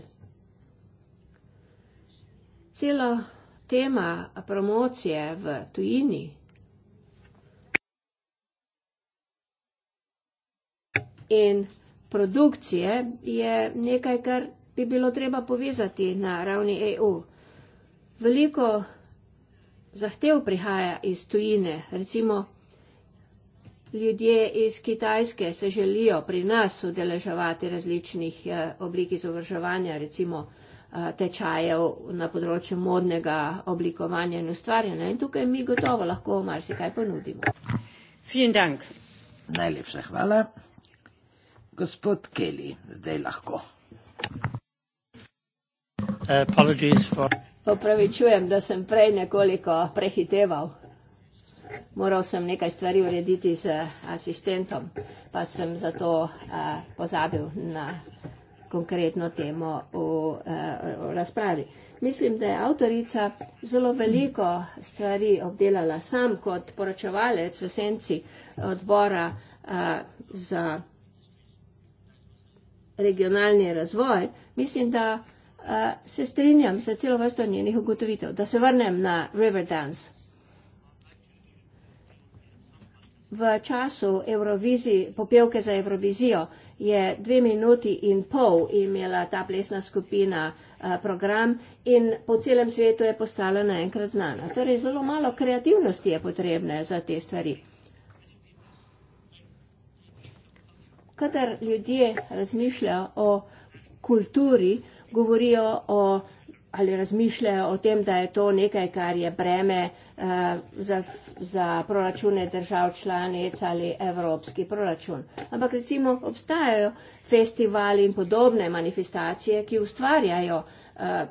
Celo tema promocije v tujini in produkcije je nekaj, kar bi bilo treba povezati na ravni EU. Veliko zahtev prihaja iz tujine, recimo ljudje iz Kitajske se želijo pri nas udeleževati različnih eh, oblik izobraževanja, recimo eh, tečajev na področju modnega oblikovanja in ustvarjanja. In tukaj mi gotovo lahko marsikaj ponudimo. Najlepša hvala. Gospod Kelly, zdaj lahko. Opravičujem, da sem prej nekoliko prehiteval. Moral sem nekaj stvari urediti z asistentom, pa sem zato pozabil na konkretno temo v, razpravi. Mislim, da je avtorica zelo veliko stvari obdelala sam kot poročevalec v senci odbora za regionalni razvoj, mislim, da uh, e, se strinjam za celo vrsto njenih ugotovitev. Da se vrnem na Riverdance. V času Eurovizi, popevke za Eurovizijo je dve minuti in pol imela ta plesna skupina uh, program in po celem svetu je postala naenkrat znana. Torej zelo malo kreativnosti je potrebne za te stvari. Kadar ljudje razmišljajo o kulturi, govorijo o ali razmišljajo o tem, da je to nekaj, kar je breme eh, za, za proračune držav članic ali evropski proračun. Ampak recimo obstajajo festivali in podobne manifestacije, ki ustvarjajo eh,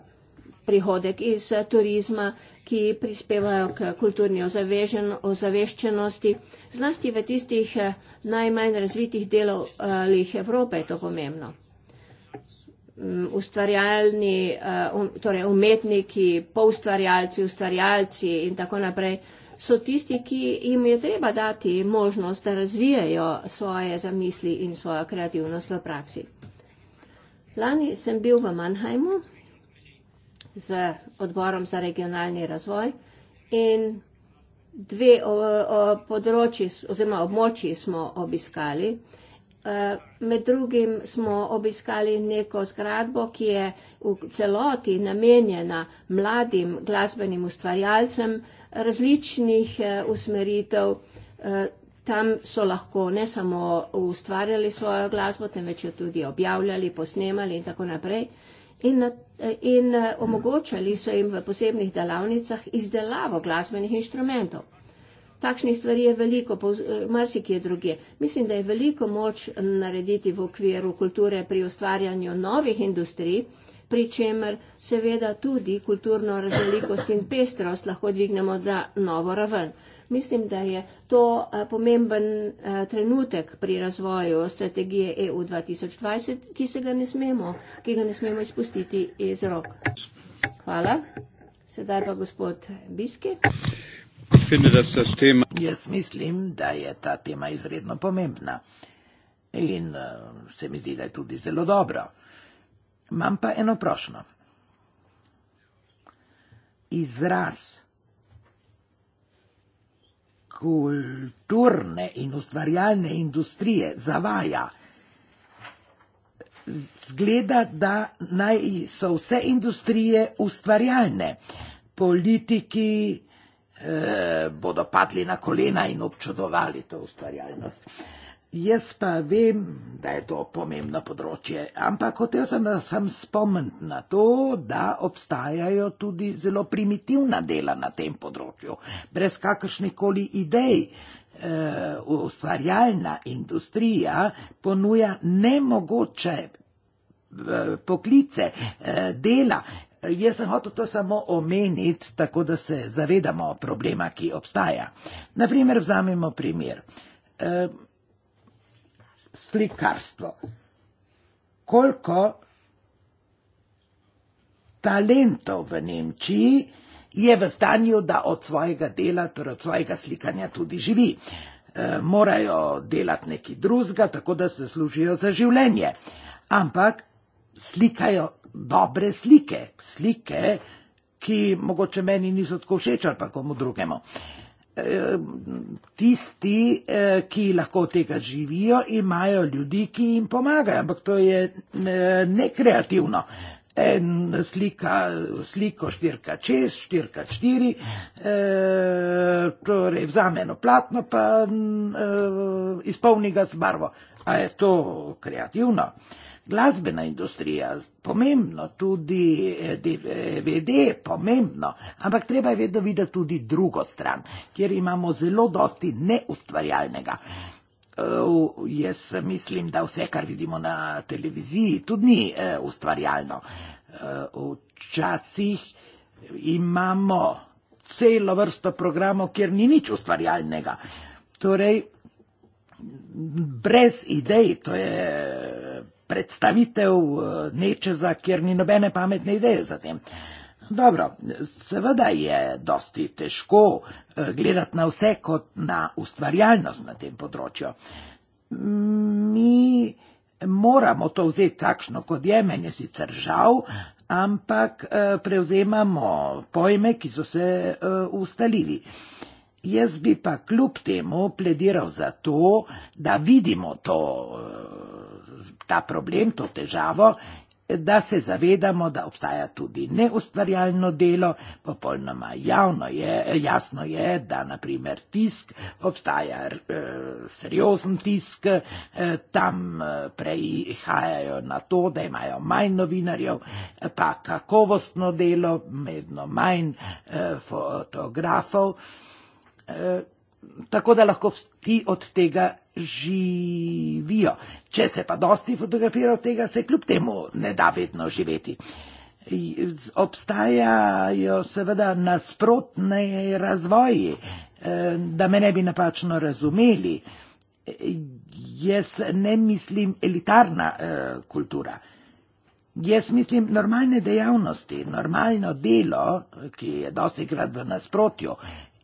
prihodek iz turizma, ki prispevajo k kulturni ozaveščenosti, zlasti v tistih najmanj razvitih delih Evrope je to pomembno. Mm, ustvarjalni, eh, um, torej umetniki, poustvarjalci, ustvarjalci in tako naprej so tisti, ki jim je treba dati možnost, da razvijajo svoje zamisli in svojo kreativnost v praksi. Lani sem bil v Mannheimu z odborom za regionalni razvoj in dve področji oziroma območji smo obiskali. E, med drugim smo obiskali neko zgradbo, ki je v celoti namenjena mladim glasbenim ustvarjalcem različnih e, usmeritev. E, tam so lahko ne samo ustvarjali svojo glasbo, temveč jo tudi objavljali, posnemali in tako naprej in, in omogočali so jim v posebnih delavnicah izdelavo glasbenih inštrumentov. Takšnih stvari je veliko, eh, marsikje druge. Mislim, da je veliko moč narediti v okviru kulture pri ustvarjanju novih industrij, pri čemer seveda tudi kulturno raznolikost in pestrost lahko dvignemo na novo raven. Mislim, da je to pomemben trenutek pri razvoju strategije EU 2020, ki se ga ne smemo, ki ga ne smemo izpustiti iz rok. Hvala. Sedaj pa gospod Biski. Jaz mislim, da je ta tema izredno pomembna in se mi zdi, da je tudi zelo dobro. Imam pa eno prošno. Izraz kulturne in ustvarjalne industrije zavaja, zgleda, da naj so vse industrije ustvarjalne. Politiki eh, bodo padli na kolena in občudovali to ustvarjalnost. Eh, Jaz pa vem, da je to pomembno področje, ampak hotel sem, da sem spomnil na to, da obstajajo tudi zelo primitivna dela na tem področju, brez kakršnih koli idej. Eh, ustvarjalna industrija ponuja nemogoče eh, poklice, eh, dela, Jaz sem hotel to samo omeniti, tako da se zavedamo problema, ki obstaja. Naprimer, vzamemo primer slikarstvo. Koliko talentov v Nemčiji je v stanju, da od svojega dela, torej od svojega slikanja tudi živi. E, morajo delati neki druzga, tako da se služijo za življenje. Ampak slikajo dobre slike, slike, ki mogoče meni niso tako všeč ali pa komu drugemu. Eh, tisti, eh, ki lahko tega živijo, imajo ljudi, ki jim pomagajo, ampak to je eh, nekreativno. En slika, sliko 4x6, 4x4, e, torej vzame eno platno, pa e, izpolni ga z barvo. A je to kreativno? E, Glasbena industrija, pomembno, tudi DVD, eh, eh, pomembno, ampak treba je vedno videti tudi drugo stran, kjer imamo zelo dosti neustvarjalnega. Eh, jaz mislim, da vse, kar vidimo na televiziji, tudi ni ustvarjalno. včasih imamo celo vrsto programov, kjer ni nič ustvarjalnega. Torej, brez idej, to je predstavitev e, nečesa, kjer ni nobene pametne ideje za tem. Dobro, seveda je dosti težko e, gledati na vse kot na ustvarjalnost na tem področju. Mi moramo to vzeti takšno, kot je, meni je sicer žal, ampak e, prevzemamo pojme, ki so se ustalili. Jaz bi pa kljub temu plediral za to, da vidimo to ta problem, to težavo, da se zavedamo, da obstaja tudi neustvarjalno delo, popolnoma javno je, jasno je, da naprimer tisk, obstaja e, seriozen tisk, e, tam e, prehajajo na to, da imajo manj novinarjev, pa kakovostno delo, medno manj e, fotografov tako da lahko ti od tega živijo. Če se pa dosti fotografira od tega, se kljub temu ne da vedno živeti. Obstajajo seveda nasprotne razvoji, eh, da me ne bi napačno razumeli. Jaz ne mislim elitarna eh, kultura. Jaz mislim normalne dejavnosti, normalno delo, ki je dosti krat v nasprotju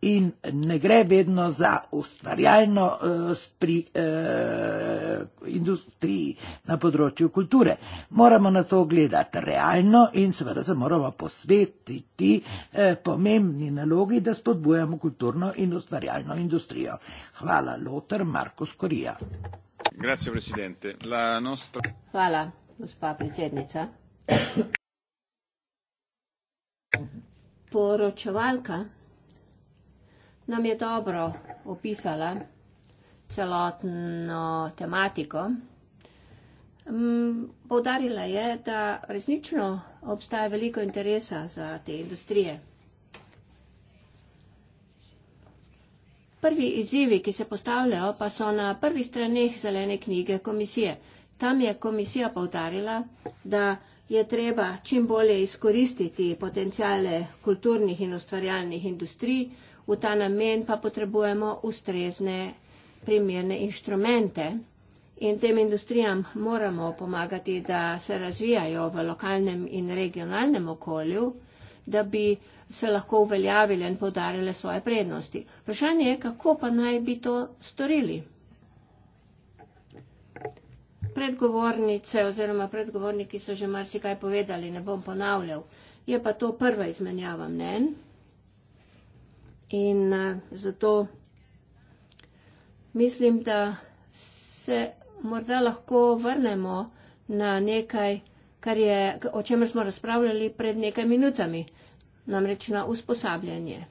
in ne gre vedno za ustvarjalnost eh, pri eh, industriji na področju kulture. Moramo na to gledati realno in seveda se moramo posvetiti eh, pomembni nalogi, da spodbujamo kulturno in ustvarjalno industrijo. Hvala, Lotar Marko Skorija. Grazie, presidente. La nostra... Hvala, gospa predsednica. Poročevalka nam je dobro opisala celotno tematiko. Mm, povdarila je, da resnično obstaja veliko interesa za te industrije. Prvi izzivi, ki se postavljajo, pa so na prvi stranih zelene knjige komisije. Tam je komisija povdarila, da je treba čim bolje izkoristiti potencijale kulturnih in ustvarjalnih industrij, v ta namen pa potrebujemo ustrezne primerne inštrumente in tem industrijam moramo pomagati, da se razvijajo v lokalnem in regionalnem okolju, da bi se lahko uveljavile in podarile svoje prednosti. Vprašanje je, kako pa naj bi to storili. Predgovornice oziroma predgovorniki so že marsikaj povedali, ne bom ponavljal. Je pa to prva izmenjava mnen In eh, zato mislim, da se morda lahko vrnemo na nekaj, kar je, o čemer smo razpravljali pred nekaj minutami, namreč na usposabljanje.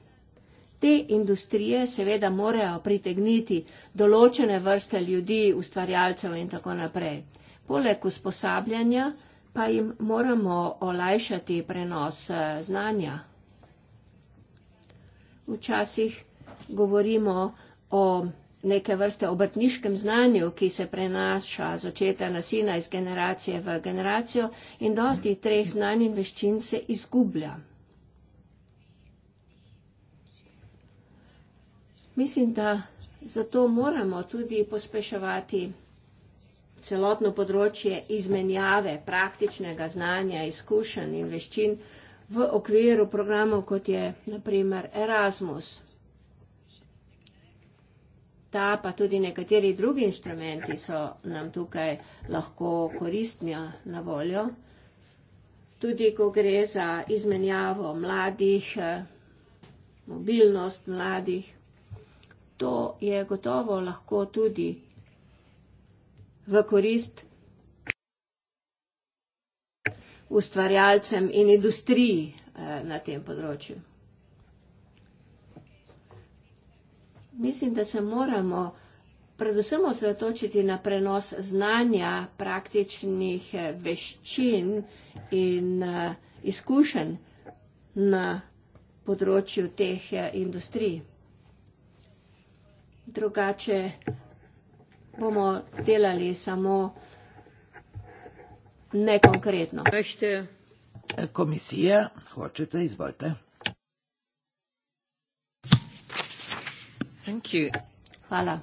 Te industrije seveda morajo pritegniti določene vrste ljudi, ustvarjalcev in tako naprej. Poleg usposabljanja pa jim moramo olajšati prenos eh, znanja Včasih govorimo o neke vrste obrtniškem znanju, ki se prenaša z očeta na sina iz generacije v generacijo in dosti treh znanj in veščin se izgublja. Mislim, da zato moramo tudi pospeševati celotno področje izmenjave praktičnega znanja, izkušenj in veščin v okviru programov, kot je naprimer Erasmus. Ta pa tudi nekateri drugi inštrumenti so nam tukaj lahko koristni na voljo. Tudi ko gre za izmenjavo mladih, eh, mobilnost mladih, to je gotovo lahko tudi v korist ustvarjalcem in industriji eh, na tem področju. Mislim, da se moramo predvsem osredotočiti na prenos znanja, praktičnih eh, veščin in eh, izkušenj na področju teh industrij. Drugače bomo delali samo неконкретно. Комисия, хочете, извольте. Thank you. Hvala.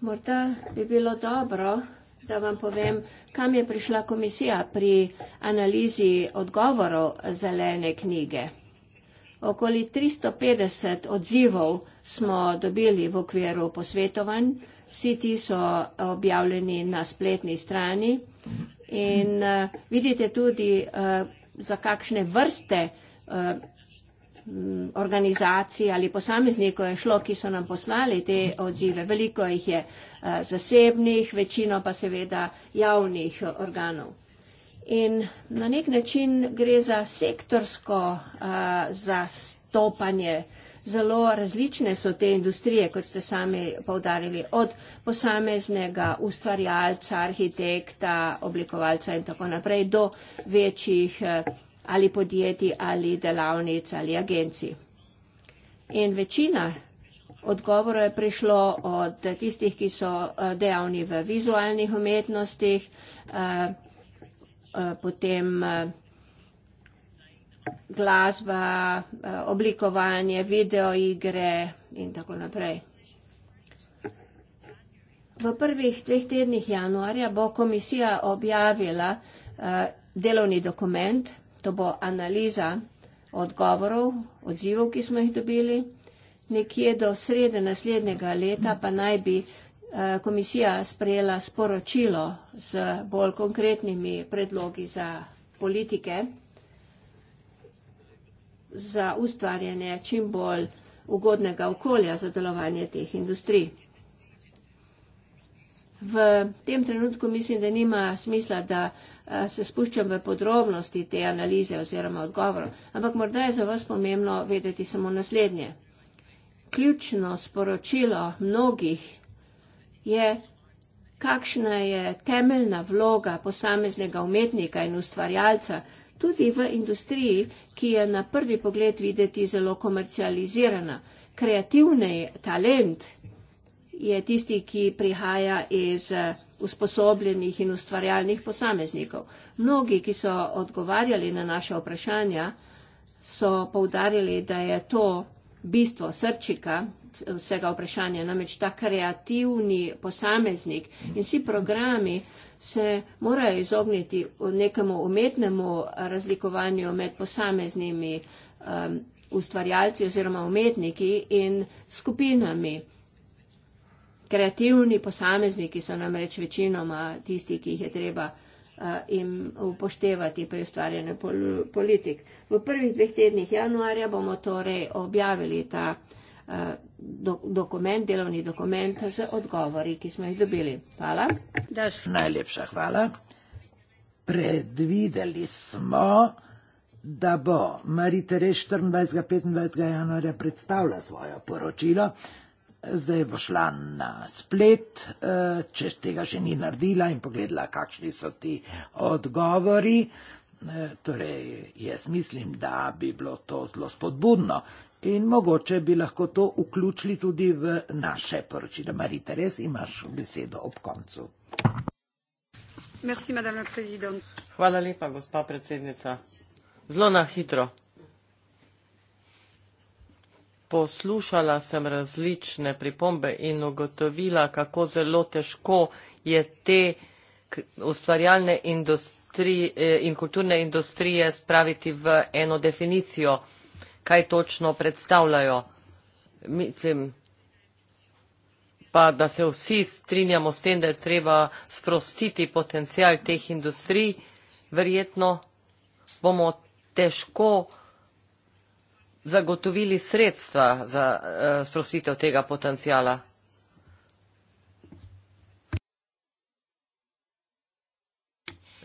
Morda bi bilo dobro, da vam povem, kam je prišla komisija pri analizi odgovorov zelene knjige. Okoli 350 odzivov smo dobili v okviru posvetovanj. Vsi ti so objavljeni na spletni strani in uh, vidite tudi, uh, za kakšne vrste uh, organizacij ali posameznikov je šlo, ki so nam poslali te odzive. Veliko jih je zasebnih, večino pa seveda javnih organov. In na nek način gre za sektorsko uh, zastopanje. Zelo različne so te industrije, kot ste sami povdarili, od posameznega ustvarjalca, arhitekta, oblikovalca in tako naprej do večjih ali podjetij ali delavnic ali agencij. In večina odgovorov je prišlo od tistih, ki so dejavni v vizualnih umetnostih, E, potem glasba, e, oblikovanje, videoigre in tako naprej. V prvih dveh tednih januarja bo komisija objavila e, delovni dokument, to bo analiza odgovorov, odzivov, ki smo jih dobili. Nekje do srede naslednjega leta pa naj bi Eh, komisija sprejela sporočilo z bolj konkretnimi predlogi za politike za ustvarjanje čim bolj ugodnega okolja za delovanje teh industrij. V tem trenutku mislim, da nima smisla, da eh, se spuščam v podrobnosti te analize oziroma odgovorov, ampak morda je za vas pomembno vedeti samo naslednje. Ključno sporočilo mnogih je, kakšna je temeljna vloga posameznega umetnika in ustvarjalca, tudi v industriji, ki je na prvi pogled videti zelo komercializirana. Kreativni talent je tisti, ki prihaja iz usposobljenih in ustvarjalnih posameznikov. Mnogi, ki so odgovarjali na naše vprašanja, so poudarjali, da je to bistvo srčika vsega vprašanja, namreč ta kreativni posameznik in vsi programi se morajo izogniti nekemu umetnemu razlikovanju med posameznimi um, ustvarjalci oziroma umetniki in skupinami. Kreativni posamezniki so namreč večinoma tisti, ki jih je treba Eh, in upoštevati pri ustvarjanju politik. V prvih dveh tednih januarja bomo torej objavili ta eh, do, dokument, delovni dokument z odgovori, ki smo jih dobili. Hvala. Das. Najlepša hvala. Predvideli smo, da bo Marita Reš 24. 25. januarja predstavila svoje poročilo zdaj bo šla na splet, eh, če tega še ni naredila in pogledala, kakšni so ti odgovori. Eh, torej, jaz mislim, da bi bilo to zelo spodbudno in mogoče bi lahko to vključili tudi v naše poročilo. Marita, res imaš besedo ob koncu. Merci, Hvala lepa, gospa predsednica. Zelo na hitro. Poslušala sem različne pripombe in ugotovila, kako zelo težko je te ustvarjalne industrije eh, in kulturne industrije spraviti v eno definicijo, kaj točno predstavljajo. Mislim, pa da se vsi strinjamo s tem, da je treba sprostiti potencial teh industrij, verjetno bomo težko zagotovili sredstva za uh, sprostitev tega potencijala?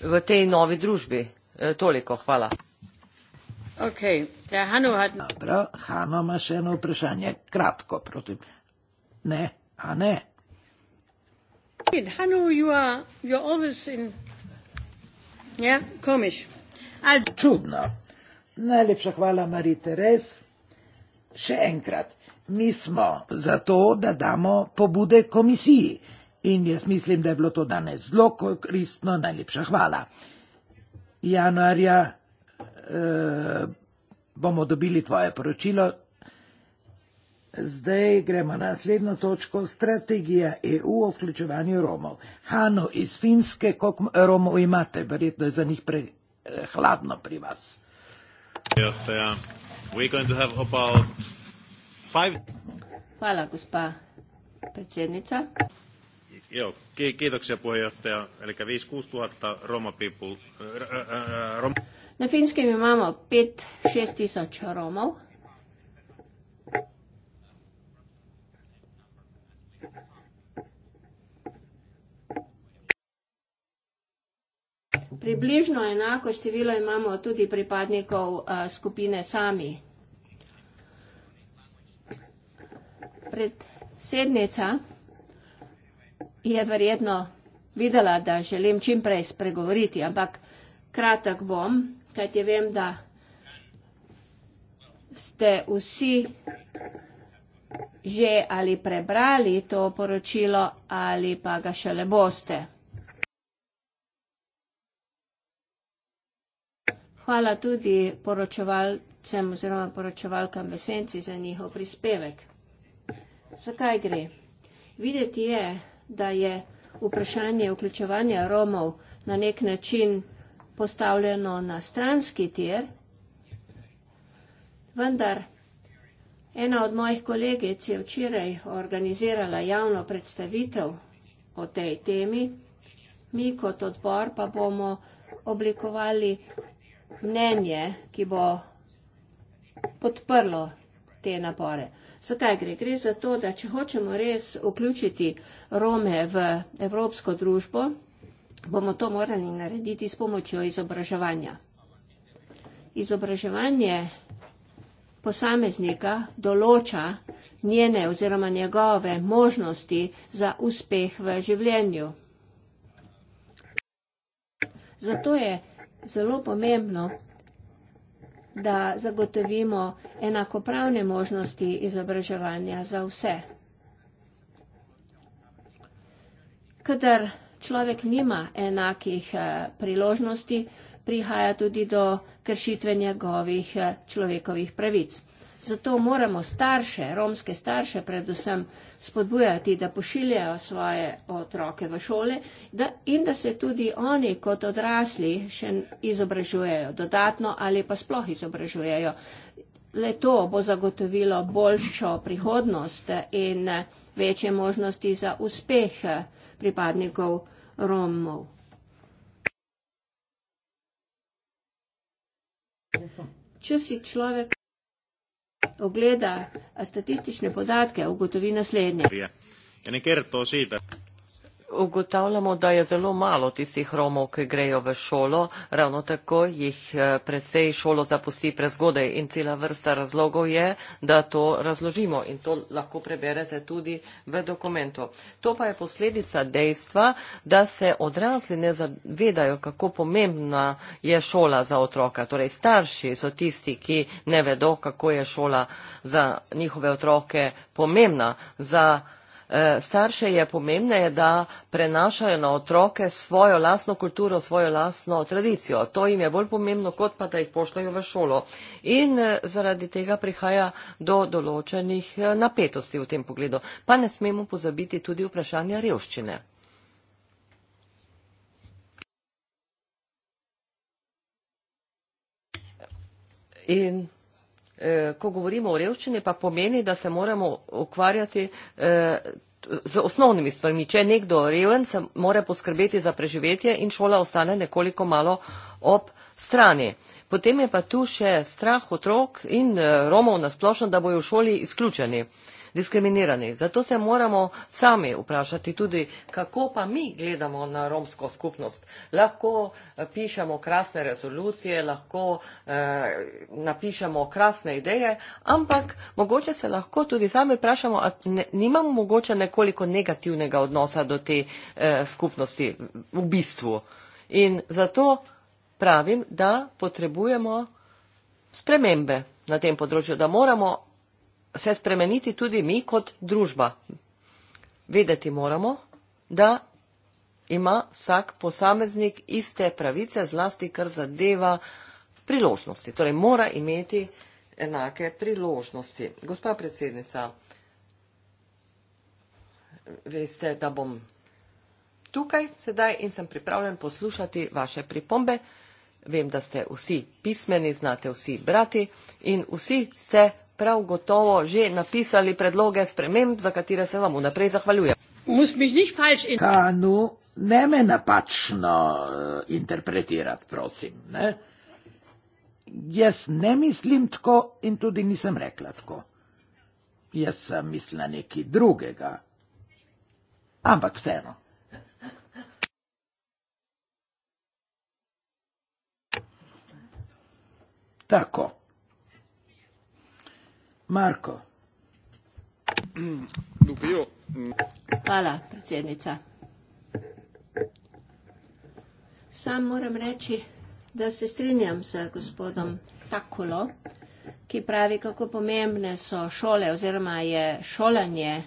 V tej novi družbi. E, toliko, hvala. Okay. Ja, Hanu had... Dobro, Hano ima še eno vprašanje. Kratko, prosim. Ne, a ne? Hanu, you are, you're always in... Ja, komisch. Also... Čudno Najlepša hvala, Marie Teres. Še enkrat, mi smo za to, da damo pobude komisiji in jaz mislim, da je bilo to danes zelo koristno. Najlepša hvala. Januarja eh, bomo dobili tvoje poročilo. Zdaj gremo na naslednjo točko, strategija EU o vključevanju Romov. Hano iz Finske, koliko Romov imate, verjetno je za njih prehladno eh, pri vas. Johtaja. We're going to have about five... Hvala, gospa predsjednica. Joo, ki- kiitoksia puheenjohtaja. Eli 5-6 tuhatta Roma people... Ä, ä, rom... Na finskem imamo 5-6 tisoč Romov Približno enako število imamo tudi pripadnikov uh, skupine sami. Predsednica je verjetno videla, da želim čim prej spregovoriti, ampak kratek bom, kajti vem, da ste vsi že ali prebrali to poročilo ali pa ga šele boste. Hvala tudi poročevalcem oziroma poročevalkam v senci za njihov prispevek. Zakaj gre? Videti je, da je vprašanje vključevanja Romov na nek način postavljeno na stranski tir, vendar ena od mojih kolegic je včeraj organizirala javno predstavitev o tej temi, mi kot odbor pa bomo oblikovali mnenje, ki bo podprlo te napore. Zakaj gre? Gre za to, da če hočemo res vključiti Rome v evropsko družbo, bomo to morali narediti s pomočjo izobraževanja. Izobraževanje posameznika določa njene oziroma njegove možnosti za uspeh v življenju. Zato je zelo pomembno, da zagotovimo enakopravne možnosti izobraževanja za vse. Kadar človek nima enakih eh, priložnosti, prihaja tudi do kršitve njegovih eh, človekovih pravic. Zato moramo starše, romske starše predvsem spodbujati, da pošiljajo svoje otroke v šole da, in da se tudi oni kot odrasli še izobražujejo dodatno ali pa sploh izobražujejo. Le to bo zagotovilo boljšo prihodnost in večje možnosti za uspeh pripadnikov Romov. Če si človek ogleda statistične podatke, ugotovi naslednje. Ja ne kertoo siitä. Ugotavljamo, da je zelo malo tistih Romov, ki grejo v šolo, ravno tako jih eh, predvsej šolo zapusti prezgodaj in cela vrsta razlogov je, da to razložimo in to lahko preberete tudi v dokumentu. To pa je posledica dejstva, da se odrasli ne zavedajo, kako pomembna je šola za otroka. Torej starši so tisti, ki ne vedo, kako je šola za njihove otroke pomembna, za E, starše je pomembneje, da prenašajo na otroke svojo lastno kulturo, svojo lastno tradicijo. To jim je bolj pomembno, kot pa da jih pošljajo v šolo. In e, zaradi tega prihaja do določenih e, napetosti v tem pogledu. Pa ne smemo pozabiti tudi vprašanja revščine. In Eh, ko govorimo o revščini, pa pomeni, da se moramo ukvarjati eh, z osnovnimi stvarmi. Če je nekdo reven, se mora poskrbeti za preživetje in šola ostane nekoliko malo ob strani. Potem je pa tu še strah otrok in eh, Romov nasplošno, da bojo v šoli izključeni. Uh, diskriminirani. Zato se moramo sami vprašati tudi, kako pa mi gledamo na romsko skupnost. Lahko eh, pišemo krasne rezolucije, lahko eh, napišemo krasne ideje, ampak mogoče se lahko tudi sami vprašamo, a nimamo mogoče nekoliko negativnega odnosa do te eh, skupnosti v bistvu. In zato pravim, da potrebujemo spremembe na tem področju, da moramo se spremeniti tudi mi kot družba. Vedeti moramo, da ima vsak posameznik iste pravice, zlasti kar zadeva priložnosti. Torej mora imeti enake priložnosti. Gospa predsednica, veste, da bom tukaj sedaj in sem pripravljen poslušati vaše pripombe. Vem, da ste vsi pismeni, znate vsi brati in vsi ste prav gotovo že napisali predloge sprememb, za katere se vam vnaprej zahvaljujem. Kanu, ne me napačno eh, interpretirati, prosim. Ne? Jaz ne mislim tako in tudi nisem rekla tako. Jaz sem mislila nekaj drugega. Ampak vseeno. Tako. Marko. Hvala, predsjednica. Sam moram reći da se strinjam sa gospodom Takulo, ki pravi, kako pomembne so šole oziroma je šolanje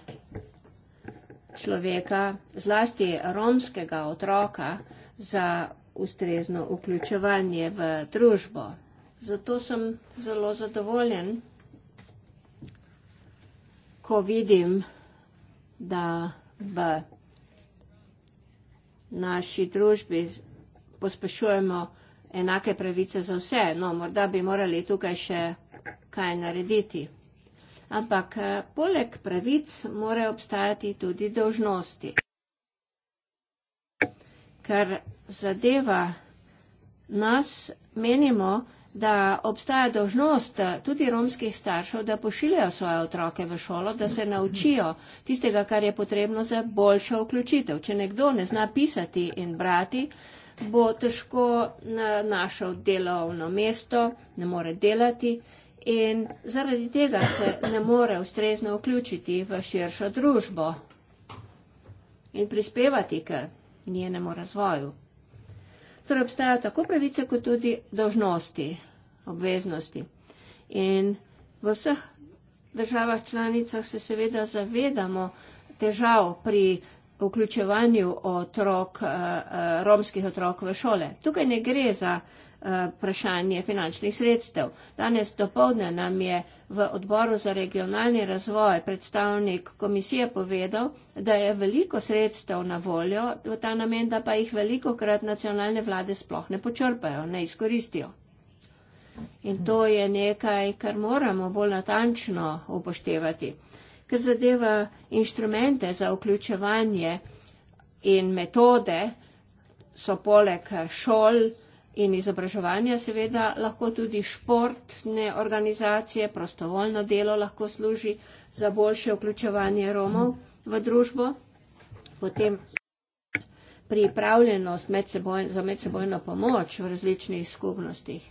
človeka, zlasti romskega otroka, za ustrezno vključevanje v družbo. Zato sem zelo zadovoljen, ko vidim, da v naši družbi pospešujemo enake pravice za vse. No, morda bi morali tukaj še kaj narediti. Ampak eh, poleg pravic morajo obstajati tudi dožnosti. Ker zadeva nas, menimo, da obstaja dožnost tudi romskih staršev, da pošiljajo svoje otroke v šolo, da se naučijo tistega, kar je potrebno za boljšo vključitev. Če nekdo ne zna pisati in brati, bo težko našel delovno mesto, ne more delati in zaradi tega se ne more ustrezno vključiti v širšo družbo in prispevati k njenemu razvoju ker obstajajo tako pravice, kot tudi dožnosti, obveznosti. In v vseh državah članicah se seveda zavedamo težav pri vključevanju otrok, eh, eh, romskih otrok v šole. Tukaj ne gre za vprašanje finančnih sredstev. Danes dopoldne nam je v odboru za regionalni razvoj predstavnik komisije povedal, da je veliko sredstev na voljo v ta namen, da pa jih veliko krat nacionalne vlade sploh ne počrpajo, ne izkoristijo. In to je nekaj, kar moramo bolj natančno upoštevati. Ker zadeva inštrumente za vključevanje in metode, so poleg šol, in izobraževanja, seveda lahko tudi športne organizacije, prostovoljno delo lahko služi za boljše vključevanje Romov v družbo, potem pripravljenost medseboj, za medsebojno pomoč v različnih skupnostih.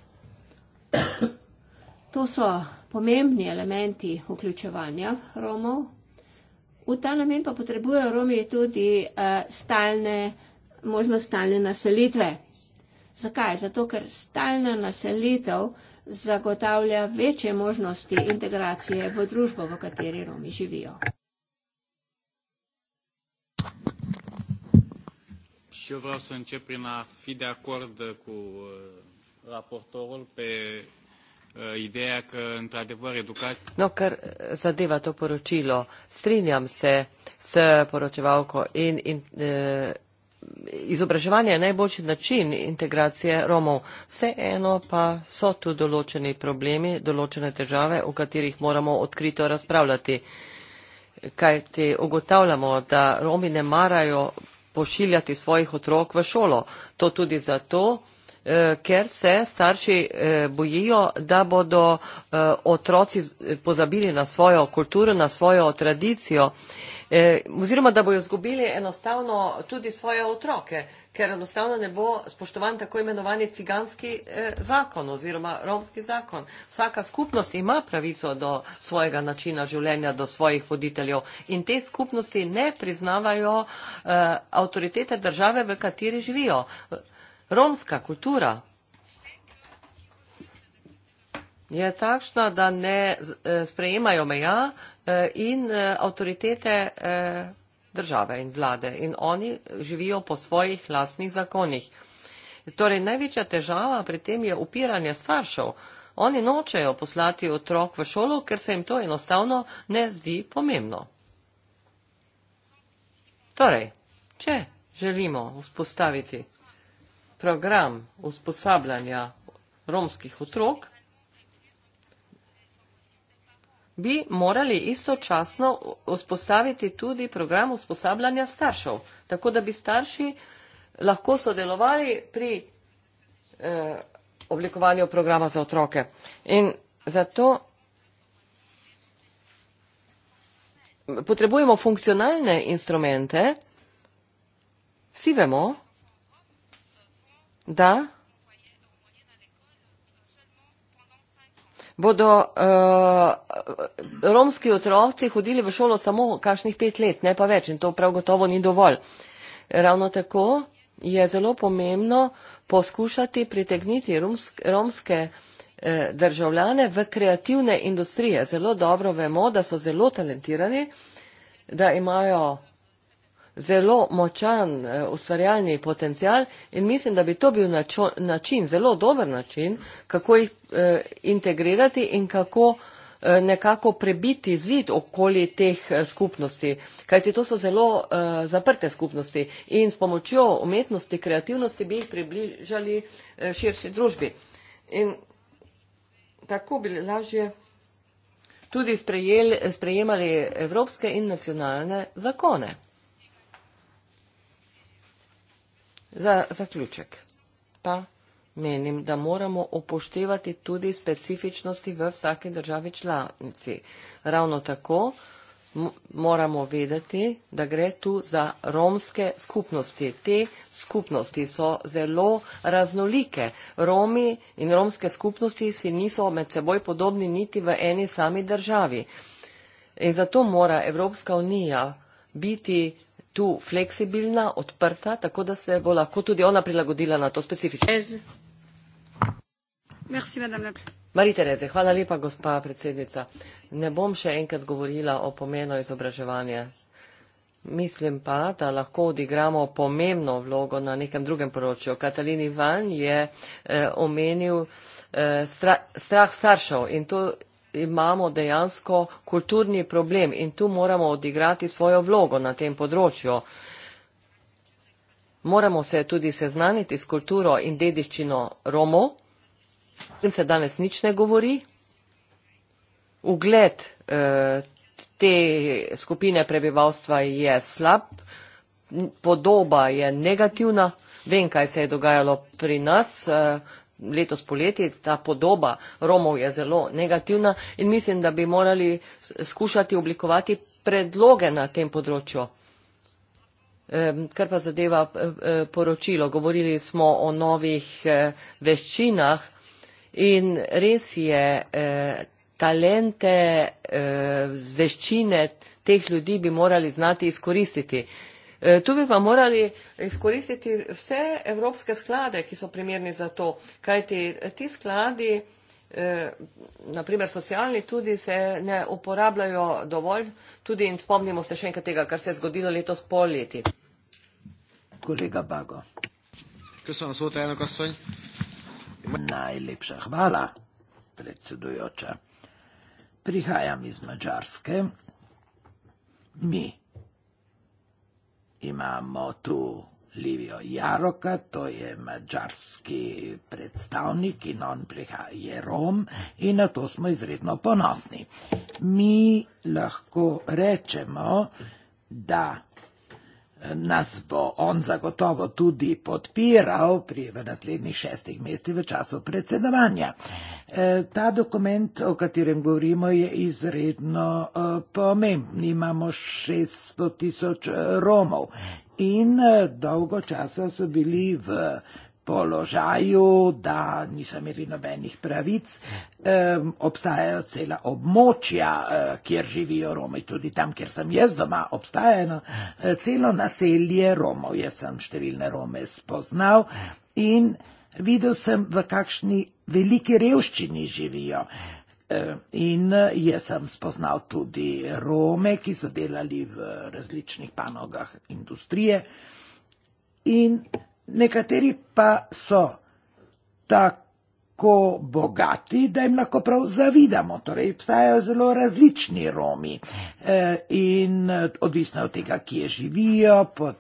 To so pomembni elementi vključevanja Romov. V ta namen pa potrebujejo Romi tudi uh, stalne, možnost stalne naselitve. Zakaj? Zato, ker stalna naselitev zagotavlja večje možnosti integracije v družbo, v kateri Romi živijo. Și eu vreau să încep prin a fi de acord cu uh, raportorul pe uh, ideea că, într-adevăr, educația... No, ker uh, zadeva to poročilo, strinjam se s poročevalko in, in eh, izobraževanje je najboljši način integracije Romov. Vseeno pa so tu določeni problemi, določene težave, o katerih moramo odkrito razpravljati. Kaj ti ugotavljamo, da Romi ne marajo pošiljati svojih otrok v šolo. To tudi zato, E, ker se starši e, bojijo, da bodo e, otroci pozabili na svojo kulturo, na svojo tradicijo oziroma da bojo zgubili enostavno tudi svoje otroke, ker enostavno ne bo spoštovan tako imenovani ciganski zakon oziroma romski zakon. Vsaka skupnost ima pravico do svojega načina življenja, do svojih voditeljev in te skupnosti ne priznavajo avtoritete države, v kateri živijo. Romska kultura je takšna, da ne sprejemajo meja e, in e, avtoritete e, države in vlade in oni živijo po svojih lastnih zakonih. Torej, največja težava pri tem je upiranje staršev. Oni nočejo poslati otrok v šolo, ker se jim to enostavno ne zdi pomembno. Torej, če želimo vzpostaviti program usposabljanja romskih otrok, bi morali istočasno vzpostaviti tudi program usposabljanja staršev, tako da bi starši lahko sodelovali pri eh, oblikovanju programa za otroke. In zato potrebujemo funkcionalne instrumente. Vsi vemo, da bodo uh, romski otroci hodili v šolo samo kakšnih pet let, ne pa več in to prav gotovo ni dovolj. Ravno tako je zelo pomembno poskušati pritegniti romsk, romske eh, državljane v kreativne industrije. Zelo dobro vemo, da so zelo talentirani, da imajo zelo močan eh, ustvarjalni potencial in mislim, da bi to bil načo, način, zelo dober način, kako jih eh, integrirati in kako eh, nekako prebiti zid okoli teh skupnosti, kajti to so zelo zaprte skupnosti in s pomočjo umetnosti, kreativnosti bi jih približali širši družbi. In tako bi lažje tudi sprejeli, sprejemali evropske in nacionalne zakone. Za zaključek pa menim, da moramo upoštevati tudi specifičnosti v vsaki državi članici. Ravno tako moramo vedeti, da gre tu za romske skupnosti. Te skupnosti so zelo raznolike. Romi in romske skupnosti si niso med seboj podobni niti v eni sami državi. In zato mora Evropska unija biti tu fleksibilna, odprta, tako da se bo lahko tudi ona prilagodila na to specifično. Marija Tereze, hvala lepa, gospa predsednica. Ne bom še enkrat govorila o pomenu izobraževanja. Mislim pa, da lahko odigramo pomembno vlogo na nekem drugem področju. Katalin Ivan je eh, omenil eh, stra strah staršev in to imamo dejansko kulturni problem in tu moramo odigrati svojo vlogo na tem področju. Moramo se tudi seznaniti s kulturo in dediščino Romov. Tem se danes nič ne govori. Ugled eh, te skupine prebivalstva je slab, podoba je negativna. Vem, kaj se je dogajalo pri nas. Eh, letos poletje, ta podoba Romov je zelo negativna in mislim, da bi morali skušati oblikovati predloge na tem področju. Kar pa zadeva eh, eh, poročilo, govorili smo o novih eh, veščinah in res je, talente, veščine teh ljudi bi morali znati izkoristiti. E, tu bi pa morali izkoristiti vse evropske sklade, ki so primerni za to, kajti e, ti skladi, e, naprimer socialni, tudi se ne uporabljajo dovolj, tudi in spomnimo se še enkrat tega, kar se je zgodilo letos po leti. Kolega Bago. Najlepša hvala, predsedujoča. Prihajam iz Mačarske. Mi Imamo tu Livio Jaroka, to je mađarski predstavnik in on prihaja, Rom in na to smo izredno ponosni. Mi lahko rečemo, da nas bo on zagotovo tudi podpiral pri, v naslednjih šestih mestih v času predsedovanja. E, ta dokument, o katerem govorimo, je izredno e, pomemben. Imamo 600 tisoč e, Romov in e, dolgo časa so bili v položaju, da niso imeli nobenih pravic. Um, obstajajo cela območja, uh, kjer živijo Romi, tudi tam, kjer sem jaz doma, obstaja uh, celo naselje Romov. Jaz sem številne Rome spoznal in videl sem, v kakšni veliki revščini živijo. In eh, jaz sem spoznal tudi Rome, ki so delali v različnih panogah industrije. In nekateri pa so tako bogati, da jim lahko prav zavidamo. Torej, obstajajo zelo različni Romi e, in e, odvisno od tega, kje živijo, pod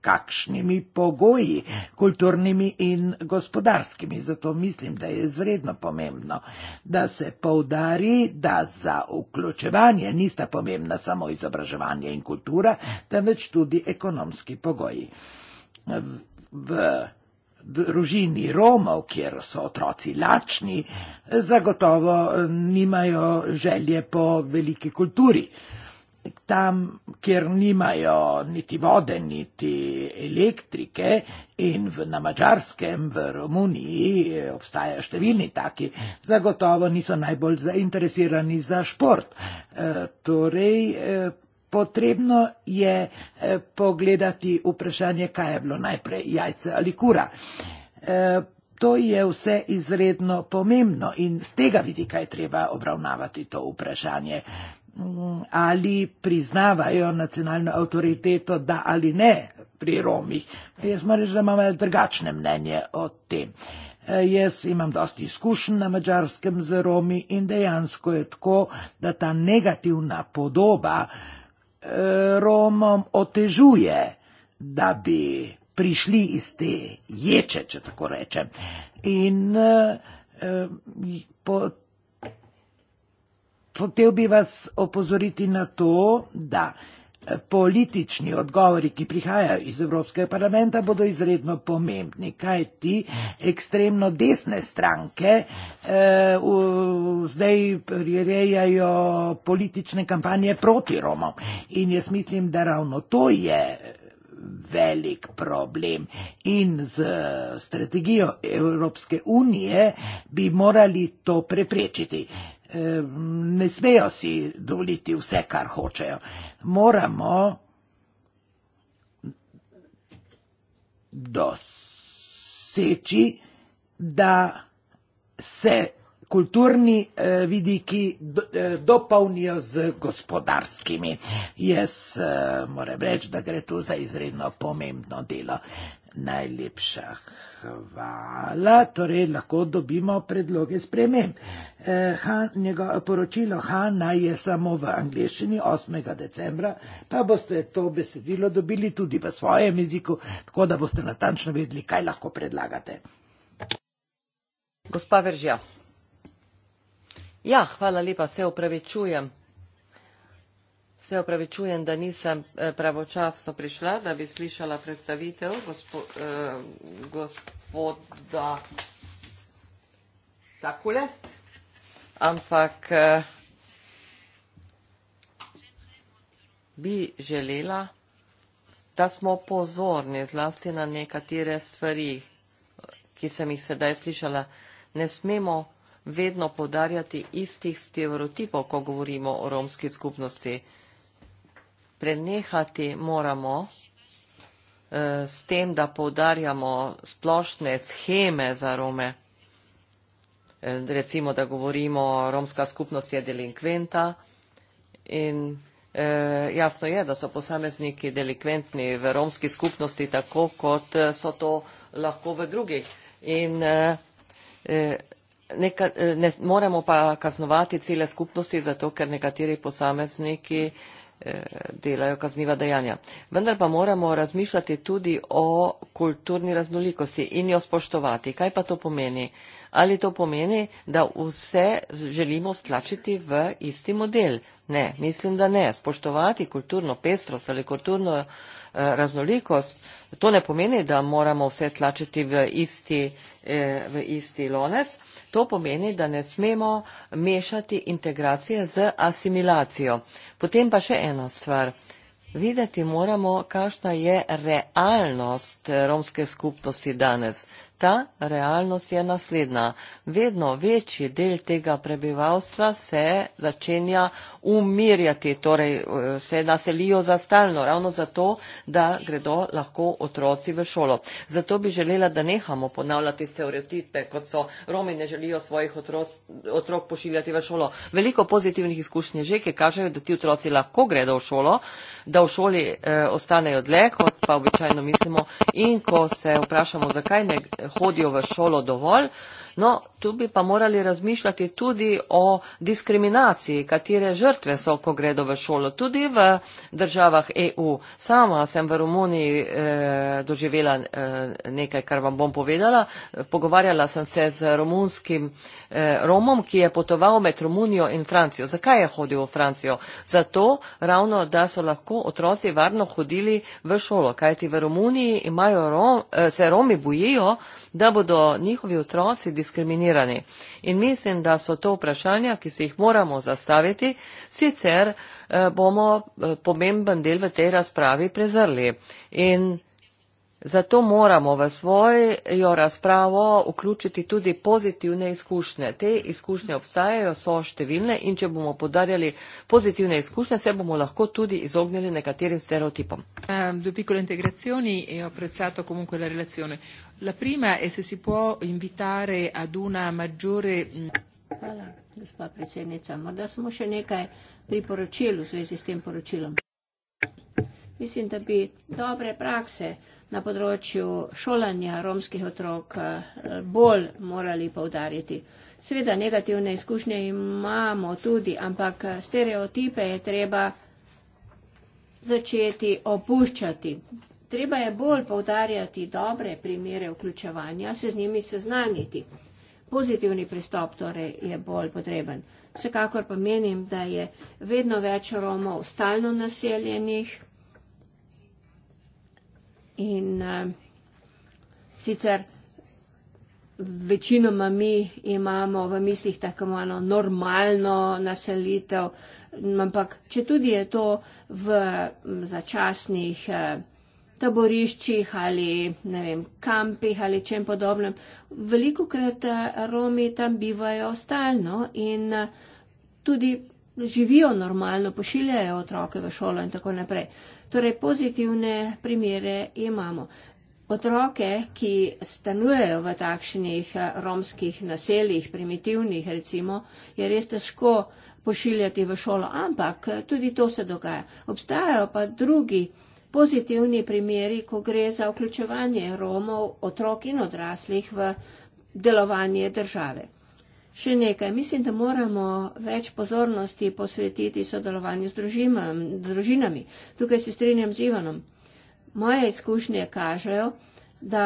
kakšnimi pogoji, kulturnimi in gospodarskimi. Zato mislim, da je izredno pomembno, da se povdari, da za vključevanje nista pomembna samo izobraževanje in kultura, temveč tudi ekonomski pogoji v družini Romov, kjer so otroci lačni, zagotovo eh, nimajo želje po veliki kulturi. Tam, kjer nimajo niti vode, niti elektrike in v, na Mačarskem, v Romuniji eh, obstajajo številni taki, zagotovo niso najbolj zainteresirani za šport. E, torej, e, Potrebno je e, pogledati vprašanje, kaj je bilo najprej, jajce ali kura. E, to je vse izredno pomembno in z tega vidika je treba obravnavati to vprašanje mm, ali priznavajo nacionalno avtoriteto, da ali ne pri Romih. Jaz moram reči, da imam drugačne mnenje o tem. E, jaz imam dosti izkušenj na mačarskem z Romi in dejansko je tako, da ta negativna podoba Romom otežuje, da bi prišli iz te ječe, če tako rečem. In eh, po, hotel bi vas opozoriti na to, da politični odgovori, ki prihajajo iz Evropskega parlamenta, bodo izredno pomembni, kaj ti ekstremno desne stranke eh, v, zdaj prirejajo politične kampanje proti Romom. In jaz mislim, da ravno to je velik problem. In z strategijo Evropske unije bi morali to preprečiti ne smejo si dovoliti vse, kar hočejo. Moramo doseči, da se kulturni eh, vidiki do, eh, dopolnijo z gospodarskimi. Jaz eh, moram reči, da gre tu za izredno pomembno delo. Najlepša hvala, torej lahko dobimo predloge sprememb. Eh, Han, njego, poročilo Hanna je samo v angliščini 8. decembra, pa boste to besedilo dobili tudi v svojem jeziku, tako da boste natančno vedeli, kaj lahko predlagate. Gospa Veržja. Ja, hvala lepa, se opravičujem Se opravičujem, da nisem eh, pravočasno prišla, da bi slišala predstavitev gospo, eh, gospoda Takule, ampak eh, bi želela, da smo pozorni zlasti na nekatere stvari, ki sem jih sedaj slišala. Ne smemo vedno podarjati istih stereotipov, ko govorimo o romski skupnosti Prenehati moramo eh, s tem, da povdarjamo splošne scheme za Rome. Eh, recimo, da govorimo, romska skupnost je delinkventa in eh, jasno je, da so posamezniki delinkventni v romski skupnosti tako, kot so to lahko v drugih. In neka, ne moremo pa kaznovati cele skupnosti, zato ker nekateri posamezniki delajo kazniva dejanja. Vendar pa moramo razmišljati tudi o kulturni raznolikosti in jo spoštovati. Kaj pa to pomeni? Ali to pomeni, da vse želimo stlačiti v isti model? Ne, mislim, da ne. Spoštovati kulturno pestrost ali kulturno raznolikost. To ne pomeni, da moramo vse tlačiti v isti, eh, v isti lonec. To pomeni, da ne smemo mešati integracije z asimilacijo. Potem pa še ena stvar. Videti moramo, kakšna je realnost romske skupnosti danes. Ta realnost je naslednja. Vedno večji del tega prebivalstva se začenja umirjati, torej eh, se naselijo za stalno, ravno zato, da gredo lahko otroci v šolo. Zato bi želela, da nehamo ponavljati stereotipe, kot so Romi ne želijo svojih otroc, otrok pošiljati v šolo. Veliko pozitivnih izkušnj je že, ki kažejo, da ti otroci lahko gredo v šolo, da v šoli eh, ostanejo dlje, kot pa običajno mislimo. In ko se vprašamo, zakaj ne hodijo v šolo dovolj. No, tu bi pa morali razmišljati tudi o diskriminaciji, katere žrtve so, ko gredo v šolo, tudi v državah EU. Sama sem v Romuniji eh, doživela eh, nekaj, kar vam bom povedala. Pogovarjala sem se z romunskim eh, Romom, ki je potoval med Romunijo in Francijo. Zakaj je hodil v Francijo? Zato ravno, da so lahko otroci varno hodili v šolo, kajti v Romuniji imajo Rom, eh, se Romi bojijo, da bodo njihovi otroci diskriminirani. In mislim, da so to vprašanja, ki se jih moramo zastaviti, sicer eh, bomo eh, pomemben del v tej razpravi prezrli. In Zato moramo v svojo razpravo vključiti tudi pozitivne izkušnje. Te izkušnje obstajajo, so številne in če bomo podarjali pozitivne izkušnje, se bomo lahko tudi izognili nekaterim stereotipom. Ehm, due piccole integrazioni e ho apprezzato comunque la relazione. La prima è se si può invitare ad una maggiore. Mm, Hvala, gospa predsednica. Morda samo še nekaj priporočil v zvezi s tem poročilom. Mislim, da bi dobre prakse na področju šolanja romskih otrok eh, bolj morali povdariti. Sveda negativne izkušnje imamo tudi, ampak eh, stereotipe je treba začeti opuščati. Treba je bolj povdarjati dobre primere vključevanja, se z njimi seznaniti. Pozitivni pristop torej je bolj potreben. Vsekakor pa menim, da je vedno več Romov stalno naseljenih, In uh, sicer večinoma mi imamo v mislih tako malo normalno naselitev, ampak če tudi je to v začasnih uh, taboriščih ali ne vem, kampih ali čem podobnem, veliko krat eh, Romi tam bivajo stalno in tudi živijo normalno, pošiljajo otroke v šolo in tako naprej. Torej pozitivne primere imamo. Otroke, ki stanujejo v takšnih eh, romskih naseljih, primitivnih recimo, je res težko pošiljati v šolo, ampak eh, tudi to se dogaja. Obstajajo pa drugi pozitivni primeri, ko gre za vključevanje Romov, otrok in odraslih v delovanje države. Še nekaj, mislim, da moramo več pozornosti posvetiti sodelovanju z družinam, družinami. Tukaj se strinjam z Ivanom. Moje izkušnje kažejo, da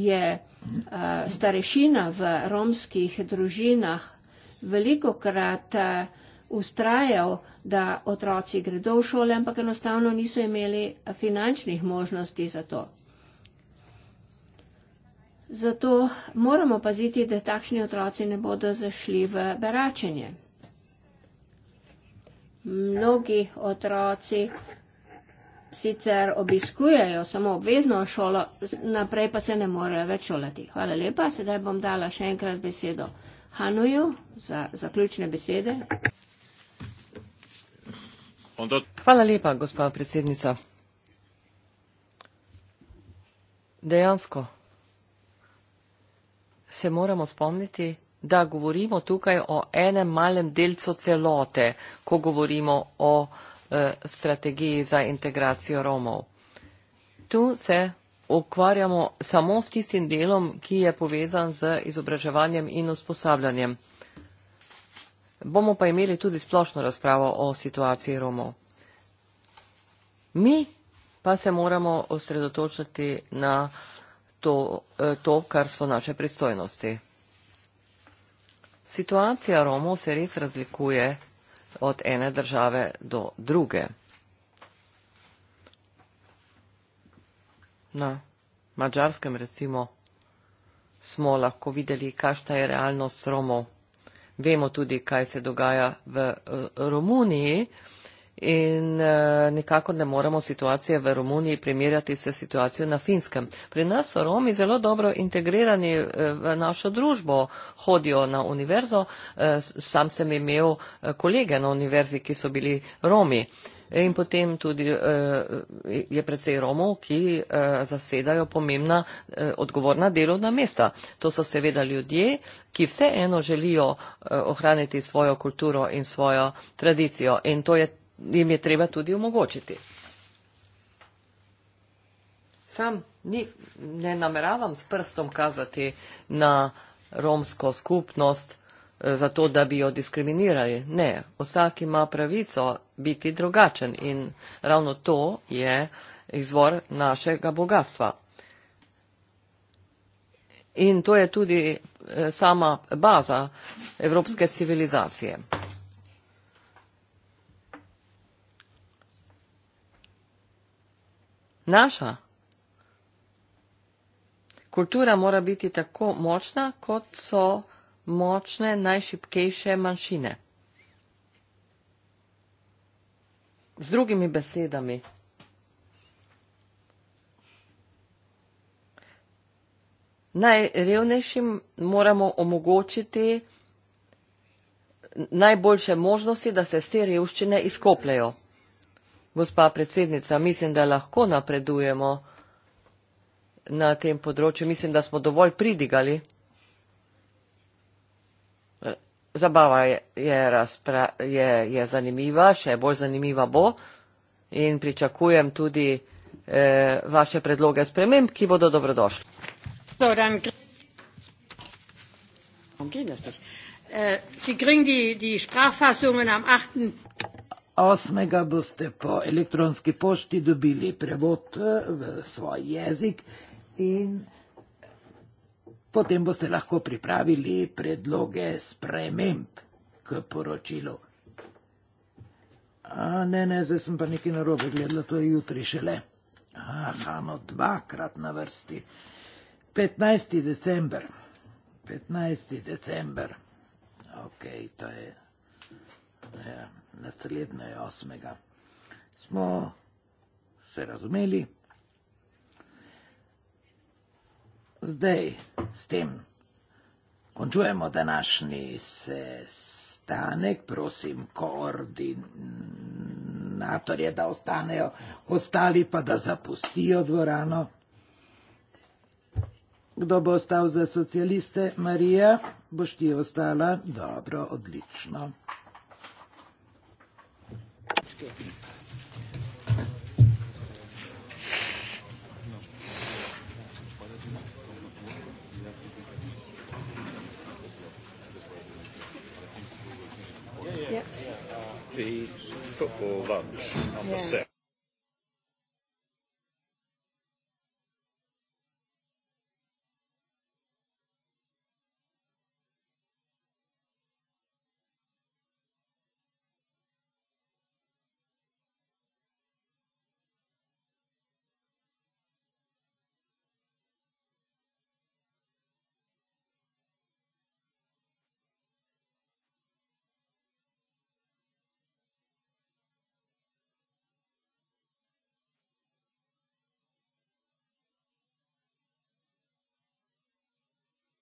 je uh, starešina v romskih družinah veliko krat uh, eh, ustrajal, da otroci gredo v šole, ampak enostavno niso imeli finančnih možnosti za to. Zato moramo paziti, da takšni otroci ne bodo zašli v beračenje. Mnogi otroci sicer obiskujejo samo obvezno šolo, naprej pa se ne morejo več šolati. Hvala lepa. Sedaj bom dala še enkrat besedo Hanuju za zaključne besede. Hvala lepa, gospa predsednica. Dejansko se moramo spomniti, da govorimo tukaj o enem malem delcu celote, ko govorimo o eh, strategiji za integracijo Romov. Tu se ukvarjamo samo s tistim delom, ki je povezan z izobraževanjem in usposabljanjem. Bomo pa imeli tudi splošno razpravo o situaciji Romov. Mi pa se moramo osredotočiti na to, e, to kar so naše pristojnosti. Situacija Romov se res razlikuje od ene države do druge. Na mačarskem recimo smo lahko videli, kakšna je realnost Romov. Vemo tudi, kaj se dogaja v e, Romuniji, in uh, nikakor ne moremo situacije v Romuniji primerjati s situacijo na finskem. Pri nas so Romi zelo dobro integrirani eh, v našo družbo, hodijo na univerzo, eh, sam sem imel kolege na univerzi, ki so bili Romi. In potem tudi je precej Romov, ki zasedajo pomembna odgovorna delovna mesta. To so seveda ljudje, ki vseeno želijo ohraniti svojo kulturo in svojo tradicijo. In to je jim je treba tudi omogočiti. Sam ni, ne nameravam s prstom kazati na romsko skupnost, eh, zato da bi jo diskriminirali. Ne, vsak ima pravico biti drugačen in ravno to je izvor našega bogatstva. In to je tudi eh, sama baza evropske civilizacije. naša. Kultura mora biti tako močna, kot so močne najšipkejše manjšine. Z drugimi besedami, najrevnejšim moramo omogočiti najboljše možnosti, da se s te revščine izkopljajo. Gospa predsednica, mislim, da lahko napredujemo na tem področju. Mislim, da smo dovolj pridigali. Zabava je, je, je, je zanimiva, še bolj zanimiva bo in pričakujem tudi eh, vaše predloge sprememb, ki bodo dobrodošli. Eh, Sie kriegen die, die Sprachfassungen am 8. 8. boste po elektronski pošti dobili prevod v svoj jezik in potem boste lahko pripravili predloge sprememb k poročilu. A ne, ne, zdaj sem pa nekaj narobe gledala, to je jutri šele. Aha, no dvakrat na vrsti. 15. december. 15. december. Ok, to je. Ja naslednjo osmega. Smo se razumeli. Zdaj s tem končujemo današnji sestanek. Prosim koordinatorje, da ostanejo, ostali pa da zapustijo dvorano. Kdo bo ostal za socialiste? Marija, boš ti ostala? Dobro, odlično. The football lunch on yeah. the set.